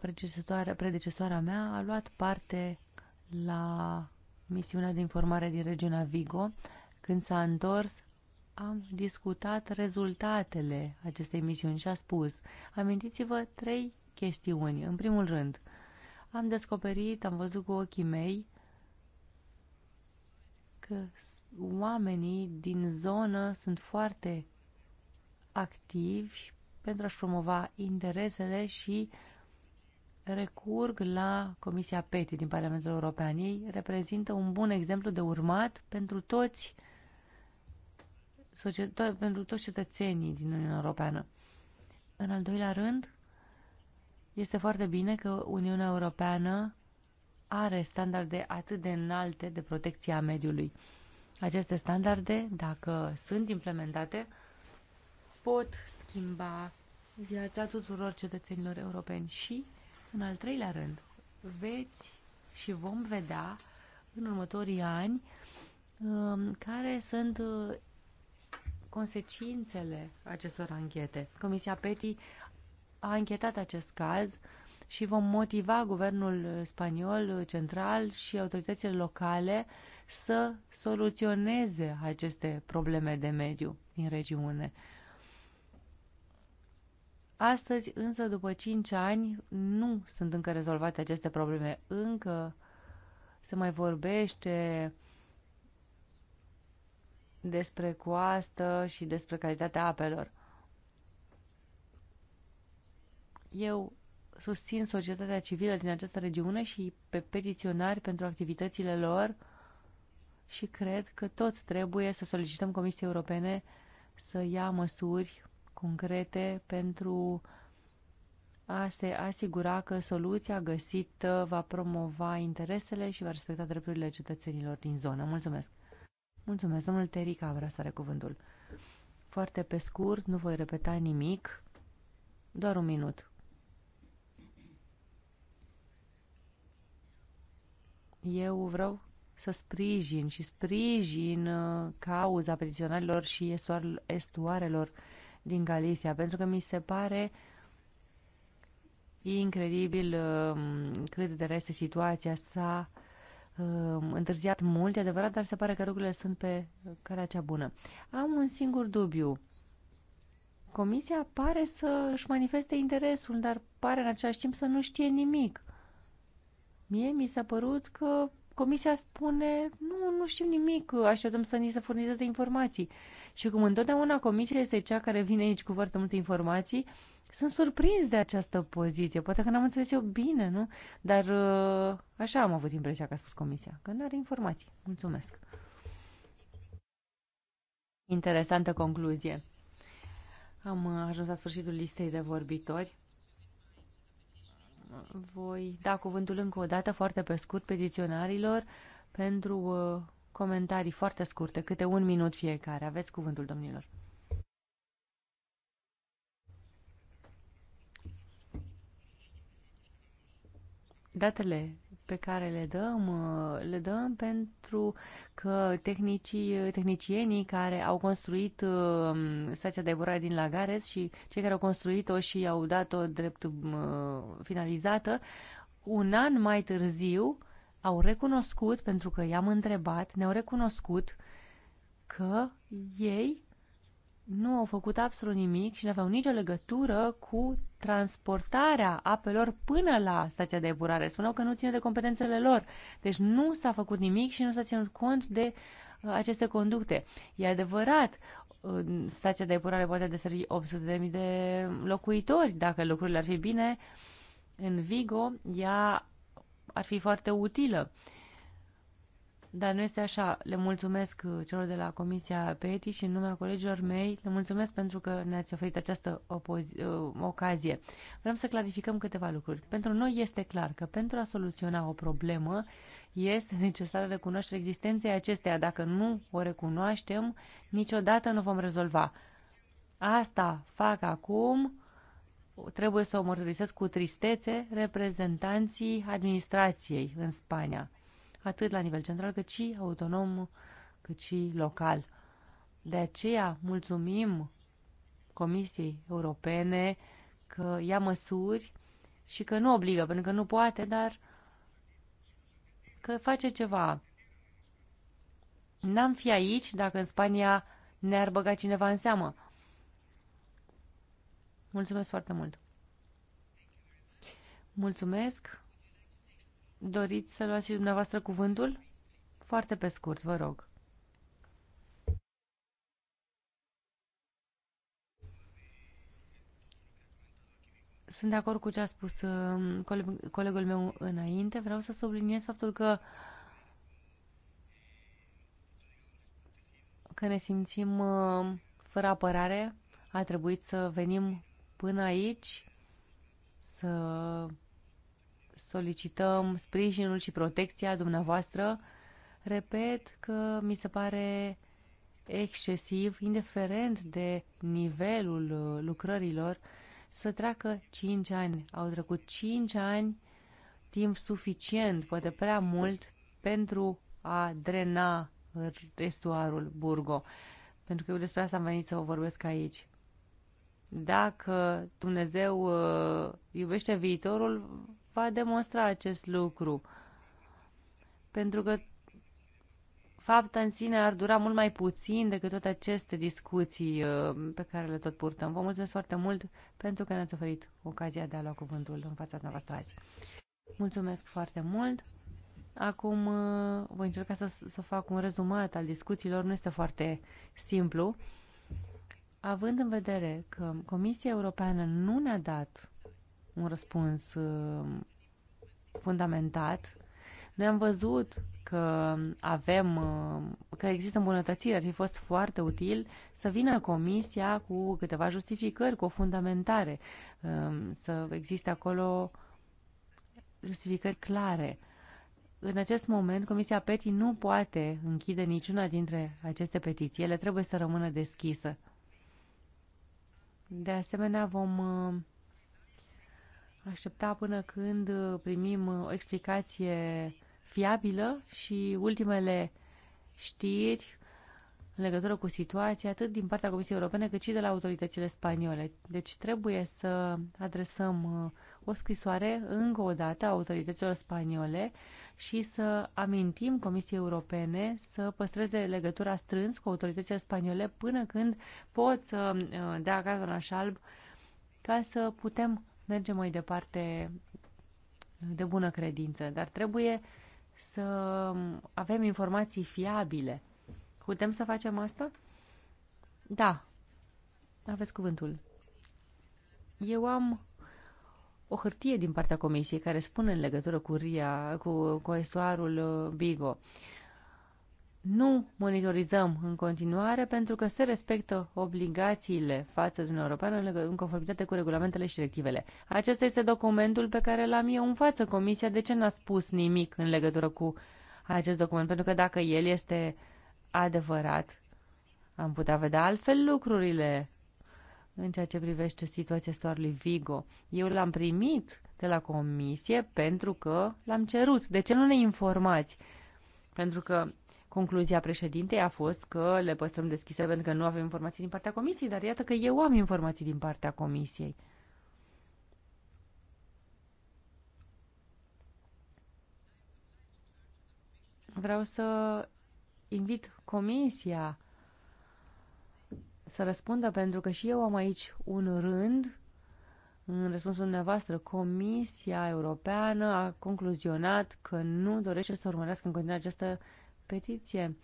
predecesoarea mea, a luat parte la misiunea de informare din regiunea Vigo. Când s-a întors, am discutat rezultatele acestei misiuni și a spus, amintiți-vă trei chestiuni. În primul rând, am descoperit, am văzut cu ochii mei că oamenii din zonă sunt foarte activi pentru a-și promova interesele și recurg la Comisia PETI din Parlamentul European. Ei reprezintă un bun exemplu de urmat pentru toți, pentru toți cetățenii din Uniunea Europeană. În al doilea rând, este foarte bine că Uniunea Europeană are standarde atât de înalte de protecție a mediului. Aceste standarde, dacă sunt implementate, pot schimba viața tuturor cetățenilor europeni și, în al treilea rând, veți și vom vedea în următorii ani um, care sunt uh, consecințele acestor anchete. Comisia PETI a închetat acest caz și vom motiva guvernul spaniol central și autoritățile locale să soluționeze aceste probleme de mediu din regiune. Astăzi, însă, după 5 ani, nu sunt încă rezolvate aceste probleme. Încă se mai vorbește despre coastă și despre calitatea apelor. Eu susțin societatea civilă din această regiune și pe petiționari pentru activitățile lor și cred că tot trebuie să solicităm Comisiei Europene să ia măsuri concrete pentru a se asigura că soluția găsită va promova interesele și va respecta drepturile cetățenilor din zonă. Mulțumesc! Mulțumesc, domnul Terica vrea să are cuvântul. Foarte pe scurt, nu voi repeta nimic, doar un minut. Eu vreau să sprijin și sprijin uh, cauza petiționarilor și estuarelor din Galicia, pentru că mi se pare incredibil um, cât de rea este situația. S-a um, întârziat mult, e adevărat, dar se pare că lucrurile sunt pe calea cea bună. Am un singur dubiu. Comisia pare să își manifeste interesul, dar pare în același timp să nu știe nimic. Mie mi s-a părut că Comisia spune, nu, nu știm nimic, așteptăm să ni se furnizeze informații. Și cum întotdeauna comisia este cea care vine aici cu foarte multe informații, sunt surprins de această poziție. Poate că n-am înțeles eu bine, nu? Dar uh, așa am avut impresia că a spus comisia, că nu are informații. Mulțumesc. Interesantă concluzie. Am uh, ajuns la sfârșitul listei de vorbitori voi da cuvântul încă o dată, foarte pe scurt, petiționarilor pentru uh, comentarii foarte scurte, câte un minut fiecare. Aveți cuvântul, domnilor. Datele pe care le dăm, uh, le dăm pentru că tehnicii, uh, tehnicienii care au construit uh, stația de epurare din Lagares și cei care au construit-o și au dat-o drept finalizată, un an mai târziu au recunoscut, pentru că i-am întrebat, ne-au recunoscut că ei nu au făcut absolut nimic și nu aveau nicio legătură cu transportarea apelor până la stația de epurare. Spuneau că nu ține de competențele lor. Deci nu s-a făcut nimic și nu s-a ținut cont de uh, aceste conducte. E adevărat, stația de epurare poate desări 800.000 de locuitori. Dacă lucrurile ar fi bine, în Vigo, ea ar fi foarte utilă. Uh, dar nu este așa. Le mulțumesc uh, celor de la Comisia PETI și în numea colegilor mei, le mulțumesc pentru că ne-ați oferit această uh, ocazie. Vreau să clarificăm câteva lucruri. Pentru noi este clar că pentru a soluționa o problemă este necesară recunoașterea existenței acesteia. Dacă nu o recunoaștem, niciodată nu vom rezolva. Asta fac acum trebuie să o mărturisesc cu tristețe reprezentanții administrației în Spania atât la nivel central, cât și autonom, cât și local. De aceea mulțumim Comisiei Europene că ia măsuri și că nu obligă, pentru că nu poate, dar că face ceva. N-am fi aici dacă în Spania ne-ar băga cineva în seamă. Mulțumesc foarte mult! Mulțumesc! Doriți să luați și dumneavoastră cuvântul? Foarte pe scurt, vă rog. Sunt de acord cu ce a spus uh, colegul meu înainte. Vreau să subliniez faptul că că ne simțim uh, fără apărare. A trebuit să venim până aici, să solicităm sprijinul și protecția dumneavoastră. Repet că mi se pare excesiv, indiferent de nivelul uh, lucrărilor, să treacă 5 ani. Au trecut 5 ani, timp suficient, poate prea mult, pentru a drena estuarul Burgo. Pentru că eu despre asta am venit să vă vorbesc aici. Dacă Dumnezeu uh, iubește viitorul, va demonstra acest lucru. Pentru că fapta în sine ar dura mult mai puțin decât toate aceste discuții uh, pe care le tot purtăm. Vă mulțumesc foarte mult pentru că ne-ați oferit ocazia de a lua cuvântul în fața noastră azi. Mulțumesc foarte mult! Acum uh, voi încerca să, să fac un rezumat al discuțiilor, nu este foarte simplu. Având în vedere că Comisia Europeană nu ne-a dat un răspuns uh, fundamentat. Noi am văzut că avem, uh, că există îmbunătățiri, ar fi fost foarte util să vină comisia cu câteva justificări, cu o fundamentare, um, să existe acolo justificări clare. În acest moment, Comisia PETI nu poate închide niciuna dintre aceste petiții. Ele trebuie să rămână deschisă. De asemenea, vom uh, aștepta până când uh, primim uh, o explicație fiabilă și ultimele știri în legătură cu situația, atât din partea Comisiei Europene, cât și de la autoritățile spaniole. Deci trebuie să adresăm uh, o scrisoare încă o dată a autorităților spaniole și să amintim Comisiei Europene să păstreze legătura strâns cu autoritățile spaniole până când pot să dea cartonaș alb ca să putem mergem mai departe de bună credință, dar trebuie să avem informații fiabile. Putem să facem asta? Da. Aveți cuvântul. Eu am o hârtie din partea comisiei care spune în legătură cu RIA, cu, cu estuarul uh, Bigo. Uh, nu monitorizăm în continuare pentru că se respectă obligațiile față de Uniunea Europeană în conformitate cu regulamentele și directivele. Acesta este documentul pe care l-am eu în față. Comisia de ce n-a spus nimic în legătură cu acest document? Pentru că dacă el este adevărat, am putea vedea altfel lucrurile în ceea ce privește situația stoarului Vigo. Eu l-am primit de la comisie pentru că l-am cerut. De ce nu ne informați? Pentru că Concluzia președintei a fost că le păstrăm deschise pentru că nu avem informații din partea comisiei, dar iată că eu am informații din partea comisiei. Vreau să invit comisia să răspundă, pentru că și eu am aici un rând în răspunsul dumneavoastră, Comisia Europeană a concluzionat că nu dorește să urmărească în continuare această petiție.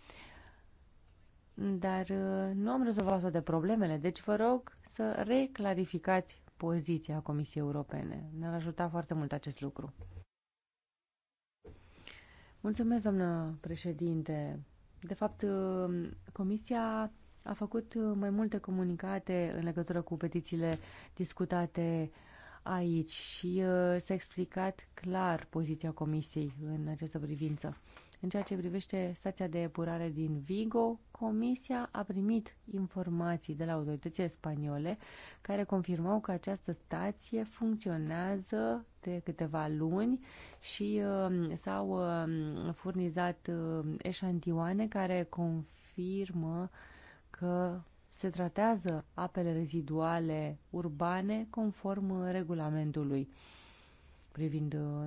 Dar uh, nu am rezolvat toate problemele, deci vă rog să reclarificați poziția Comisiei Europene. Ne-ar ajuta foarte mult acest lucru. Mulțumesc, doamnă președinte. De fapt, uh, Comisia a făcut uh, mai multe comunicate în legătură cu petițiile discutate aici și s-a explicat clar poziția Comisiei în această privință. În ceea ce privește stația de epurare din Vigo, Comisia a primit informații de la autoritățile spaniole care confirmau că această stație funcționează de câteva luni și uh, s-au uh, furnizat uh, eșantioane care confirmă că se tratează apele reziduale urbane conform uh, regulamentului privind uh,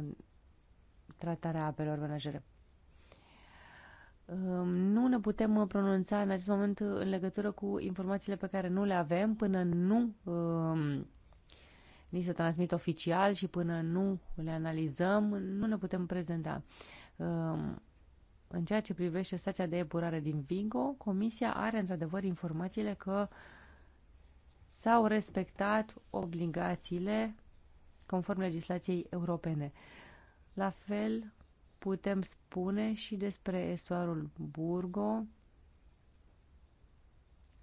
tratarea apelor menajere. Ehm, nu ne putem uh, pronunța în acest moment uh, în legătură cu informațiile pe care nu le avem până nu ehm, ni se transmit oficial și până nu le analizăm, nu ne putem prezenta. Ehm, în ceea ce privește stația de epurare din Vigo, Comisia are într-adevăr informațiile că s-au respectat obligațiile conform legislației europene. La fel, putem spune și despre estuarul Burgo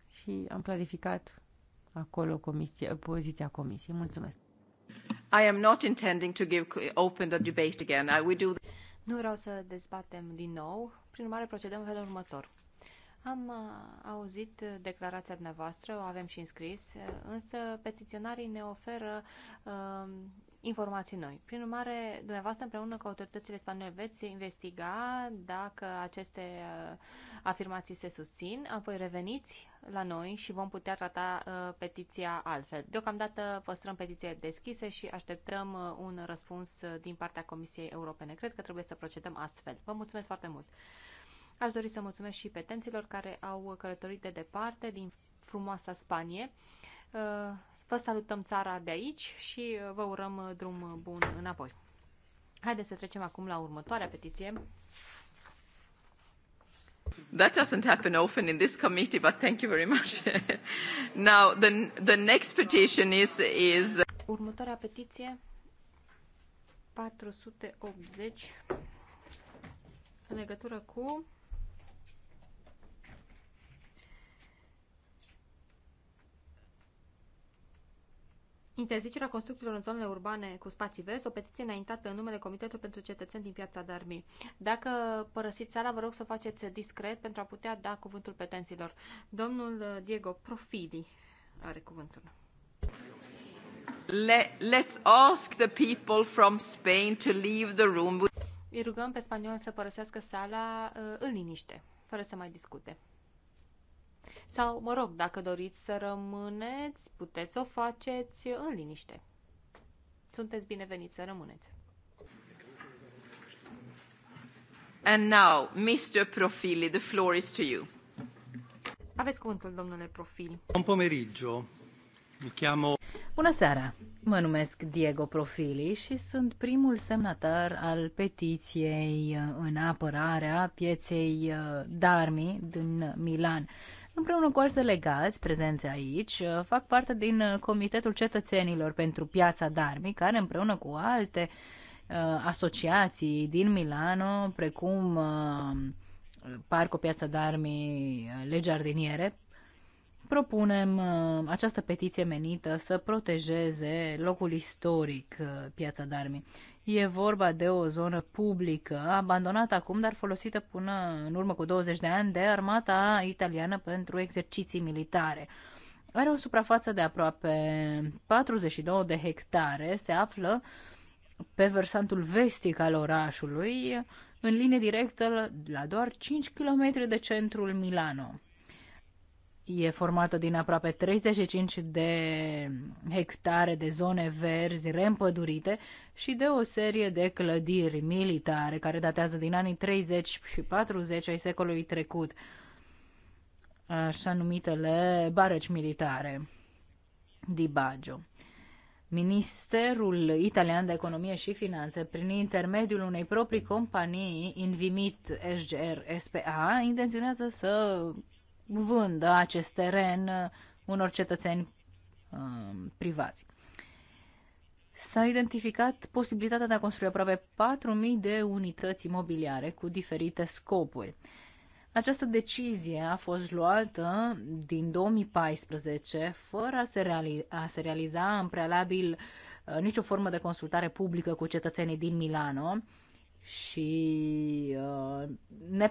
și am clarificat acolo comisie, poziția comisiei. Mulțumesc. I am not intending to give open the debate again. I, will do nu vreau să dezbatem din nou, prin urmare procedăm în felul următor. Am uh, auzit declarația dumneavoastră, o avem și înscris, însă petiționarii ne oferă uh, informații noi. Prin urmare, dumneavoastră împreună cu autoritățile spaniole veți investiga dacă aceste uh, afirmații se susțin, apoi reveniți la noi și vom putea trata uh, petiția altfel. Deocamdată păstrăm petiția deschise și așteptăm uh, un răspuns din partea Comisiei Europene. Cred că trebuie să procedăm astfel. Vă mulțumesc foarte mult! Aș dori să mulțumesc și petenților care au călătorit de departe din frumoasa Spanie Uh, vă salutăm țara de aici și uh, vă urăm uh, drum bun înapoi. Haideți să trecem acum la următoarea petiție. That doesn't happen often in this committee, but thank you very much. Now, the, the next petition is, is... Următoarea petiție, 480, în legătură cu Interzicerea construcțiilor în zonele urbane cu spații verzi, o petiție înaintată în numele Comitetului pentru Cetățeni din Piața Darmi. Dacă părăsiți sala, vă rog să o faceți discret pentru a putea da cuvântul petenților. Domnul uh, Diego Profidi are cuvântul. Le, let's ask the people from Spain to leave the room. Îi rugăm pe spaniol să părăsească sala uh, în liniște, fără să mai discute. Sau, mă rog, dacă doriți să rămâneți, puteți o faceți în liniște. Sunteți bineveniți să rămâneți. And now, Mr. Profili, the floor is to you. Aveți cuvântul, domnule Profili. Bun pomeriggio. Mi chiamo... Bună seara! Mă numesc Diego Profili și sunt primul semnatar al petiției în apărarea pieței uh, Darmi din Milan împreună cu alți delegați prezenți aici, uh, fac parte din uh, Comitetul Cetățenilor pentru Piața Darmi, care împreună cu alte uh, asociații din Milano, precum uh, Parco Piața Darmi, uh, Le Giardiniere, propunem uh, această petiție menită să protejeze locul istoric uh, Piața Darmi. E vorba de o zonă publică, abandonată acum, dar folosită până în urmă cu 20 de ani de armata italiană pentru exerciții militare. Are o suprafață de aproape 42 de hectare, se află pe versantul vestic al orașului, în linie directă la doar 5 km de centrul Milano e formată din aproape 35 de hectare de zone verzi reîmpădurite și de o serie de clădiri militare care datează din anii 30 și 40 ai secolului trecut, așa numitele barăci militare di Baggio. Ministerul Italian de Economie și Finanțe, prin intermediul unei proprii companii, Invimit SGR SPA, intenționează să vândă acest teren uh, unor cetățeni uh, privați. S-a identificat posibilitatea de a construi aproape 4.000 de unități imobiliare cu diferite scopuri. Această decizie a fost luată din 2014 fără a se, reali- a se realiza în prealabil uh, nicio formă de consultare publică cu cetățenii din Milano, și uh, ne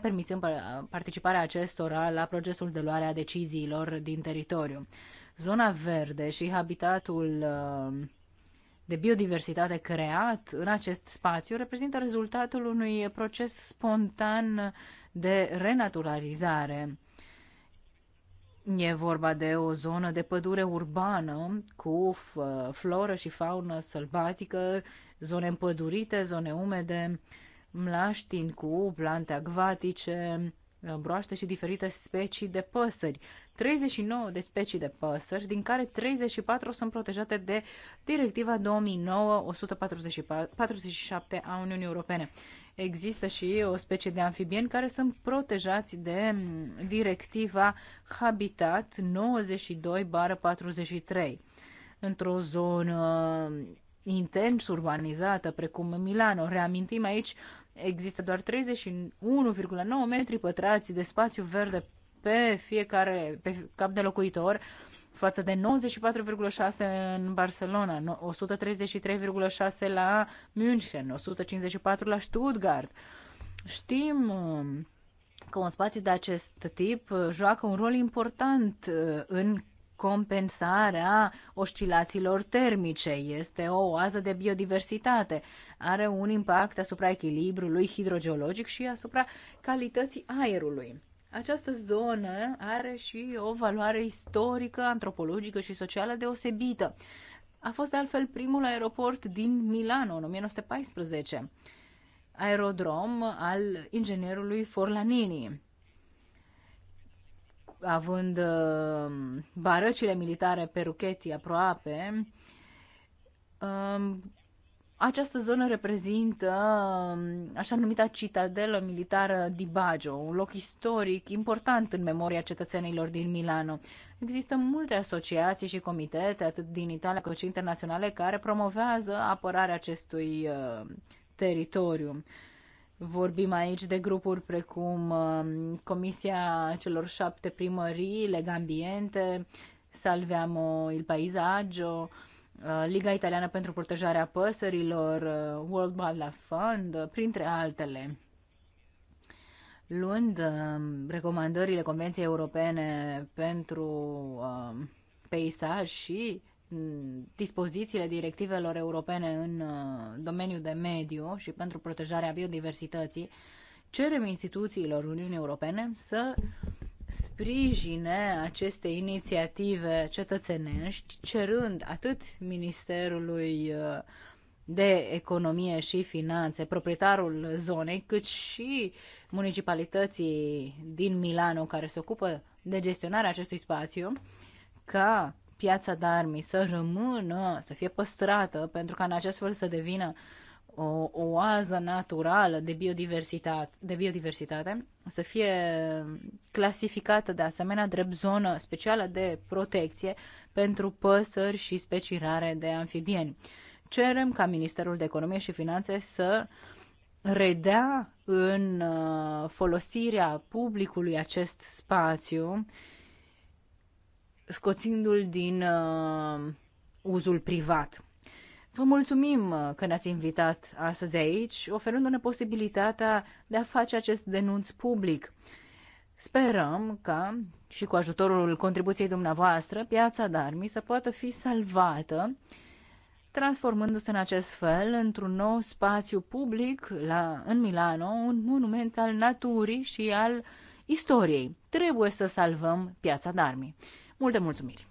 participarea acestora la procesul de luare a deciziilor din teritoriu. Zona verde și habitatul uh, de biodiversitate creat în acest spațiu reprezintă rezultatul unui proces spontan de renaturalizare. E vorba de o zonă de pădure urbană cu floră și faună sălbatică, zone împădurite, zone umede, mlaștin cu plante acvatice, uh, broaște și diferite specii de păsări. 39 de specii de păsări, din care 34 sunt protejate de Directiva 2009-147 a Uniunii Europene. Există și o specie de amfibieni care sunt protejați de mm, Directiva Habitat 92-43. Într-o zonă mm, intens urbanizată, precum Milano. Reamintim aici Există doar 31,9 metri pătrați de spațiu verde pe fiecare pe cap de locuitor față de 94,6 în Barcelona, 133,6 la München, 154 la Stuttgart. Știm um, că un spațiu de acest tip uh, joacă un rol important uh, în compensarea oscilațiilor termice, este o oază de biodiversitate, are un impact asupra echilibrului hidrogeologic și asupra calității aerului. Această zonă are și o valoare istorică, antropologică și socială deosebită. A fost de altfel primul aeroport din Milano în 1914, aerodrom al inginerului Forlanini având um, barăcile militare pe rucheti aproape, um, această zonă reprezintă um, așa numita citadelă militară di Baggio, un loc istoric important în memoria cetățenilor din Milano. Există multe asociații și comitete, atât din Italia cât și internaționale, care promovează apărarea acestui uh, teritoriu. Vorbim aici de grupuri precum um, Comisia celor șapte primării, Legambiente, Salveamo il Paisaggio, uh, Liga Italiană pentru Protejarea Păsărilor, uh, World Wildlife Fund, printre altele. Luând um, recomandările Convenției Europene pentru um, peisaj și Mm, dispozițiile directivelor europene în uh, domeniul de mediu și pentru protejarea biodiversității, cerem instituțiilor Uniunii Europene să sprijine aceste inițiative cetățenești, cerând atât Ministerului uh, de Economie și Finanțe, proprietarul zonei, cât și municipalității din Milano care se ocupă de gestionarea acestui spațiu, ca piața de să rămână, să fie păstrată, pentru ca în acest fel să devină o oază naturală de biodiversitate, de biodiversitate, să fie clasificată de asemenea drept zonă specială de protecție pentru păsări și specii rare de anfibieni. Cerem ca Ministerul de Economie și Finanțe să redea în uh, folosirea publicului acest spațiu scoțindu-l din uh, uzul privat. Vă mulțumim uh, că ne-ați invitat astăzi aici, oferându-ne posibilitatea de a face acest denunț public. Sperăm că, și cu ajutorul contribuției dumneavoastră, piața Darmi să poată fi salvată, transformându-se în acest fel într-un nou spațiu public la, în Milano, un monument al naturii și al istoriei. Trebuie să salvăm piața Darmi. Multe mulțumiri!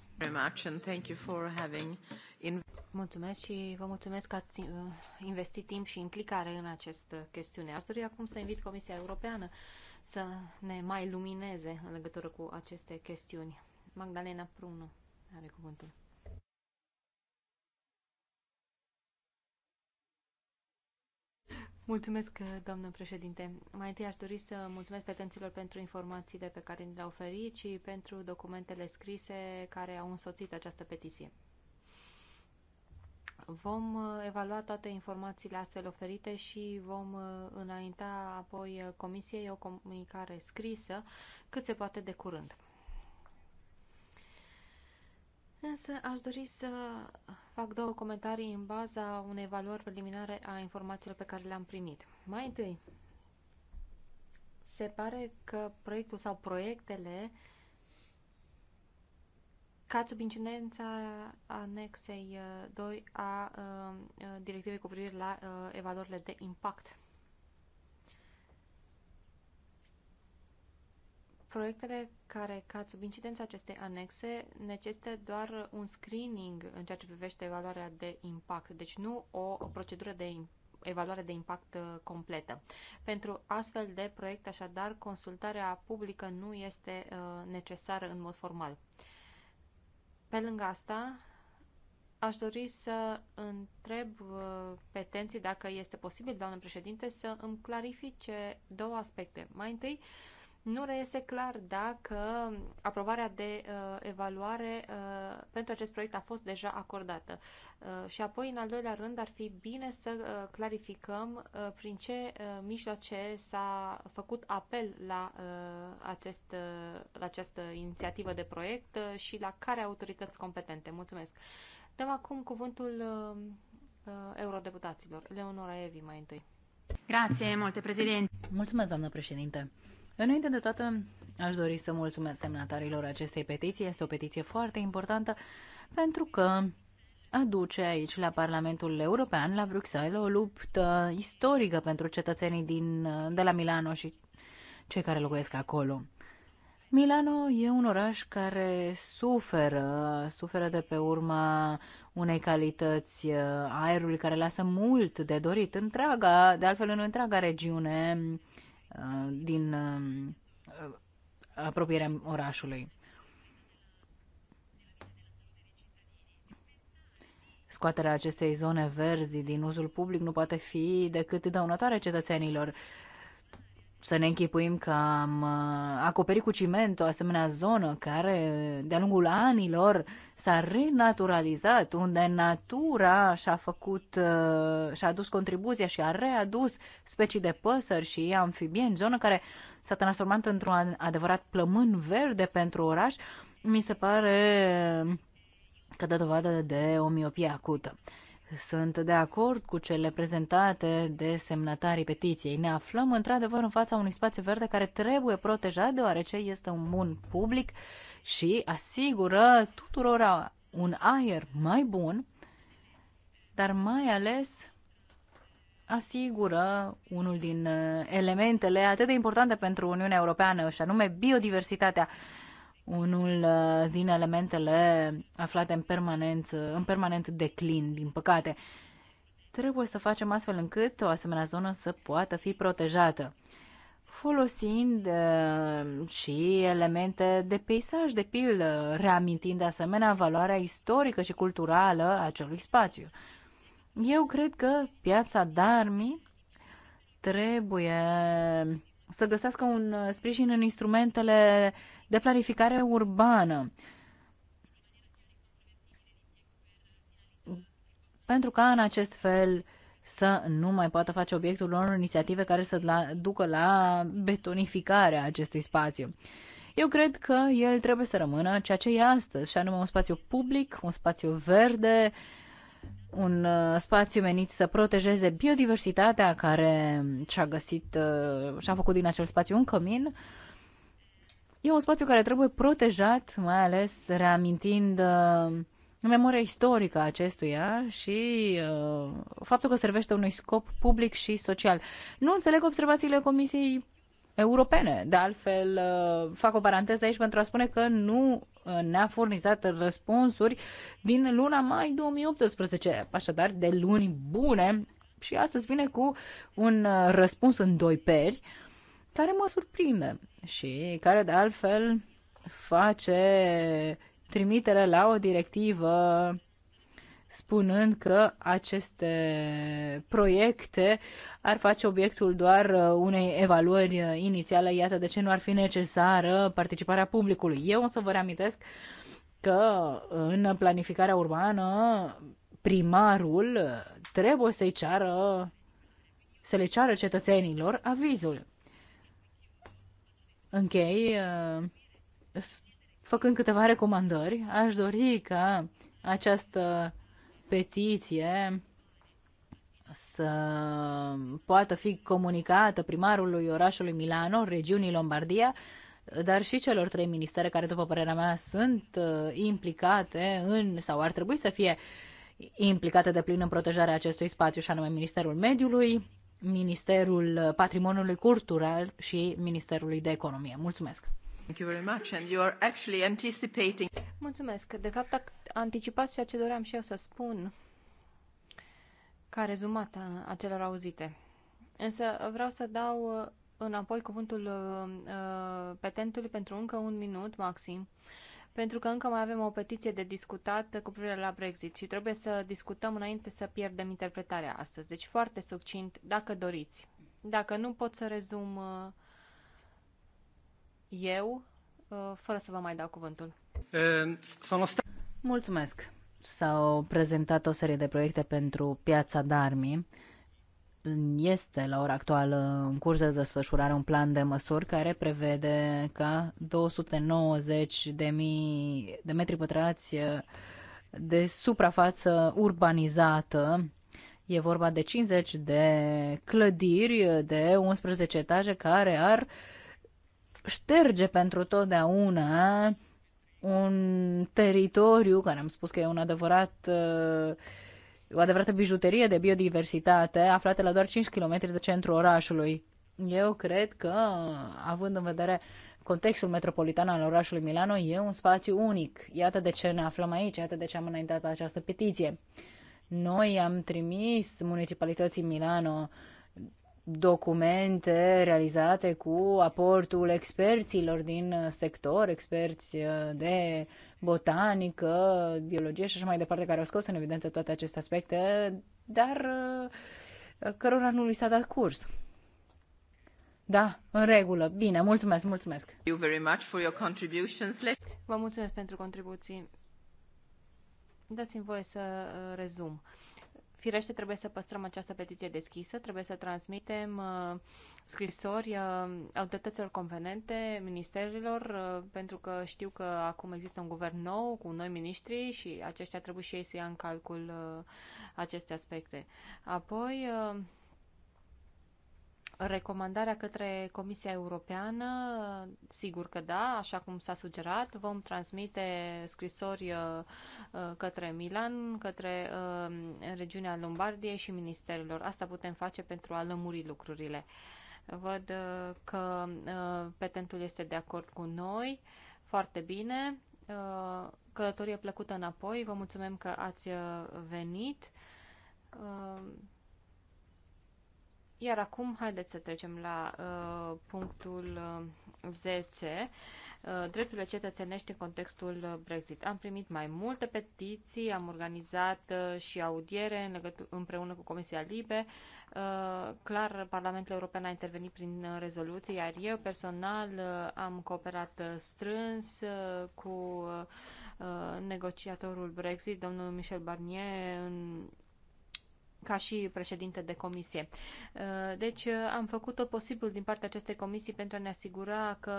Mulțumesc și vă mulțumesc că ați uh, investit timp și implicare în această chestiune. Aș dori acum să invit Comisia Europeană să ne mai lumineze în legătură cu aceste chestiuni. Magdalena Pruno are cuvântul. Mulțumesc, doamnă președinte. Mai întâi aș dori să mulțumesc petenților pentru informațiile pe care ni le-au oferit și pentru documentele scrise care au însoțit această petiție. Vom uh, evalua toate informațiile astfel oferite și vom uh, înainta apoi uh, comisiei o comunicare scrisă cât se poate de curând. Însă aș dori să fac două comentarii în baza unei valori preliminare a informațiilor pe care le-am primit. Mai întâi, se pare că proiectul sau proiectele cad sub incidența anexei 2 uh, a uh, uh, directivei cu privire la evaluările de impact. Proiectele care cad sub incidența acestei anexe necesită doar un screening în ceea ce privește evaluarea de impact, deci nu o, procedură de evaluare de impact uh, completă. Pentru astfel de proiecte, așadar, consultarea publică nu este uh, necesară în mod formal. Pe lângă asta, Aș dori să întreb uh, petenții dacă este posibil, doamnă președinte, să îmi clarifice două aspecte. Mai întâi, uh, nu reiese clar dacă aprobarea de uh, evaluare uh, pentru acest proiect a fost deja acordată. Uh, și apoi, în al doilea rând, ar fi bine să uh, clarificăm uh, prin ce uh, mijloace s-a făcut apel la, uh, acest, uh, la această inițiativă de proiect uh, și la care autorități competente. Mulțumesc. Dăm acum cuvântul uh, uh, eurodeputaților. Leonora Evi mai întâi. Grazie, multe președinte. Mulțumesc, doamnă președinte. Înainte de toate, aș dori să mulțumesc semnatarilor acestei petiții. Este o petiție foarte importantă pentru că aduce aici, la Parlamentul European, la Bruxelles, o luptă istorică pentru cetățenii din, de la Milano și cei care locuiesc acolo. Milano e un oraș care suferă, suferă de pe urma unei calități aerului care lasă mult de dorit întreaga, de altfel în întreaga regiune Uh, din uh, apropierea orașului. Scoaterea acestei zone verzi din uzul public nu poate fi decât dăunătoare cetățenilor să ne închipuim că am uh, acoperit cu ciment o asemenea zonă care de-a lungul anilor s-a renaturalizat, unde natura și-a făcut, uh, și-a adus contribuția și a readus specii de păsări și amfibieni, zonă care s-a transformat într-un adevărat plămân verde pentru oraș, mi se pare că dă dovadă de o miopie acută. Sunt de acord cu cele prezentate de semnătarii petiției. Ne aflăm într-adevăr în fața unui spațiu verde care trebuie protejat deoarece este un bun public și asigură tuturora un aer mai bun, dar mai ales asigură unul din elementele atât de importante pentru Uniunea Europeană și anume biodiversitatea unul uh, din elementele aflate în permanent, uh, în permanent declin, din păcate. Trebuie să facem astfel încât o asemenea zonă să poată fi protejată, folosind uh, și elemente de peisaj, de pildă, reamintind de asemenea valoarea istorică și culturală a acelui spațiu. Eu cred că piața Darmi trebuie să găsească un sprijin în instrumentele uh, de planificare urbană. Pentru ca în acest fel să nu mai poată face obiectul unor inițiative care să la, ducă la betonificarea acestui spațiu. Eu cred că el trebuie să rămână ceea ce e astăzi, și anume un spațiu public, un spațiu verde, un uh, spațiu menit să protejeze biodiversitatea care și-a găsit, uh, și-a făcut din acel spațiu un cămin, E un spațiu care trebuie protejat, mai ales reamintind uh, memoria istorică a acestuia și uh, faptul că servește unui scop public și social. Nu înțeleg observațiile Comisiei Europene. De altfel, uh, fac o paranteză aici pentru a spune că nu uh, ne-a furnizat răspunsuri din luna mai 2018, așadar de luni bune și astăzi vine cu un uh, răspuns în doi peri uh, care mă surprinde și care de altfel face trimitere la o directivă spunând că aceste proiecte ar face obiectul doar uh, unei evaluări uh, inițiale, iată de ce nu ar fi necesară participarea publicului. Eu o să vă reamintesc că uh, în planificarea urbană primarul trebuie să-i ceară să le ceară cetățenilor avizul închei uh, făcând câteva recomandări. Aș dori ca această petiție să poată fi comunicată primarului orașului Milano, regiunii Lombardia, dar și celor trei ministere care, după părerea mea, sunt uh, implicate în sau ar trebui să fie implicate de plin în protejarea acestui spațiu, și anume Ministerul Mediului, Ministerul Patrimoniului Cultural și Ministerului de Economie. Mulțumesc! Thank you very much and you are actually anticipating. Mulțumesc. De fapt, anticipați ceea ce doream și eu să spun ca rezumat a celor auzite. Însă vreau să dau uh, înapoi cuvântul uh, uh, petentului pentru încă un minut maxim. Uh, pentru că încă mai avem o petiție de discutat cu privire la Brexit și trebuie să discutăm înainte să pierdem interpretarea astăzi. Deci foarte succint, dacă doriți. Dacă nu pot să rezum uh, eu, uh, fără să vă mai dau cuvântul. Uh, Mulțumesc! S-au prezentat o serie de proiecte pentru piața Darmi este la ora actuală în curs de desfășurare un plan de măsuri care prevede ca 290 de, mii de metri pătrați de suprafață urbanizată. E vorba de 50 de clădiri de 11 etaje care ar șterge pentru totdeauna un teritoriu, care am spus că e un adevărat uh, o adevărată bijuterie de biodiversitate aflată la doar 5 km de centrul orașului. Eu cred că, având în vedere contextul metropolitan al orașului Milano, e un spațiu unic. Iată de ce ne aflăm aici, iată de ce am înaintat această petiție. Noi am trimis municipalității Milano documente realizate cu aportul experților din sector, experți uh, de botanică, biologie și așa mai departe, care au scos în evidență toate aceste aspecte, dar uh, cărora nu li s-a dat curs. Da, în regulă. Bine, mulțumesc, mulțumesc. You very much for your contributions. Vă mulțumesc pentru contribuții. Dați-mi voie să uh, rezum. Firește, trebuie să păstrăm această petiție deschisă, trebuie să transmitem uh, scrisori uh, autorităților convenente, ministerilor, uh, pentru că știu că acum există un guvern nou cu noi miniștri și aceștia trebuie și ei să ia în calcul uh, aceste aspecte. Apoi, uh, Recomandarea către Comisia Europeană, sigur că da, așa cum s-a sugerat, vom transmite scrisori uh, uh, către Milan, către uh, regiunea Lombardiei și ministerilor. Asta putem face pentru a lămuri lucrurile. Văd că petentul este de acord cu noi. Foarte bine. Călătorie plăcută înapoi. Vă mulțumim că ați venit iar acum, haideți să trecem la uh, punctul uh, 10. Uh, drepturile cetățenești în contextul uh, Brexit. Am primit mai multe petiții, am organizat uh, și audiere în legătu- împreună cu Comisia Libe. Uh, clar, Parlamentul European a intervenit prin uh, iar eu personal uh, am cooperat uh, strâns uh, cu uh, uh negociatorul Brexit, domnul Michel Barnier, în ca și președinte de comisie. Uh, deci uh, am făcut tot posibil din partea acestei comisii pentru a ne asigura că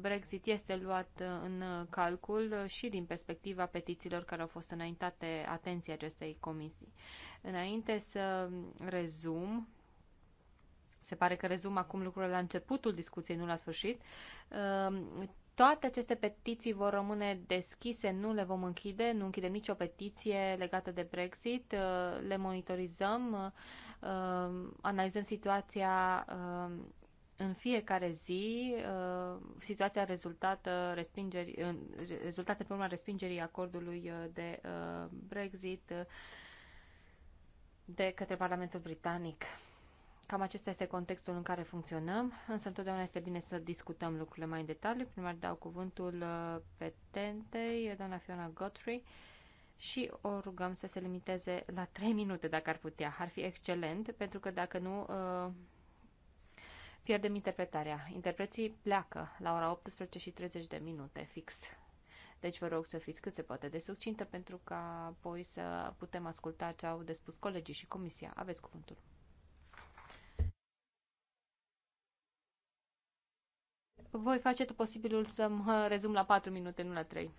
Brexit este luat uh, în calcul și din perspectiva petițiilor care au fost înaintate atenției acestei comisii. Înainte să rezum, se pare că rezum acum lucrurile la începutul discuției, nu la sfârșit. Toate aceste petiții vor rămâne deschise, nu le vom închide, nu închidem nicio petiție legată de Brexit, uh, le monitorizăm, uh, uh, analizăm situația în fiecare zi, situația rezultată respingeri, rezultate pe urma respingerii acordului de Brexit de către Parlamentul Britanic. Cam acesta este contextul în care funcționăm, însă întotdeauna este bine să discutăm lucrurile mai în detaliu. Primar dau cuvântul uh, petentei, doamna Fiona Godfrey, și o rugăm să se limiteze la 3 minute dacă ar putea. Ar fi excelent, pentru că dacă nu, uh, pierdem interpretarea. Interpreții pleacă la ora 18 și 30 de minute fix. Deci vă rog să fiți cât se poate de succintă pentru ca apoi să putem asculta ce au de spus colegii și comisia. Aveți cuvântul. Voi face tot posibilul să mă rezum la 4 minute, nu la 3.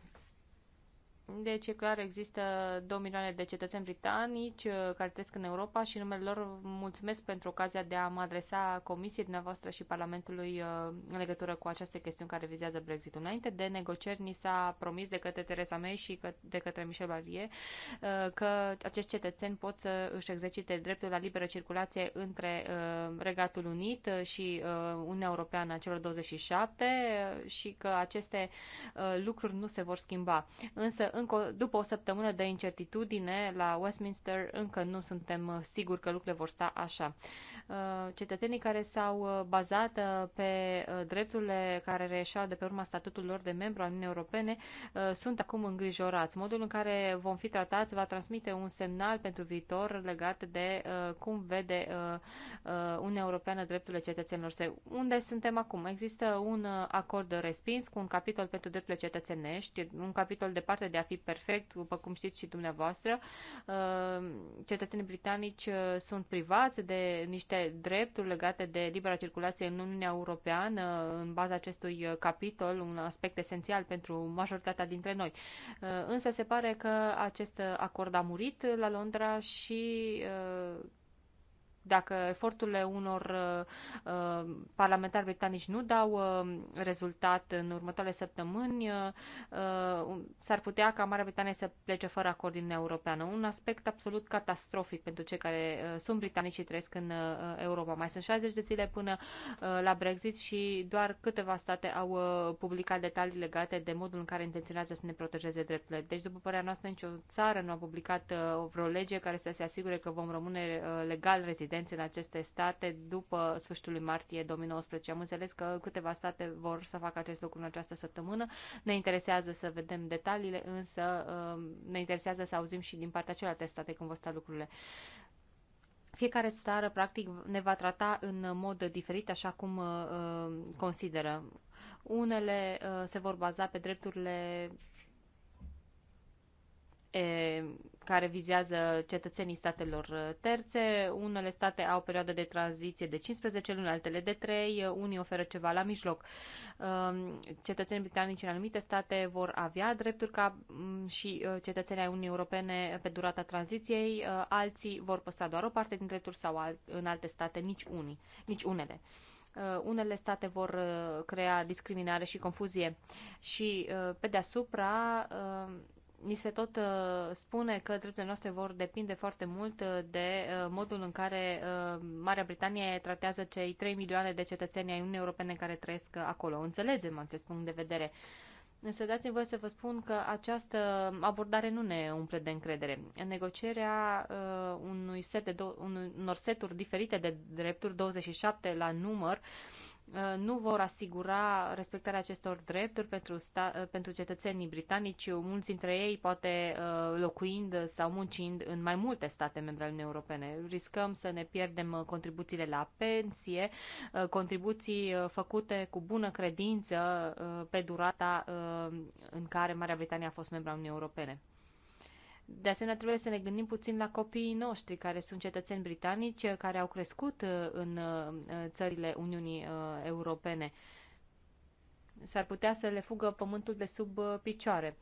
Deci e clar, există 2 milioane de cetățeni britanici uh, care trăiesc în Europa și numele lor mulțumesc pentru ocazia de a mă adresa Comisiei dumneavoastră și Parlamentului uh, în legătură cu această chestiune care vizează Brexitul. Înainte de negocieri ni s-a promis de către Theresa May și de către Michel Barnier uh, că acești cetățeni pot să își exercite dreptul la liberă circulație între Regatul Unit și Uniunea Europeană a celor 27 și că aceste lucruri nu se vor schimba. Însă încă, după o săptămână de incertitudine la Westminster, încă nu suntem uh, siguri că lucrurile vor sta așa. Uh, cetățenii care s-au uh, bazat pe drepturile care reieșeau de pe urma statutului lor de membru al Uniunii Europene sunt acum îngrijorați. Modul în care vom fi tratați va transmite un semnal pentru viitor legat de cum vede Uniunea Europeană drepturile cetățenilor săi. Unde suntem acum? Există un acord respins cu un capitol pentru drepturile cetățenești, un capitol departe de a fi perfect, după cum știți și dumneavoastră. Uh, cetățenii britanici uh, sunt privați de niște drepturi legate de libera circulație în Uniunea Europeană, uh, în baza acestui capitol, un aspect esențial pentru majoritatea dintre noi. Însă se pare că acest acord a murit la Londra și dacă eforturile unor uh, uh, parlamentari britanici nu dau uh, rezultat în următoarele săptămâni, uh, uh s-ar putea ca Marea Britanie să plece fără acord din Europeană. Un aspect absolut catastrofic pentru cei care uh, sunt britanici și trăiesc în uh, Europa. Mai sunt 60 de zile până uh, la Brexit și doar câteva state au uh, publicat detalii legate de modul în care intenționează să ne protejeze drepturile. Deci, după părerea noastră, nicio țară nu a publicat uh, vreo lege care să se asigure că vom rămâne uh, legal rezident rezidenți în aceste state după sfârșitul lui martie 2019. Am înțeles că câteva state vor să facă acest lucru în această săptămână. Ne interesează să vedem detaliile, însă um, ne interesează să auzim și din partea celelalte state cum vor sta lucrurile. Fiecare țară, practic, ne va trata în mod diferit, așa cum uh, um, consideră. Unele uh, se vor baza pe drepturile care vizează cetățenii statelor terțe. Unele state au perioadă de tranziție de 15 luni, altele de 3, unii oferă ceva la mijloc. Cetățenii britanici în anumite state vor avea drepturi ca și cetățenii Uniunii Europene pe durata tranziției, alții vor păstra doar o parte din drepturi sau în alte state nici, unii, nici unele unele state vor crea discriminare și confuzie. Și pe deasupra ni se tot uh, spune că drepturile noastre vor depinde foarte mult uh, de uh, modul în care Marea Britanie tratează cei 3 milioane de cetățeni ai Uniunii Europene care trăiesc acolo. Înțelegem acest punct de vedere. Însă dați-mi voie să vă spun că această abordare nu ne umple de încredere. În negocierea uh, unui set de do- unor seturi diferite de drepturi, 27 la număr, uh, Uh, nu vor asigura respectarea acestor drepturi pentru, sta- uh, pentru cetățenii britanici, mulți dintre ei poate uh, locuind sau muncind în mai multe state membre ale Uniunii Europene. Riscăm să ne pierdem contribuțiile la pensie, contribuții făcute cu bună credință pe durata în care Marea Britanie a fost membra Uniunii Europene. De asemenea, trebuie să ne gândim puțin la copiii noștri care sunt cetățeni britanici, eh, care au crescut eh, eh, în țările Uniunii Europene s-ar putea să le fugă pământul de sub picioare.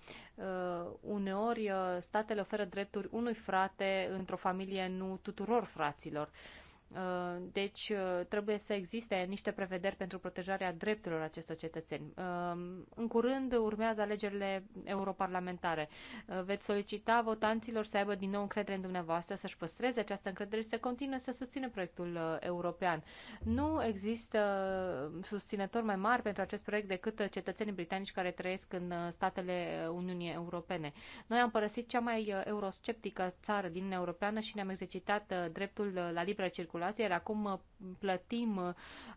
uneori, statele oferă drepturi unui frate într-o familie, nu tuturor fraților. Uh, deci uh, trebuie să existe niște prevederi pentru protejarea drepturilor acestor cetățeni. Uh, în curând urmează alegerile europarlamentare. Veți solicita votanților să aibă din nou încredere în dumneavoastră, să-și păstreze această încredere și să continue să susțină proiectul european. Nu există susținători mai mari pentru acest proiect decât cetățenii britanici care trăiesc în statele Uniunii Europene. Noi am părăsit cea mai eurosceptică țară din Europeană și ne-am exercitat dreptul la liberă circulație populație, iar acum uh, plătim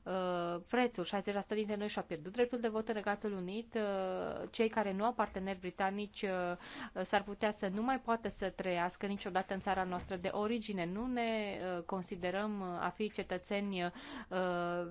uh, prețul. 60% dintre noi și-au pierdut dreptul de vot în Regatul Unit. Uh, cei care nu au parteneri britanici uh, s-ar putea să nu mai poată să trăiască niciodată în țara noastră de origine. Nu ne uh, considerăm uh, a fi cetățeni uh,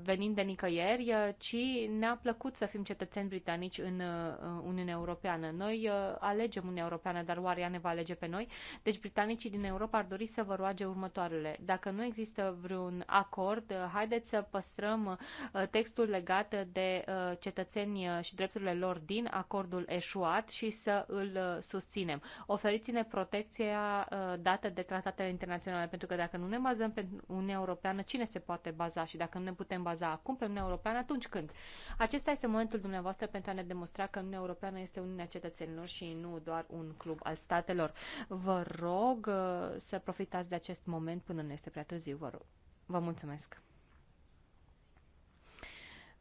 venind de nicăieri, uh, ci ne-a plăcut să fim cetățeni britanici în uh, Uniunea Europeană. Noi uh, alegem Uniunea Europeană, dar oare ea ne va alege pe noi? Deci britanicii din Europa ar dori să vă roage următoarele. Dacă nu există vreun acord, haideți să păstrăm uh, textul legat de uh, cetățeni și drepturile lor din acordul eșuat și să îl uh, susținem. Oferiți-ne protecția dată de tratatele internaționale, pentru că dacă nu ne bazăm pe Uniunea Europeană, cine se poate baza și dacă nu ne putem baza acum pe Uniunea Europeană, atunci când? Acesta este momentul dumneavoastră pentru a ne demonstra că Uniunea Europeană este Uniunea Cetățenilor și nu doar un club al statelor. Vă rog să profitați de acest moment până nu este prea târziu, vă rog. Vă mulțumesc!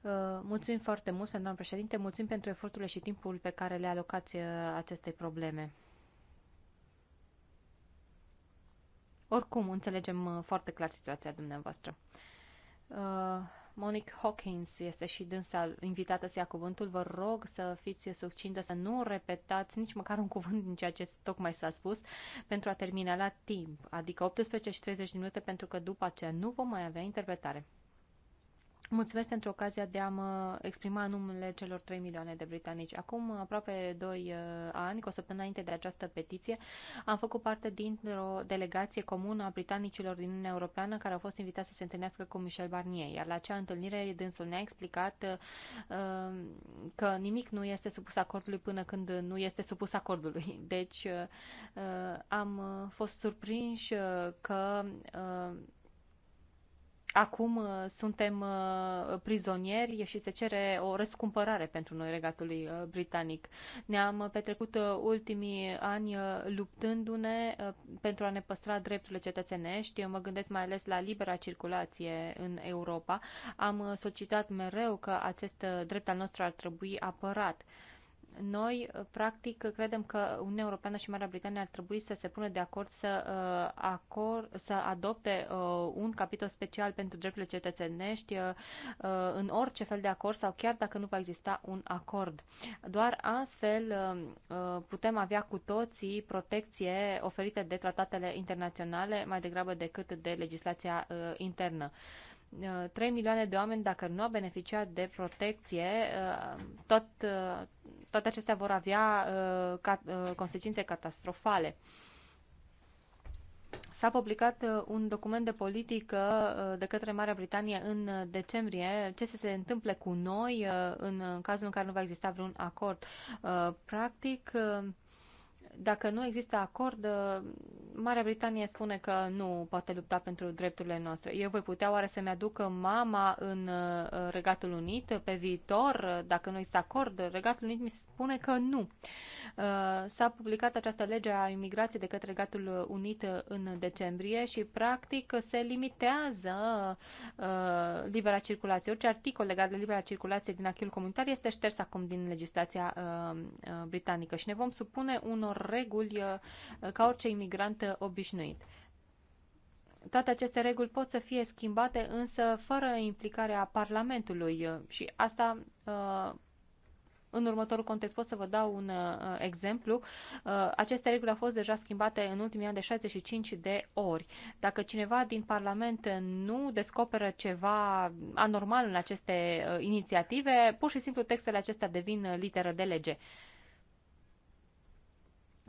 Uh, mulțumim foarte mult, doamnă președinte, mulțumim pentru eforturile și timpul pe care le alocați uh, acestei probleme. Oricum, înțelegem uh, foarte clar situația dumneavoastră. Monique Hawkins este și dânsa invitată să ia cuvântul. Vă rog să fiți succintă, să nu repetați nici măcar un cuvânt din ceea ce tocmai s-a spus pentru a termina la timp, adică 18 și 30 de minute, pentru că după aceea nu vom mai avea interpretare. Mulțumesc pentru ocazia de a mă exprima numele celor 3 milioane de britanici. Acum aproape 2 uh, ani, cu o săptămână înainte de această petiție, am făcut parte dintr-o delegație comună a britanicilor din Uniunea Europeană care au fost invitați să se întâlnească cu Michel Barnier. Iar la acea întâlnire dânsul ne-a explicat uh, că nimic nu este supus acordului până când nu este supus acordului. Deci uh, uh am uh, fost surprinși că uh, acum uh, suntem uh, prizonieri și se cere o răscumpărare pentru noi regatului uh, britanic. Ne-am petrecut ultimii ani luptându-ne pentru a ne păstra drepturile cetățenești. Eu mă gândesc mai ales la libera circulație în Europa. Am solicitat mereu că acest drept al nostru ar trebui apărat. Noi, uh, practic, credem că Uniunea Europeană și Marea Britanie ar trebui să se pună de acord să, uh, acord, să adopte uh, un capitol special pentru drepturile cetățenești uh, uh, în orice fel de acord sau chiar dacă nu va exista un acord. Doar astfel uh, uh putem avea cu toții protecție oferită de tratatele internaționale mai degrabă decât de legislația uh, internă. Uh, 3 uh, milioane de oameni, dacă nu au beneficiat de protecție, uh, tot, uh, toate acestea vor avea ca, consecințe catastrofale. S-a publicat un document de politică de către Marea Britanie în decembrie, ce se, se întâmple cu noi în cazul în care nu va exista vreun acord. Practic, dacă nu există acord, uh, Marea Britanie spune că nu poate lupta pentru drepturile noastre. Eu voi putea oare să-mi aduc mama în uh, Regatul Unit pe viitor, uh, dacă nu există acord? Regatul Unit mi spune că nu. S-a publicat această lege a imigrației de către Regatul Unit în decembrie și, practic, se limitează libera circulație. Orice articol legat de libera circulație din acquis comunitar este șters acum din legislația britanică și ne vom supune unor reguli uh, ca orice imigrant uh, obișnuit. Toate aceste reguli pot să fie schimbate, însă fără implicarea Parlamentului uh, și asta în următorul context pot să vă dau un exemplu. aceste reguli au fost deja schimbate în ultimii ani de 65 de ori. Dacă cineva din Parlament nu descoperă ceva anormal în aceste inițiative, pur și simplu textele acestea devin literă de lege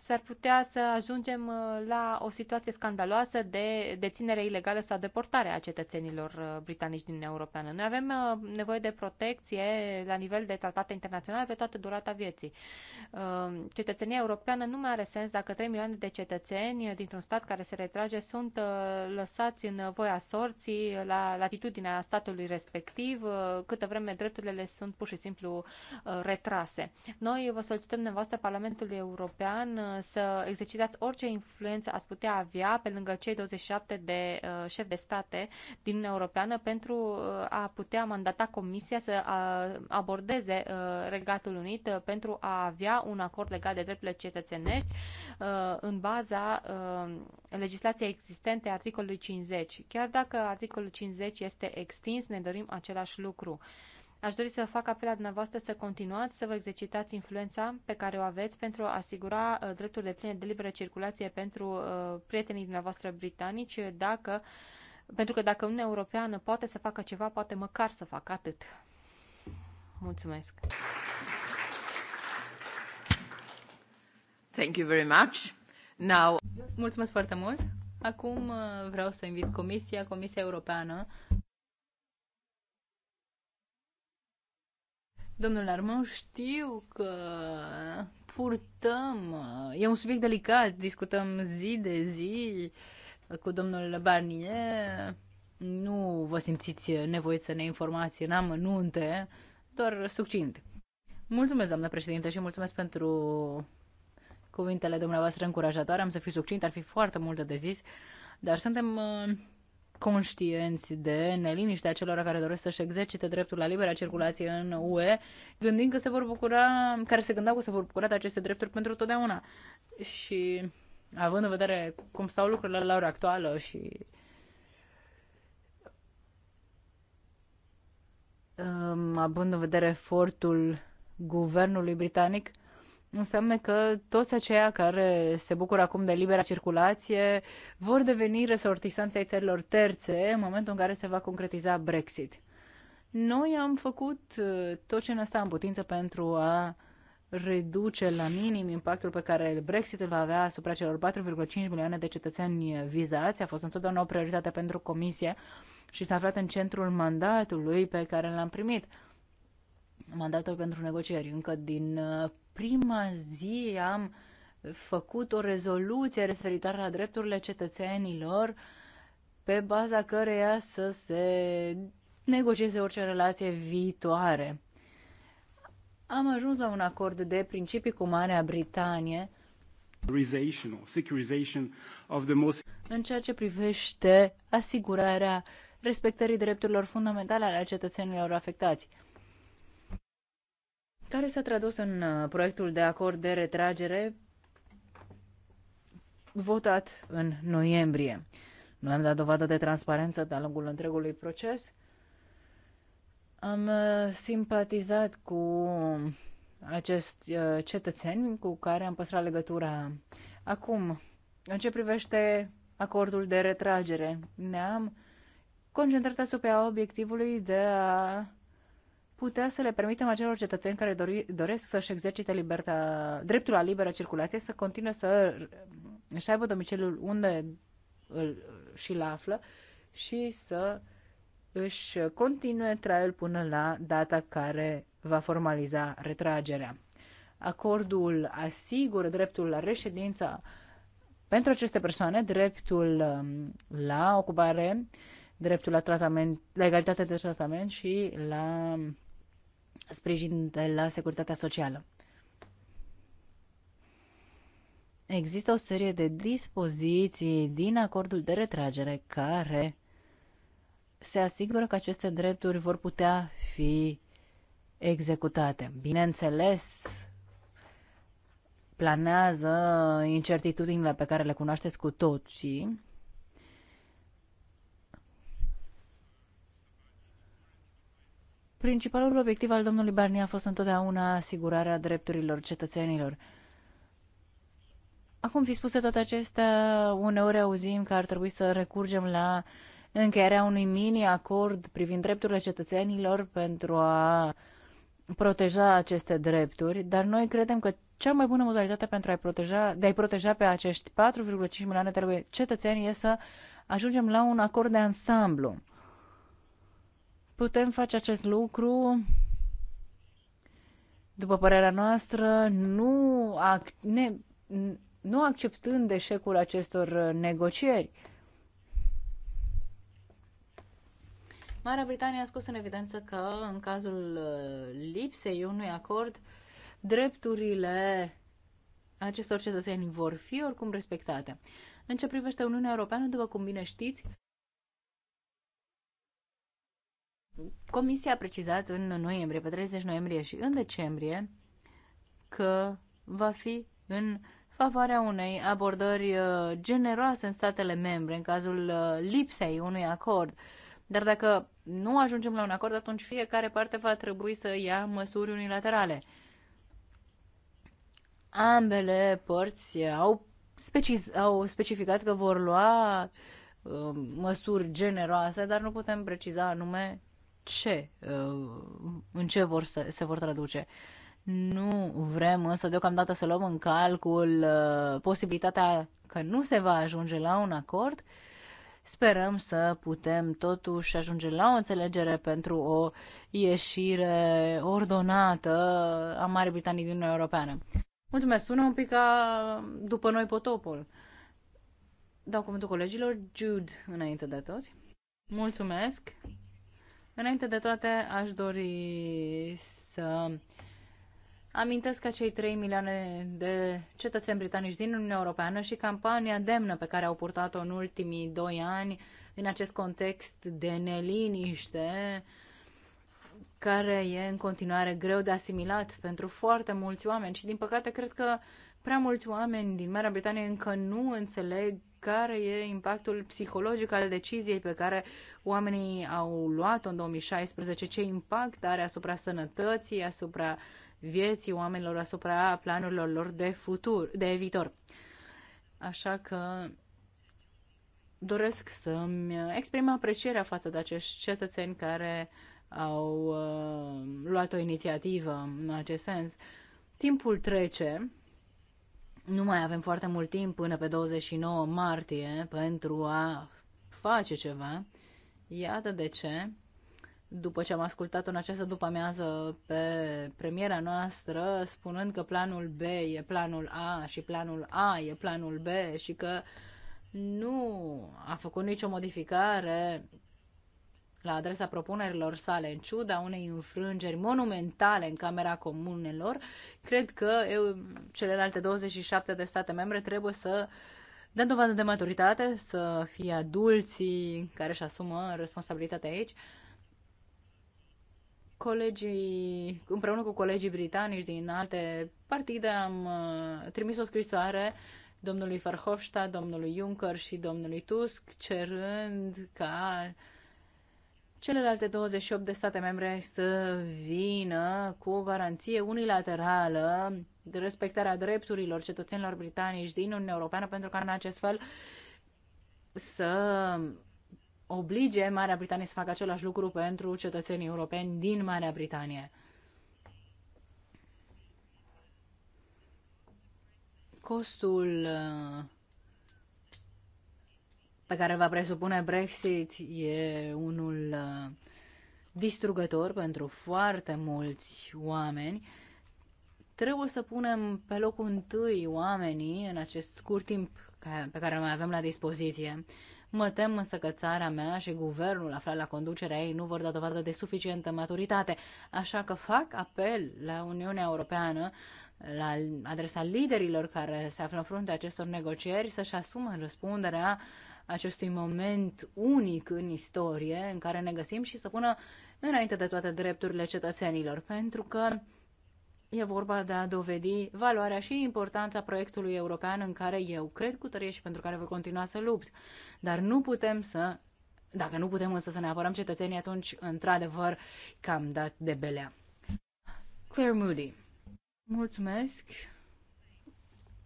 s-ar putea să ajungem uh, la o situație scandaloasă de deținere ilegală sau deportare a cetățenilor uh, britanici din Uniunea Europeană. Noi avem uh, nevoie de protecție la nivel de tratate internaționale pe toată durata vieții. Cetățenia europeană nu mai are sens dacă 3 milioane de cetățeni dintr-un stat care se retrage sunt lăsați în voia sorții, la latitudinea statului respectiv, câtă vreme drepturile le sunt pur și simplu retrase. Noi vă solicităm nevoastră, Parlamentului European să exercitați orice influență ați putea avea pe lângă cei 27 de uh, șefi de state din Uniunea Europeană pentru uh, a putea mandata Comisia să uh, abordeze Regatul Unit pentru a avea un acord legat de drepturile cetățenești în baza legislației existente articolului 50. Chiar dacă articolul 50 este extins, ne dorim același lucru. Uh, Aș dori să fac apel la dumneavoastră să continuați să vă exercitați influența pe care o aveți pentru a asigura uh, drepturile pline de liberă circulație pentru uh, prietenii dumneavoastră britanici, dacă, pentru că dacă Uniunea Europeană poate să facă ceva, poate măcar să facă atât. Mulțumesc! Thank you very much. Now... Mulțumesc foarte mult! Acum uh, vreau să invit Comisia, Comisia Europeană, Domnul Armand, știu că purtăm, uh, e un subiect delicat, discutăm zi de zi cu domnul Barnier, nu vă simțiți nevoit să ne informați în amănunte, doar succint. Mulțumesc, doamnă președinte, și mulțumesc pentru cuvintele dumneavoastră încurajatoare. Am să fiu succint, ar fi foarte mult de zis, dar suntem uh, conștienți de neliniștea celor care doresc să-și exercite dreptul la libera circulație în UE, gândind că se vor bucura, care se gândeau că se vor bucura de aceste drepturi pentru totdeauna. Și având în vedere cum stau lucrurile la ora actuală și um, având în vedere efortul guvernului britanic, înseamnă că toți aceia care se bucură acum de libera circulație vor deveni resortisanți ai țărilor terțe în momentul în care se va concretiza Brexit. Noi am făcut uh, tot ce ne stă în putință pentru a reduce la minim impactul pe care Brexitul va avea asupra celor 4,5 milioane de cetățeni vizați. A fost întotdeauna o prioritate pentru Comisie și s-a aflat în centrul mandatului pe care l-am primit mandatul pentru negocieri încă din uh, prima zi am făcut o rezoluție referitoare la drepturile cetățenilor pe baza căreia să se negocieze orice relație viitoare. Am ajuns la un acord de principii cu Marea Britanie în ceea ce privește asigurarea respectării drepturilor fundamentale ale cetățenilor afectați care s-a tradus în uh, proiectul de acord de retragere votat în noiembrie. Noi am dat dovadă de transparență de-a lungul întregului proces. Am uh, simpatizat cu acest uh, cetățen cu care am păstrat legătura acum. În ce privește acordul de retragere, ne-am concentrat asupra obiectivului de a putea să le permitem acelor cetățeni care dori, doresc să-și exercite liberta, dreptul la liberă circulație să continue să își aibă domiciliul unde îl, și-l află și să își continue traiul până la data care va formaliza retragerea. Acordul asigură dreptul la reședință pentru aceste persoane, dreptul um, la ocupare, dreptul la tratament, la egalitate de tratament și la sprijin de la Securitatea Socială. Există o serie de dispoziții din acordul de retragere care se asigură că aceste drepturi vor putea fi executate. Bineînțeles, planează incertitudinile pe care le cunoașteți cu toții, Principalul obiectiv al domnului Barnier a fost întotdeauna asigurarea drepturilor cetățenilor. Acum, fi spuse toate acestea, uneori auzim că ar trebui să recurgem la încheierea unui mini-acord privind drepturile cetățenilor pentru a proteja aceste drepturi, dar noi credem că cea mai bună modalitate pentru a-i proteja, de a-i proteja pe acești 4,5 milioane de cetățeni este să ajungem la un acord de ansamblu Putem face acest lucru, după părerea noastră, nu, ac- ne, nu acceptând eșecul acestor uh, negocieri. Marea Britanie a scos în evidență că, în cazul uh, lipsei unui acord, drepturile acestor cetățeni vor fi oricum respectate. În ce privește Uniunea Europeană, după cum bine știți, Comisia a precizat în noiembrie, pe 30 noiembrie și în decembrie, că va fi în favoarea unei abordări uh, generoase în statele membre, în cazul uh, lipsei unui acord. Dar dacă nu ajungem la un acord, atunci fiecare parte va trebui să ia măsuri unilaterale. Ambele părți au, speciz- au specificat că vor lua uh, măsuri generoase, dar nu putem preciza anume ce, uh, în ce vor să se vor traduce. Nu vrem însă deocamdată să luăm în calcul uh, posibilitatea că nu se va ajunge la un acord. Sperăm să putem totuși ajunge la o înțelegere pentru o ieșire ordonată a Marii Britanii din Uniunea Europeană. Mulțumesc, sună un pic ca după noi potopul. Dau cuvântul colegilor Jude înainte de toți. Mulțumesc! Înainte de toate, aș dori să amintesc că cei 3 milioane de cetățeni britanici din Uniunea Europeană și campania demnă pe care au purtat-o în ultimii doi ani în acest context de neliniște care e în continuare greu de asimilat pentru foarte mulți oameni și din păcate cred că prea mulți oameni din Marea Britanie încă nu înțeleg care e impactul psihologic al deciziei pe care oamenii au luat-o în 2016, ce impact are asupra sănătății, asupra vieții oamenilor, asupra planurilor lor de futur, de viitor. Așa că doresc să-mi exprim aprecierea față de acești cetățeni care au uh, luat o inițiativă în acest sens. Timpul trece, nu mai avem foarte mult timp până pe 29 martie pentru a face ceva. Iată de ce, după ce am ascultat în această după-amiază pe premiera noastră, spunând că planul B e planul A și planul A e planul B și că nu a făcut nicio modificare la adresa propunerilor sale, în ciuda unei înfrângeri monumentale în Camera Comunelor, cred că eu, celelalte 27 de state membre trebuie să dea dovadă de maturitate, să fie adulții care își asumă responsabilitatea aici. Colegii, împreună cu colegii britanici din alte partide am uh, trimis o scrisoare domnului Verhofstadt, domnului Juncker și domnului Tusk, cerând ca celelalte 28 de state membre să vină cu o garanție unilaterală de respectarea drepturilor cetățenilor britanici din Uniunea Europeană, pentru ca în acest fel să oblige Marea Britanie să facă același lucru pentru cetățenii europeni din Marea Britanie. Costul uh, pe care va presupune Brexit e unul uh, distrugător pentru foarte mulți oameni. Trebuie să punem pe locul întâi oamenii în acest scurt timp pe care mai avem la dispoziție. Mă tem însă că țara mea și guvernul aflat la conducerea ei nu vor da dovadă de suficientă maturitate, așa că fac apel la Uniunea Europeană la adresa liderilor care se află în fruntea acestor negocieri să-și asume răspunderea acestui moment unic în istorie în care ne găsim și să pună înainte de toate drepturile cetățenilor, pentru că e vorba de a dovedi valoarea și importanța proiectului european în care eu cred cu tărie și pentru care voi continua să lupt. Dar nu putem să, dacă nu putem însă să ne apărăm cetățenii, atunci, într-adevăr, cam dat de belea. Claire Moody. Mulțumesc.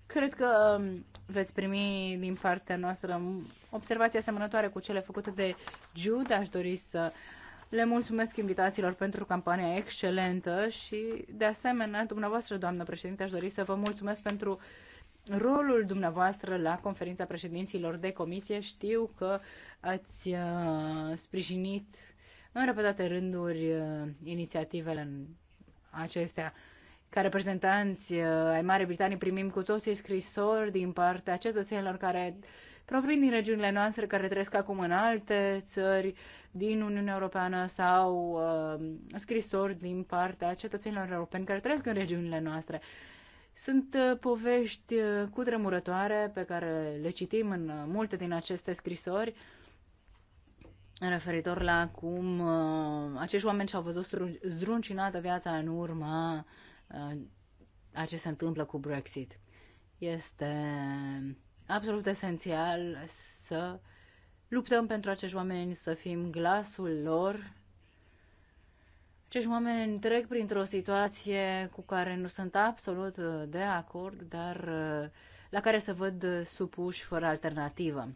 Cred că um, veți primi din partea noastră observații asemănătoare cu cele făcute de Jude. Aș dori să le mulțumesc invitațiilor pentru campania excelentă și, de asemenea, dumneavoastră, doamnă președinte, aș dori să vă mulțumesc pentru rolul dumneavoastră la conferința președinților de comisie. Știu că ați uh, sprijinit în repetate rânduri uh, inițiativele în acestea. Ca reprezentanți uh, ai Marii Britanii primim cu toții scrisori din partea cetățenilor care uh, provin din regiunile noastre care trăiesc acum în alte țări din Uniunea Europeană sau uh, scrisori din partea cetățenilor europeni care trăiesc în regiunile noastre. Sunt uh, povești uh, cutremurătoare pe care le citim în uh, multe din aceste scrisori referitor la cum uh, acești oameni și-au văzut zdruncinată viața în urma uh, a ce se întâmplă cu Brexit. Este absolut esențial să luptăm pentru acești oameni, să fim glasul lor. Acești oameni trec printr-o situație cu care nu sunt absolut uh, de acord, dar uh, la care se văd supuși fără alternativă.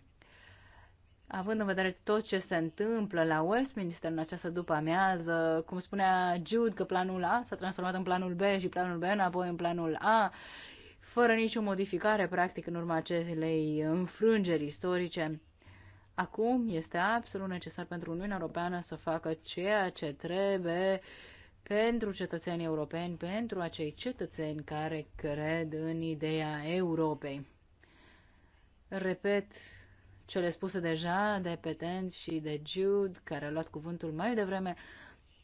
Având în vedere tot ce se întâmplă la Westminster în această după-amiază, cum spunea Jude că planul A s-a transformat în planul B și planul B înapoi în planul A fără nicio modificare, practic, în urma acestei înfrângeri istorice. Acum este absolut necesar pentru Uniunea Europeană să facă ceea ce trebuie pentru cetățenii europeni, pentru acei cetățeni care cred în ideea Europei. Repet cele spuse deja de Petenț și de Jude, care a luat cuvântul mai devreme,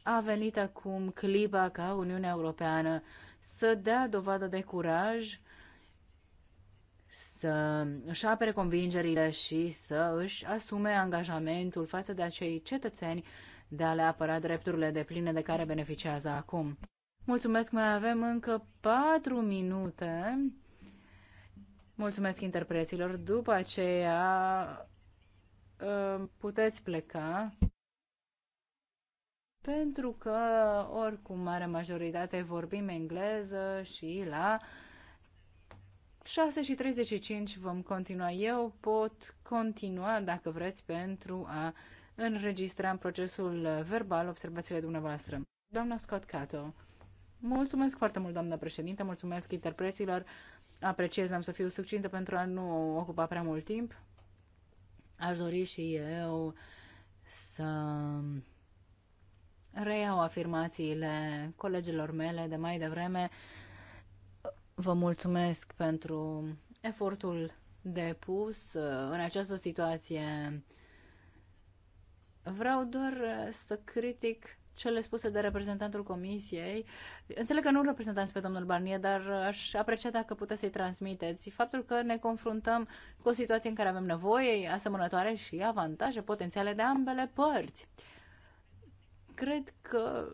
a venit acum clipa ca Uniunea Europeană să dea dovadă de curaj să își apere convingerile și să își asume angajamentul față de acei cetățeni de a le apăra drepturile de pline de care beneficiază acum. Mulțumesc, mai avem încă patru minute. Mulțumesc interpreților. După aceea uh, puteți pleca pentru că oricum mare majoritate vorbim engleză și la 6 și 35 vom continua. Eu pot continua, dacă vreți, pentru a înregistra în procesul verbal observațiile dumneavoastră. Doamna Scott Cato, mulțumesc foarte mult, doamna președinte, mulțumesc interpreților, apreciez, am să fiu succintă pentru a nu ocupa prea mult timp. Aș dori și eu să reiau afirmațiile colegilor mele de mai devreme. Vă mulțumesc pentru efortul depus uh, în această situație. Vreau doar uh, să critic cele spuse de reprezentantul comisiei. Înțeleg că nu reprezentați pe domnul Barnier, dar uh, aș aprecia dacă puteți să-i transmiteți faptul că ne confruntăm cu o situație în care avem nevoie asemănătoare și avantaje potențiale de ambele părți. Cred că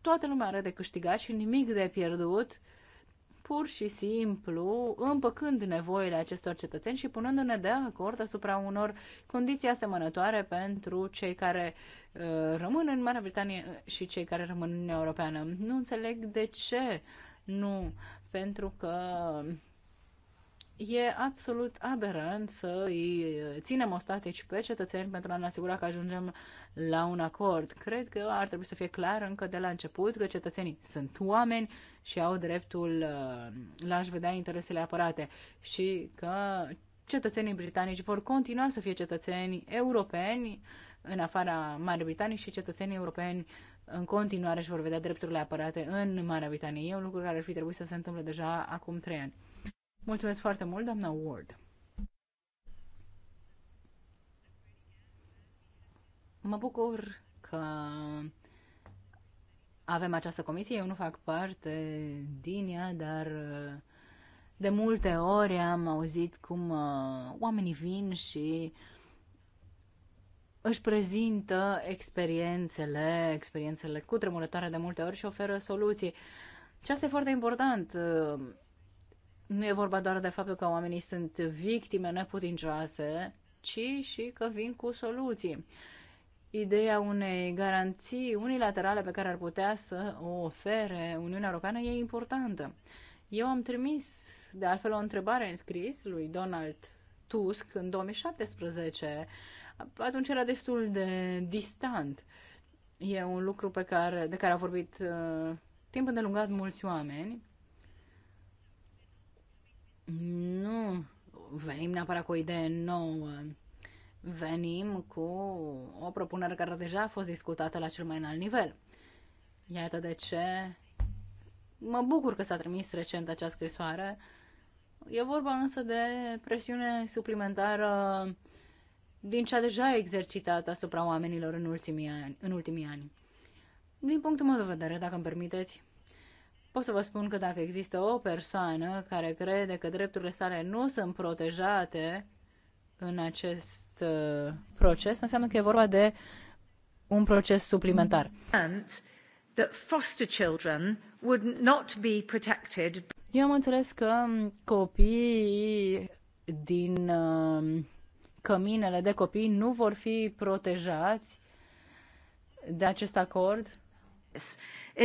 toată lumea are de câștigat și nimic de pierdut pur și simplu împăcând nevoile acestor cetățeni și punându-ne de acord asupra unor condiții asemănătoare pentru cei care uh, rămân în Marea Britanie uh, și cei care rămân în Uniunea Europeană. Nu înțeleg de ce nu, pentru că E absolut aberant să îi ținem ostatici pe cetățeni pentru a ne asigura că ajungem la un acord. Cred că ar trebui să fie clar încă de la început că cetățenii sunt oameni și au dreptul uh, la a-și vedea interesele apărate și că cetățenii britanici vor continua să fie cetățeni europeni în afara Marii Britanii și cetățenii europeni în continuare își vor vedea drepturile apărate în Marea Britanie. E un lucru care ar fi trebuit să se întâmple deja acum trei ani. Mulțumesc foarte mult, doamna Ward. Mă bucur că avem această comisie. Eu nu fac parte din ea, dar de multe ori am auzit cum uh, oamenii vin și își prezintă experiențele, experiențele cu de multe ori și oferă soluții. Și asta e foarte important. Uh, nu e vorba doar de faptul că oamenii sunt victime neputincioase, ci și că vin cu soluții. Ideea unei garanții unilaterale pe care ar putea să o ofere Uniunea Europeană e importantă. Eu am trimis, de altfel, o întrebare în scris lui Donald Tusk în 2017. Atunci era destul de distant. E un lucru pe care, de care a vorbit uh, timp îndelungat mulți oameni nu venim neapărat cu o idee nouă. Venim cu o propunere care deja a fost discutată la cel mai înalt nivel. Iată de ce mă bucur că s-a trimis recent acea scrisoare. E vorba însă de presiune suplimentară din cea deja exercitată asupra oamenilor în ultimii ani. În ultimii ani. Din punctul meu de vedere, dacă îmi permiteți, Pot să vă spun că dacă există o persoană care crede că drepturile sale nu sunt protejate în acest uh, proces, înseamnă că e vorba de un proces suplimentar. Eu am înțeles că um, copiii din uh, căminele de copii nu vor fi protejați de acest acord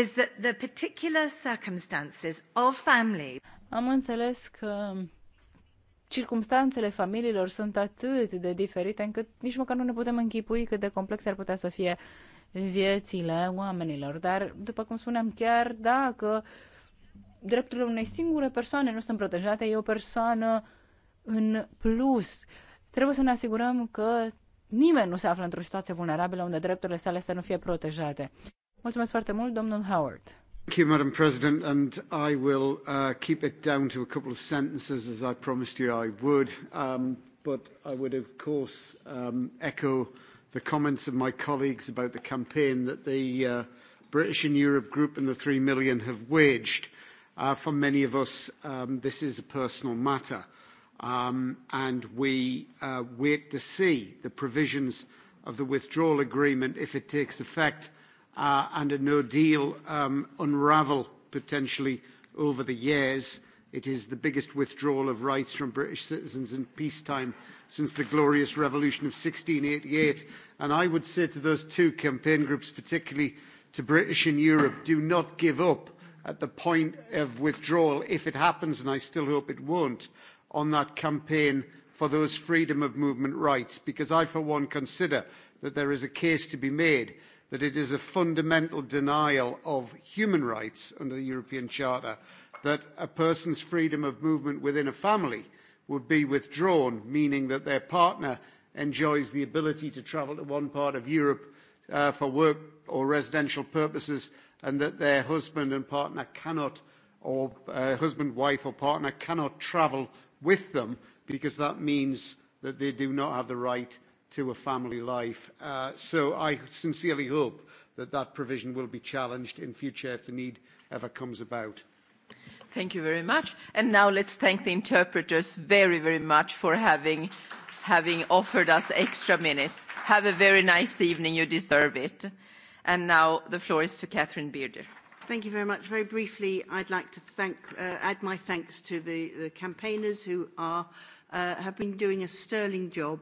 is that the particular circumstances of family Am înțeles că circumstanțele familiilor sunt atât de diferite încât nici măcar nu ne putem închipui cât de complexe ar putea să fie viețile oamenilor. Dar, după cum spuneam, chiar dacă drepturile unei singure persoane nu sunt protejate, e o persoană în plus. Trebuie să ne asigurăm că nimeni nu se află într-o situație vulnerabilă unde drepturile sale să nu fie protejate. Mulțumesc foarte mult, domnul Howard. Thank you, Madam President, and I will uh, keep it down to a couple of sentences as I promised you I would. Um, but I would, of course, um, echo the comments of my colleagues about the campaign that the uh, British in Europe group and the Three Million have waged. Uh, for many of us, um, this is a personal matter, um, and we uh, wait to see the provisions of the withdrawal agreement if it takes effect uh, and a no deal um, unravel potentially over the years. It is the biggest withdrawal of rights from British citizens in peacetime since the glorious revolution of 1688. And I would say to those two campaign groups, particularly to British in Europe, do not give up at the point of withdrawal, if it happens, and I still hope it won't, on that campaign for those freedom of movement rights, because I, for one, consider that there is a case to be made that it is a fundamental denial of human rights under the European Charter that a person's freedom of movement within a family would be withdrawn, meaning that their partner enjoys the ability to travel to one part of Europe uh, for work or residential purposes and that their husband and partner cannot or uh, husband, wife or partner cannot travel with them because that means that they do not have the right to a family life. Uh, so I sincerely hope that that provision will be challenged in future if the need ever comes about. Thank you very much. And now let's thank the interpreters very, very much for having, having offered us extra minutes. Have a very nice evening. You deserve it. And now the floor is to Catherine Bearder. Thank you very much. Very briefly, I'd like to thank, uh, add my thanks to the, the campaigners who are, uh, have been doing a sterling job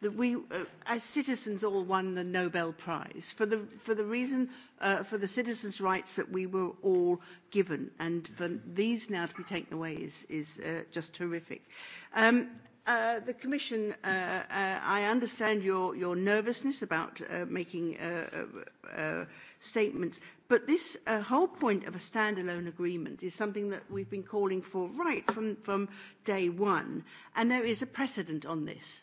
that we, uh, as citizens, all won the Nobel Prize for the, for the reason, uh, for the citizens' rights that we were all given. And for these now to be taken away is, is uh, just horrific. Um, Uh, the Commission, uh, uh, I understand your, your nervousness about uh, making uh, uh, uh statements, but this uh, whole point of a standalone agreement is something that we've been calling for right from, from day one, and there is a precedent on this.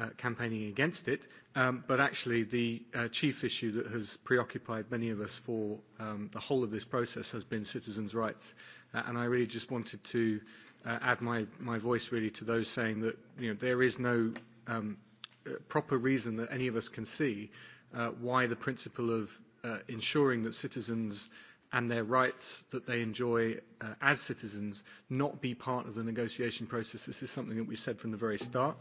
uh, campaigning against it. Um, but actually, the uh, chief issue that has preoccupied many of us for um, the whole of this process has been citizens' rights. Uh, and I really just wanted to uh, add my, my voice really to those saying that you know, there is no um, uh, proper reason that any of us can see uh, why the principle of uh, ensuring that citizens and their rights that they enjoy uh, as citizens not be part of the negotiation process. This is something that we've said from the very start.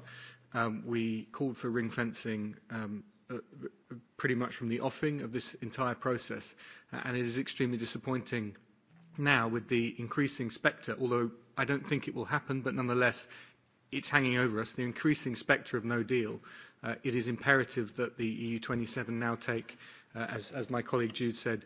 Um, we called for ring fencing um, uh, pretty much from the offing of this entire process, uh, and it is extremely disappointing now with the increasing spectre, although I don't think it will happen, but nonetheless, it's hanging over us, the increasing spectre of no deal. Uh, it is imperative that the EU27 now take, uh, as, as my colleague Jude said,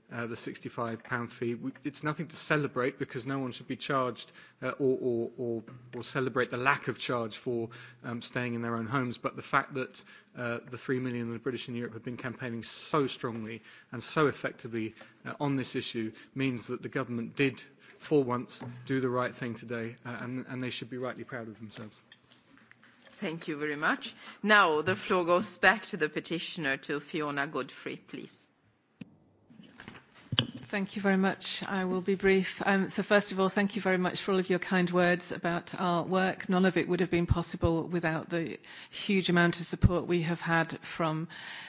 uh, the pound fee. We, it's nothing to celebrate because no one should be charged uh, or, or, or, or celebrate the lack of charge for um, staying in their own homes. But the fact that uh, the 3 million of the British in Europe have been campaigning so strongly and so effectively uh, on this issue means that the government did, for once, do the right thing today, uh, and, and they should be rightly proud of themselves. Thank you very much. Now the floor goes back to the petitioner, to Fiona Godfrey, please. Thank you very much. I will be brief. Um, so first of all, thank you very much for all of your kind words about our work. None of it would have been possible without the huge amount of support we have had from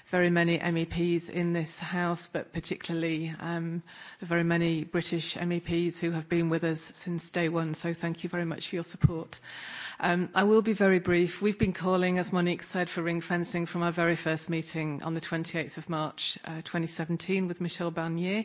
very many MEPs in this House, but particularly um, the very many British MEPs who have been with us since day one. So thank you very much for your support. Um, I will be very brief. We've been calling, as Monique said, for ring fencing from our very first meeting on the 28th of March uh, 2017 with Michel Barnier.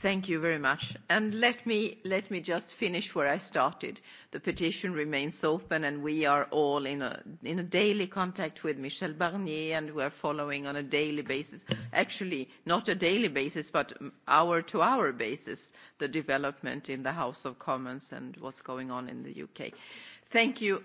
Thank you very much. And let me, let me just finish where I started. The petition remains open, and we are all in a, in a daily contact with Michel Barnier, and we're following on a daily basis, actually, not a daily basis, but hour-to-hour -hour basis, the development in the House of Commons and what's going on in the U.K. Thank you